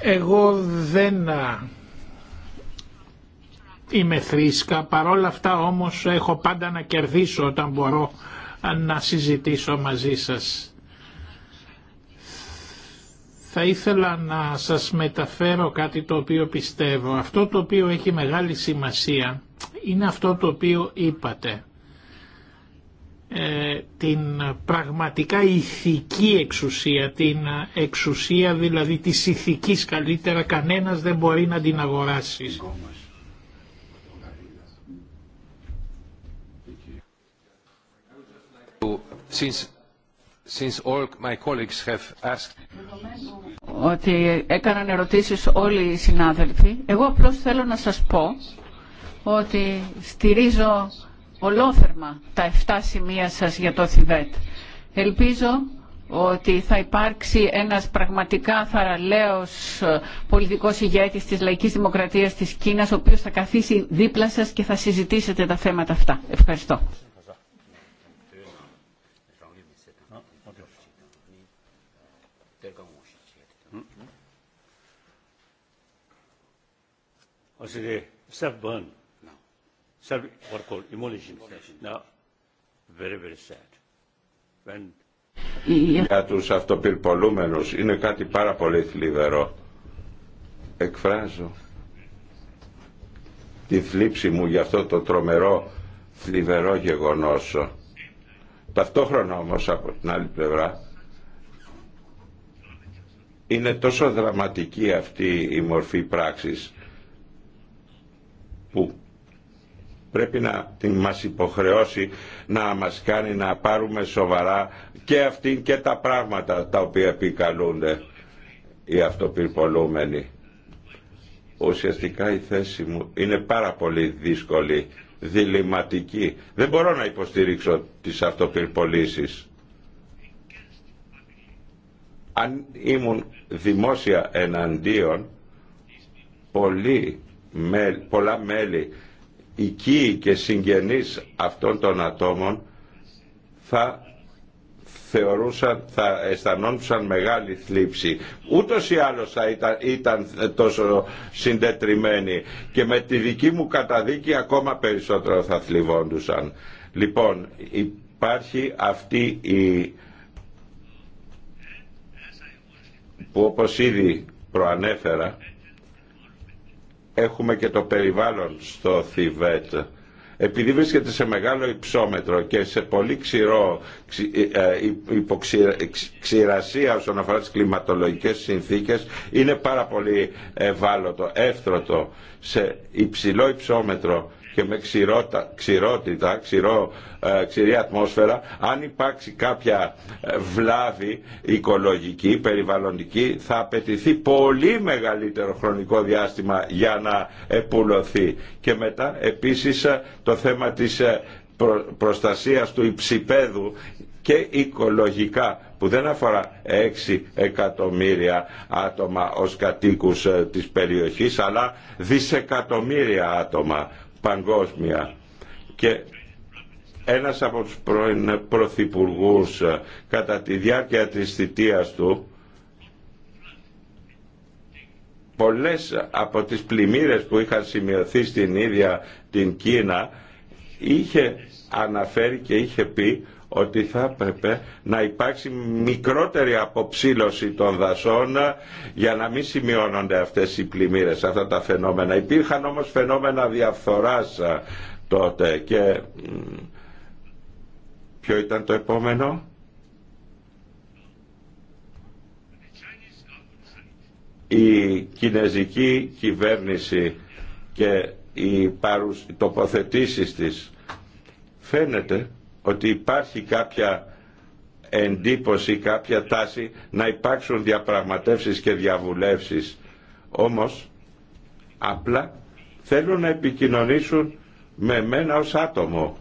Εγώ δεν είμαι θρήσκα, παρόλα αυτά όμως έχω πάντα να κερδίσω όταν μπορώ να συζητήσω μαζί σας. Θα ήθελα να σας μεταφέρω κάτι το οποίο πιστεύω. Αυτό το οποίο έχει μεγάλη σημασία είναι αυτό το οποίο είπατε ε, την πραγματικά ηθική εξουσία, την εξουσία δηλαδή της ηθικής καλύτερα κανένας δεν μπορεί να την αγοράσει. Ότι έκαναν ερωτήσεις όλοι οι συνάδελφοι. Εγώ απλώς θέλω να σας πω ότι στηρίζω ολόθερμα τα 7 σημεία σας για το Θιβέτ. Ελπίζω ότι θα υπάρξει ένας πραγματικά θαραλέος ε, πολιτικός ηγέτης της λαϊκής δημοκρατίας της Κίνας, ο οποίος θα καθίσει δίπλα σας και θα συζητήσετε τα θέματα αυτά. Ευχαριστώ. Now, very, very sad. When... Για τους αυτοπυρπολούμενους είναι κάτι πάρα πολύ θλιβερό. Εκφράζω τη θλίψη μου για αυτό το τρομερό θλιβερό γεγονός. Ταυτόχρονα όμως από την άλλη πλευρά είναι τόσο δραματική αυτή η μορφή πράξης που πρέπει να την μας υποχρεώσει να μας κάνει να πάρουμε σοβαρά και αυτήν και τα πράγματα τα οποία επικαλούνται οι αυτοπυρπολούμενοι. Ουσιαστικά η θέση μου είναι πάρα πολύ δύσκολη, διληματική. Δεν μπορώ να υποστηρίξω τις αυτοπυρπολήσεις. Αν ήμουν δημόσια εναντίον, πολλοί, πολλά μέλη οικοί και συγγενείς αυτών των ατόμων θα θεωρούσαν, θα αισθανόντουσαν μεγάλη θλίψη. Ούτως ή άλλως θα ήταν, ήταν τόσο συντετριμένοι και με τη δική μου καταδίκη ακόμα περισσότερο θα θλιβόντουσαν. Λοιπόν, υπάρχει αυτή η που όπως ήδη προανέφερα έχουμε και το περιβάλλον στο Θιβέτ. Επειδή βρίσκεται σε μεγάλο υψόμετρο και σε πολύ ξηρό ε, ε, υποξηρασία όσον αφορά τις κλιματολογικές συνθήκες, είναι πάρα πολύ ευάλωτο, εύθρωτο, σε υψηλό υψόμετρο και με ξηρότητα, ξηρό, ε, ξηρή ατμόσφαιρα, αν υπάρξει κάποια ε, βλάβη οικολογική, περιβαλλοντική, θα απαιτηθεί πολύ μεγαλύτερο χρονικό διάστημα για να επουλωθεί. Και μετά επίσης ε, το θέμα της προστασίας του υψηπέδου και οικολογικά που δεν αφορά 6 εκατομμύρια άτομα ως κατοίκους της περιοχής αλλά δισεκατομμύρια άτομα παγκόσμια. Και ένας από τους πρώην πρωθυπουργούς ε, κατά τη διάρκεια της θητείας του πολλές από τις πλημμύρες που είχαν σημειωθεί στην ίδια την Κίνα είχε αναφέρει και είχε πει ότι θα έπρεπε να υπάρξει μικρότερη αποψήλωση των δασών για να μην σημειώνονται αυτές οι πλημμύρες, αυτά τα φαινόμενα. Υπήρχαν όμως φαινόμενα διαφθοράς τότε και ποιο ήταν το επόμενο. Η κινέζικη κυβέρνηση και οι τοποθετήσεις της φαίνεται ότι υπάρχει κάποια εντύπωση, κάποια τάση να υπάρξουν διαπραγματεύσεις και διαβουλεύσεις. Όμως, απλά θέλουν να επικοινωνήσουν με μένα ως άτομο.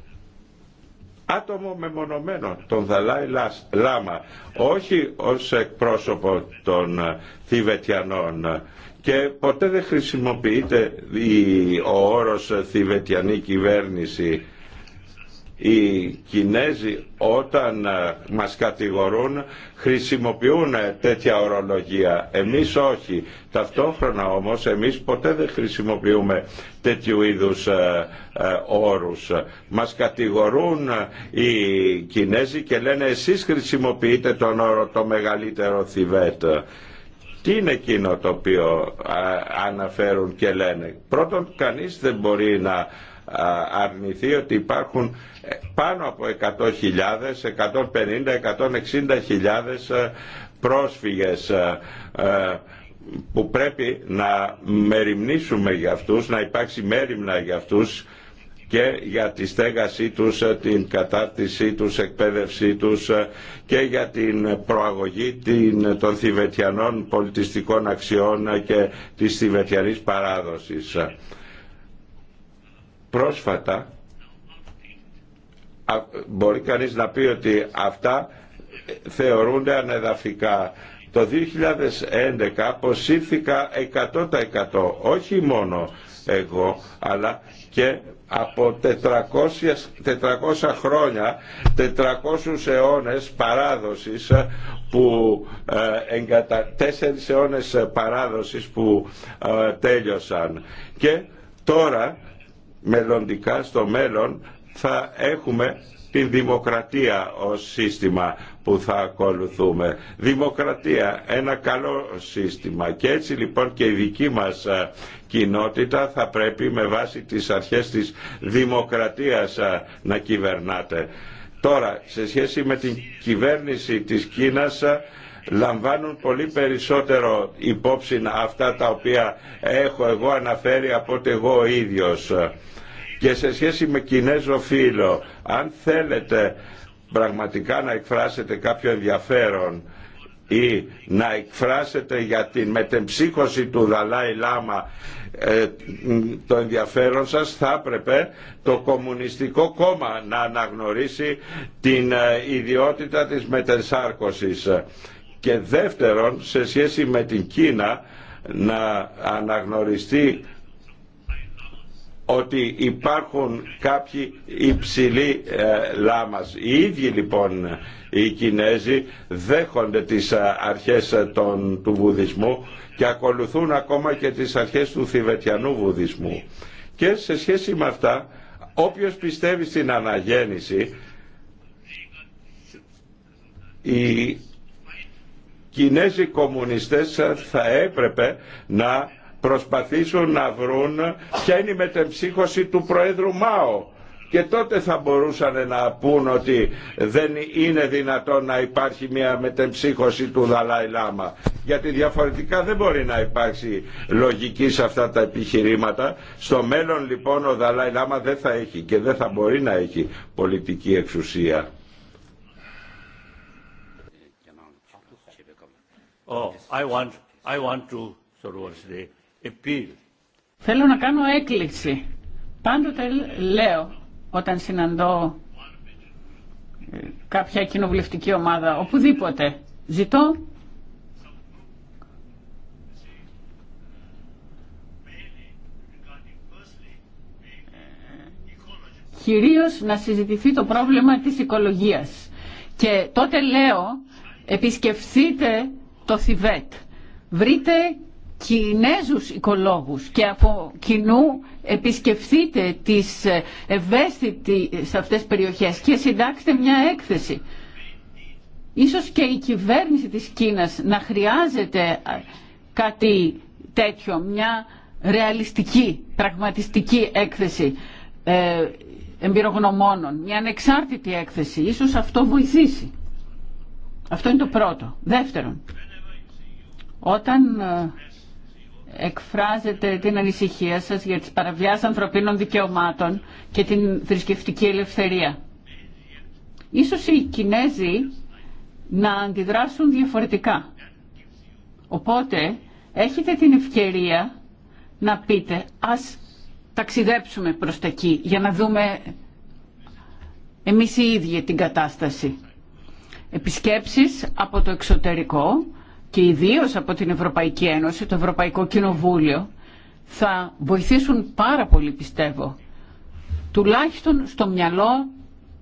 Άτομο μεμονωμένο, τον Δαλάη Λάμα, όχι ως εκπρόσωπο των Θηβετιανών. Και ποτέ δεν χρησιμοποιείται ο όρος Θηβετιανή κυβέρνηση οι Κινέζοι όταν ε, μας κατηγορούν χρησιμοποιούν ε, τέτοια ορολογία. Εμείς όχι. Ταυτόχρονα όμως εμείς ποτέ δεν χρησιμοποιούμε τέτοιου είδους ε, όρους. Μας κατηγορούν οι Κινέζοι και λένε εσείς χρησιμοποιείτε τον όρο το μεγαλύτερο Θιβέτ. Τι είναι εκείνο το οποίο αναφέρουν και λένε. Πρώτον, κανείς δεν μπορεί να αρνηθεί ότι υπάρχουν πάνω από 100.000, 150, 160.000 πρόσφυγες ε, ε, που πρέπει να μεριμνήσουμε για αυτούς, να υπάρξει μέριμνα για αυτούς και για τη στέγασή τους, ε, την κατάρτισή τους, εκπαίδευσή τους και για την προαγωγή των θηβετιανών πολιτιστικών αξιών και της θηβετιανής παράδοσης. Πρόσφατα μπορεί κανείς να πει ότι αυτά θεωρούνται ανεδαφικά. Το 2011 αποσύρθηκα 100% όχι μόνο εγώ αλλά και από 400, 400 χρόνια, 400 αιώνες παράδοσης που 4 ε, αιώνες παράδοσης που ε, τέλειωσαν και τώρα μελλοντικά στο μέλλον θα έχουμε την δημοκρατία ως σύστημα που θα ακολουθούμε. Δημοκρατία, ένα καλό σύστημα. Και έτσι λοιπόν και η δική μας ε, κοινότητα θα πρέπει με βάση τις αρχές της δημοκρατίας ε, να κυβερνάτε. Τώρα, σε σχέση με την κυβέρνηση της Κίνας, ε, λαμβάνουν πολύ περισσότερο υπόψη αυτά τα οποία έχω εγώ αναφέρει από ότι εγώ ο ίδιος. Και σε σχέση με Κινέζο φίλο, αν θέλετε πραγματικά να εκφράσετε κάποιο ενδιαφέρον ή να εκφράσετε για την μετεμψύχωση του Δαλάη Λάμα ε, το ενδιαφέρον σας θα έπρεπε το Κομμουνιστικό Κόμμα να αναγνωρίσει την ε, ιδιότητα της μετεσάρκωσης και δεύτερον σε σχέση με την Κίνα να αναγνωριστεί ότι υπάρχουν κάποιοι υψηλοί ε, λάμας. Οι ίδιοι λοιπόν οι Κινέζοι δέχονται τις ε, αρχές ε, του Βουδισμού και ακολουθούν ακόμα και τις αρχές του Θηβετιανού Βουδισμού. Και σε σχέση με αυτά, όποιος πιστεύει στην αναγέννηση, οι Κινέζοι κομμουνιστές θα έπρεπε να προσπαθήσουν να βρουν ποια είναι η μετεμψύχωση του Προέδρου Μάο. Και τότε θα μπορούσαν να πούν ότι δεν είναι δυνατόν να υπάρχει μια μετεμψύχωση του Δαλάη Λάμα. Γιατί διαφορετικά δεν μπορεί να υπάρξει λογική σε αυτά τα επιχειρήματα. Στο μέλλον λοιπόν ο Δαλάη Λάμα δεν θα έχει και δεν θα μπορεί να έχει πολιτική εξουσία. Oh, I want, Θέλω να κάνω έκκληση. Πάντοτε λέω όταν συναντώ ε, κάποια κοινοβουλευτική ομάδα, οπουδήποτε, ζητώ κυρίως να συζητηθεί το πρόβλημα της οικολογίας. Και τότε λέω, επισκεφθείτε το Θιβέτ. Βρείτε Κινέζους οικολόγους και από κοινού επισκεφθείτε τις σε αυτές περιοχές και συντάξτε μια έκθεση. Ίσως και η κυβέρνηση της Κίνας να χρειάζεται κάτι τέτοιο, μια ρεαλιστική, πραγματιστική έκθεση ε, εμπειρογνωμόνων, μια ανεξάρτητη έκθεση. Ίσως αυτό βοηθήσει. Αυτό είναι το πρώτο. Δεύτερον, όταν ε, εκφράζετε την ανησυχία σας για τις παραβιάσεις ανθρωπίνων δικαιωμάτων και την θρησκευτική ελευθερία. Ίσως οι Κινέζοι να αντιδράσουν διαφορετικά. Οπότε έχετε την ευκαιρία να πείτε ας ταξιδέψουμε προς τα εκεί για να δούμε εμείς οι ίδιοι την κατάσταση. Επισκέψεις από το εξωτερικό και ιδίως από την Ευρωπαϊκή Ένωση, το Ευρωπαϊκό Κοινοβούλιο, θα βοηθήσουν πάρα πολύ πιστεύω, τουλάχιστον στο μυαλό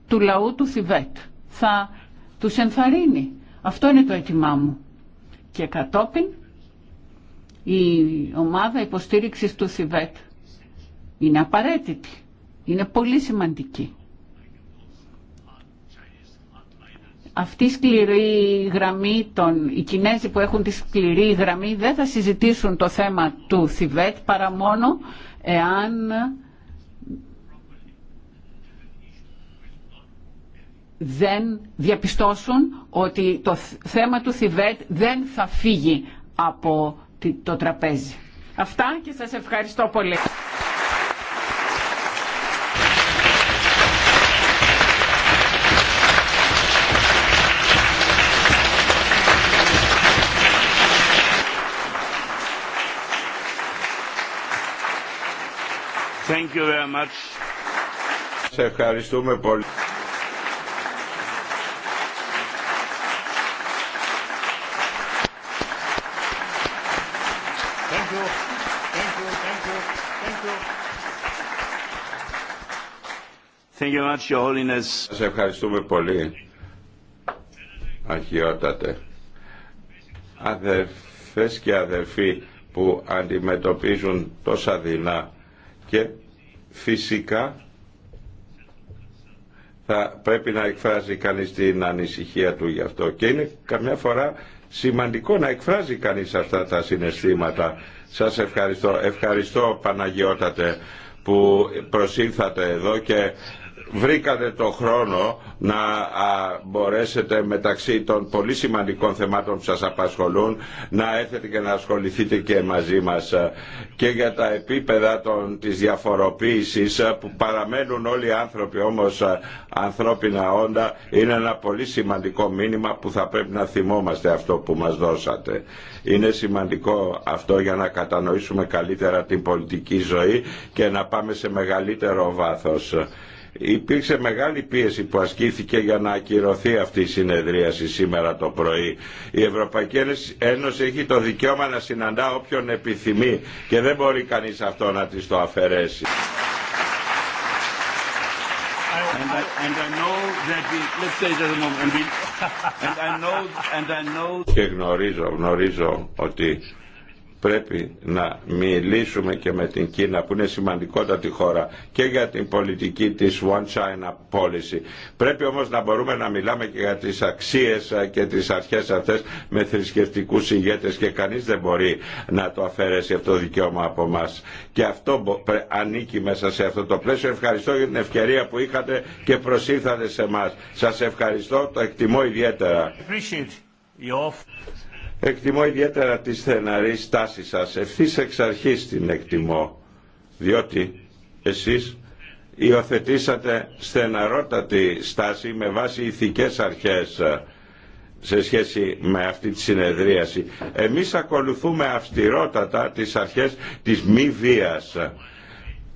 του λαού του Θιβέτ. Θα τους ενθαρρύνει. Αυτό είναι το αίτημά μου. Και κατόπιν η ομάδα υποστήριξης του Θιβέτ είναι απαραίτητη. Είναι πολύ σημαντική. αυτή η σκληρή γραμμή, των, οι Κινέζοι που έχουν τη σκληρή γραμμή δεν θα συζητήσουν το θέμα του Θιβέτ παρά μόνο εάν δεν διαπιστώσουν ότι το θέμα του Θιβέτ δεν θα φύγει από το τραπέζι. Αυτά και σας ευχαριστώ πολύ. Σε ευχαριστούμε πολύ. Thank ευχαριστούμε πολύ. Αρχιότατε. Αδερφές και αδερφοί που αντιμετωπίζουν τόσα δεινά και Φυσικά θα πρέπει να εκφράζει κανείς την ανησυχία του γι' αυτό και είναι καμιά φορά σημαντικό να εκφράζει κανείς αυτά τα συναισθήματα. Σας ευχαριστώ. Ευχαριστώ Παναγιώτατε που προσήλθατε εδώ και βρήκατε το χρόνο να μπορέσετε μεταξύ των πολύ σημαντικών θεμάτων που σας απασχολούν να έρθετε και να ασχοληθείτε και μαζί μας ε, και για τα επίπεδα των, της διαφοροποίησης ε, που παραμένουν όλοι οι άνθρωποι όμως ε, ανθρώπινα όντα είναι ένα πολύ σημαντικό μήνυμα που θα πρέπει να θυμόμαστε αυτό που μας δώσατε. Είναι σημαντικό αυτό για να κατανοήσουμε καλύτερα την πολιτική ζωή και να πάμε σε μεγαλύτερο βάθος. Υπήρξε μεγάλη πίεση που ασκήθηκε για να ακυρωθεί αυτή η συνεδρίαση σήμερα το πρωί. Η Ευρωπαϊκή Ένωση έχει το δικαίωμα να συναντά όποιον επιθυμεί και δεν μπορεί κανείς αυτό να της το αφαιρέσει. Και γνωρίζω, γνωρίζω ότι πρέπει να μιλήσουμε και με την Κίνα που είναι σημαντικότατη χώρα και για την πολιτική της One China Policy. Πρέπει όμως να μπορούμε να μιλάμε και για τις αξίες ε, και τις αρχές αυτές με θρησκευτικού ηγέτες και κανείς δεν μπορεί να το αφαιρέσει αυτό το δικαίωμα από εμά. Και αυτό ανήκει μέσα σε αυτό το πλαίσιο. Ευχαριστώ για την ευκαιρία που είχατε και προσήλθατε σε εμά. Σας ευχαριστώ, το εκτιμώ ιδιαίτερα. Εκτιμώ ιδιαίτερα τη στεναρή στάση σας. Ευθύς εξ αρχής την εκτιμώ. Διότι εσείς υιοθετήσατε στεναρότατη στάση με βάση ηθικές αρχές ε, σε σχέση με αυτή τη συνεδρίαση. Εμείς ακολουθούμε αυστηρότατα τις αρχές της μη βίας.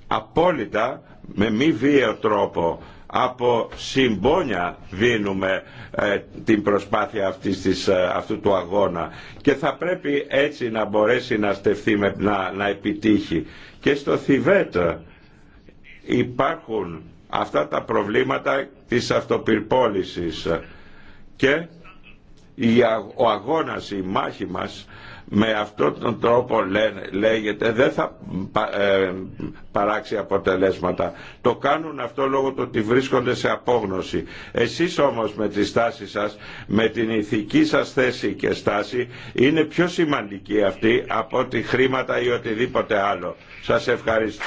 Απόλυτα με μη βίαιο τρόπο από συμπόνια δίνουμε ε, την προσπάθεια αυτής της, ε, αυτού του αγώνα και θα πρέπει έτσι να μπορέσει να στεφθεί, με, να, να επιτύχει. Και στο Θιβέτ ε, υπάρχουν αυτά τα προβλήματα της αυτοπυρπόλησης και ο αγώνας, η μάχη μας με αυτόν τον τρόπο λέγεται δεν θα ε, παράξει αποτελέσματα. Το κάνουν αυτό λόγω του ότι βρίσκονται σε απόγνωση. Εσείς όμως με τη στάση σας, με την ηθική σας θέση και στάση είναι πιο σημαντική αυτή από ότι χρήματα ή οτιδήποτε άλλο. Σας ευχαριστώ.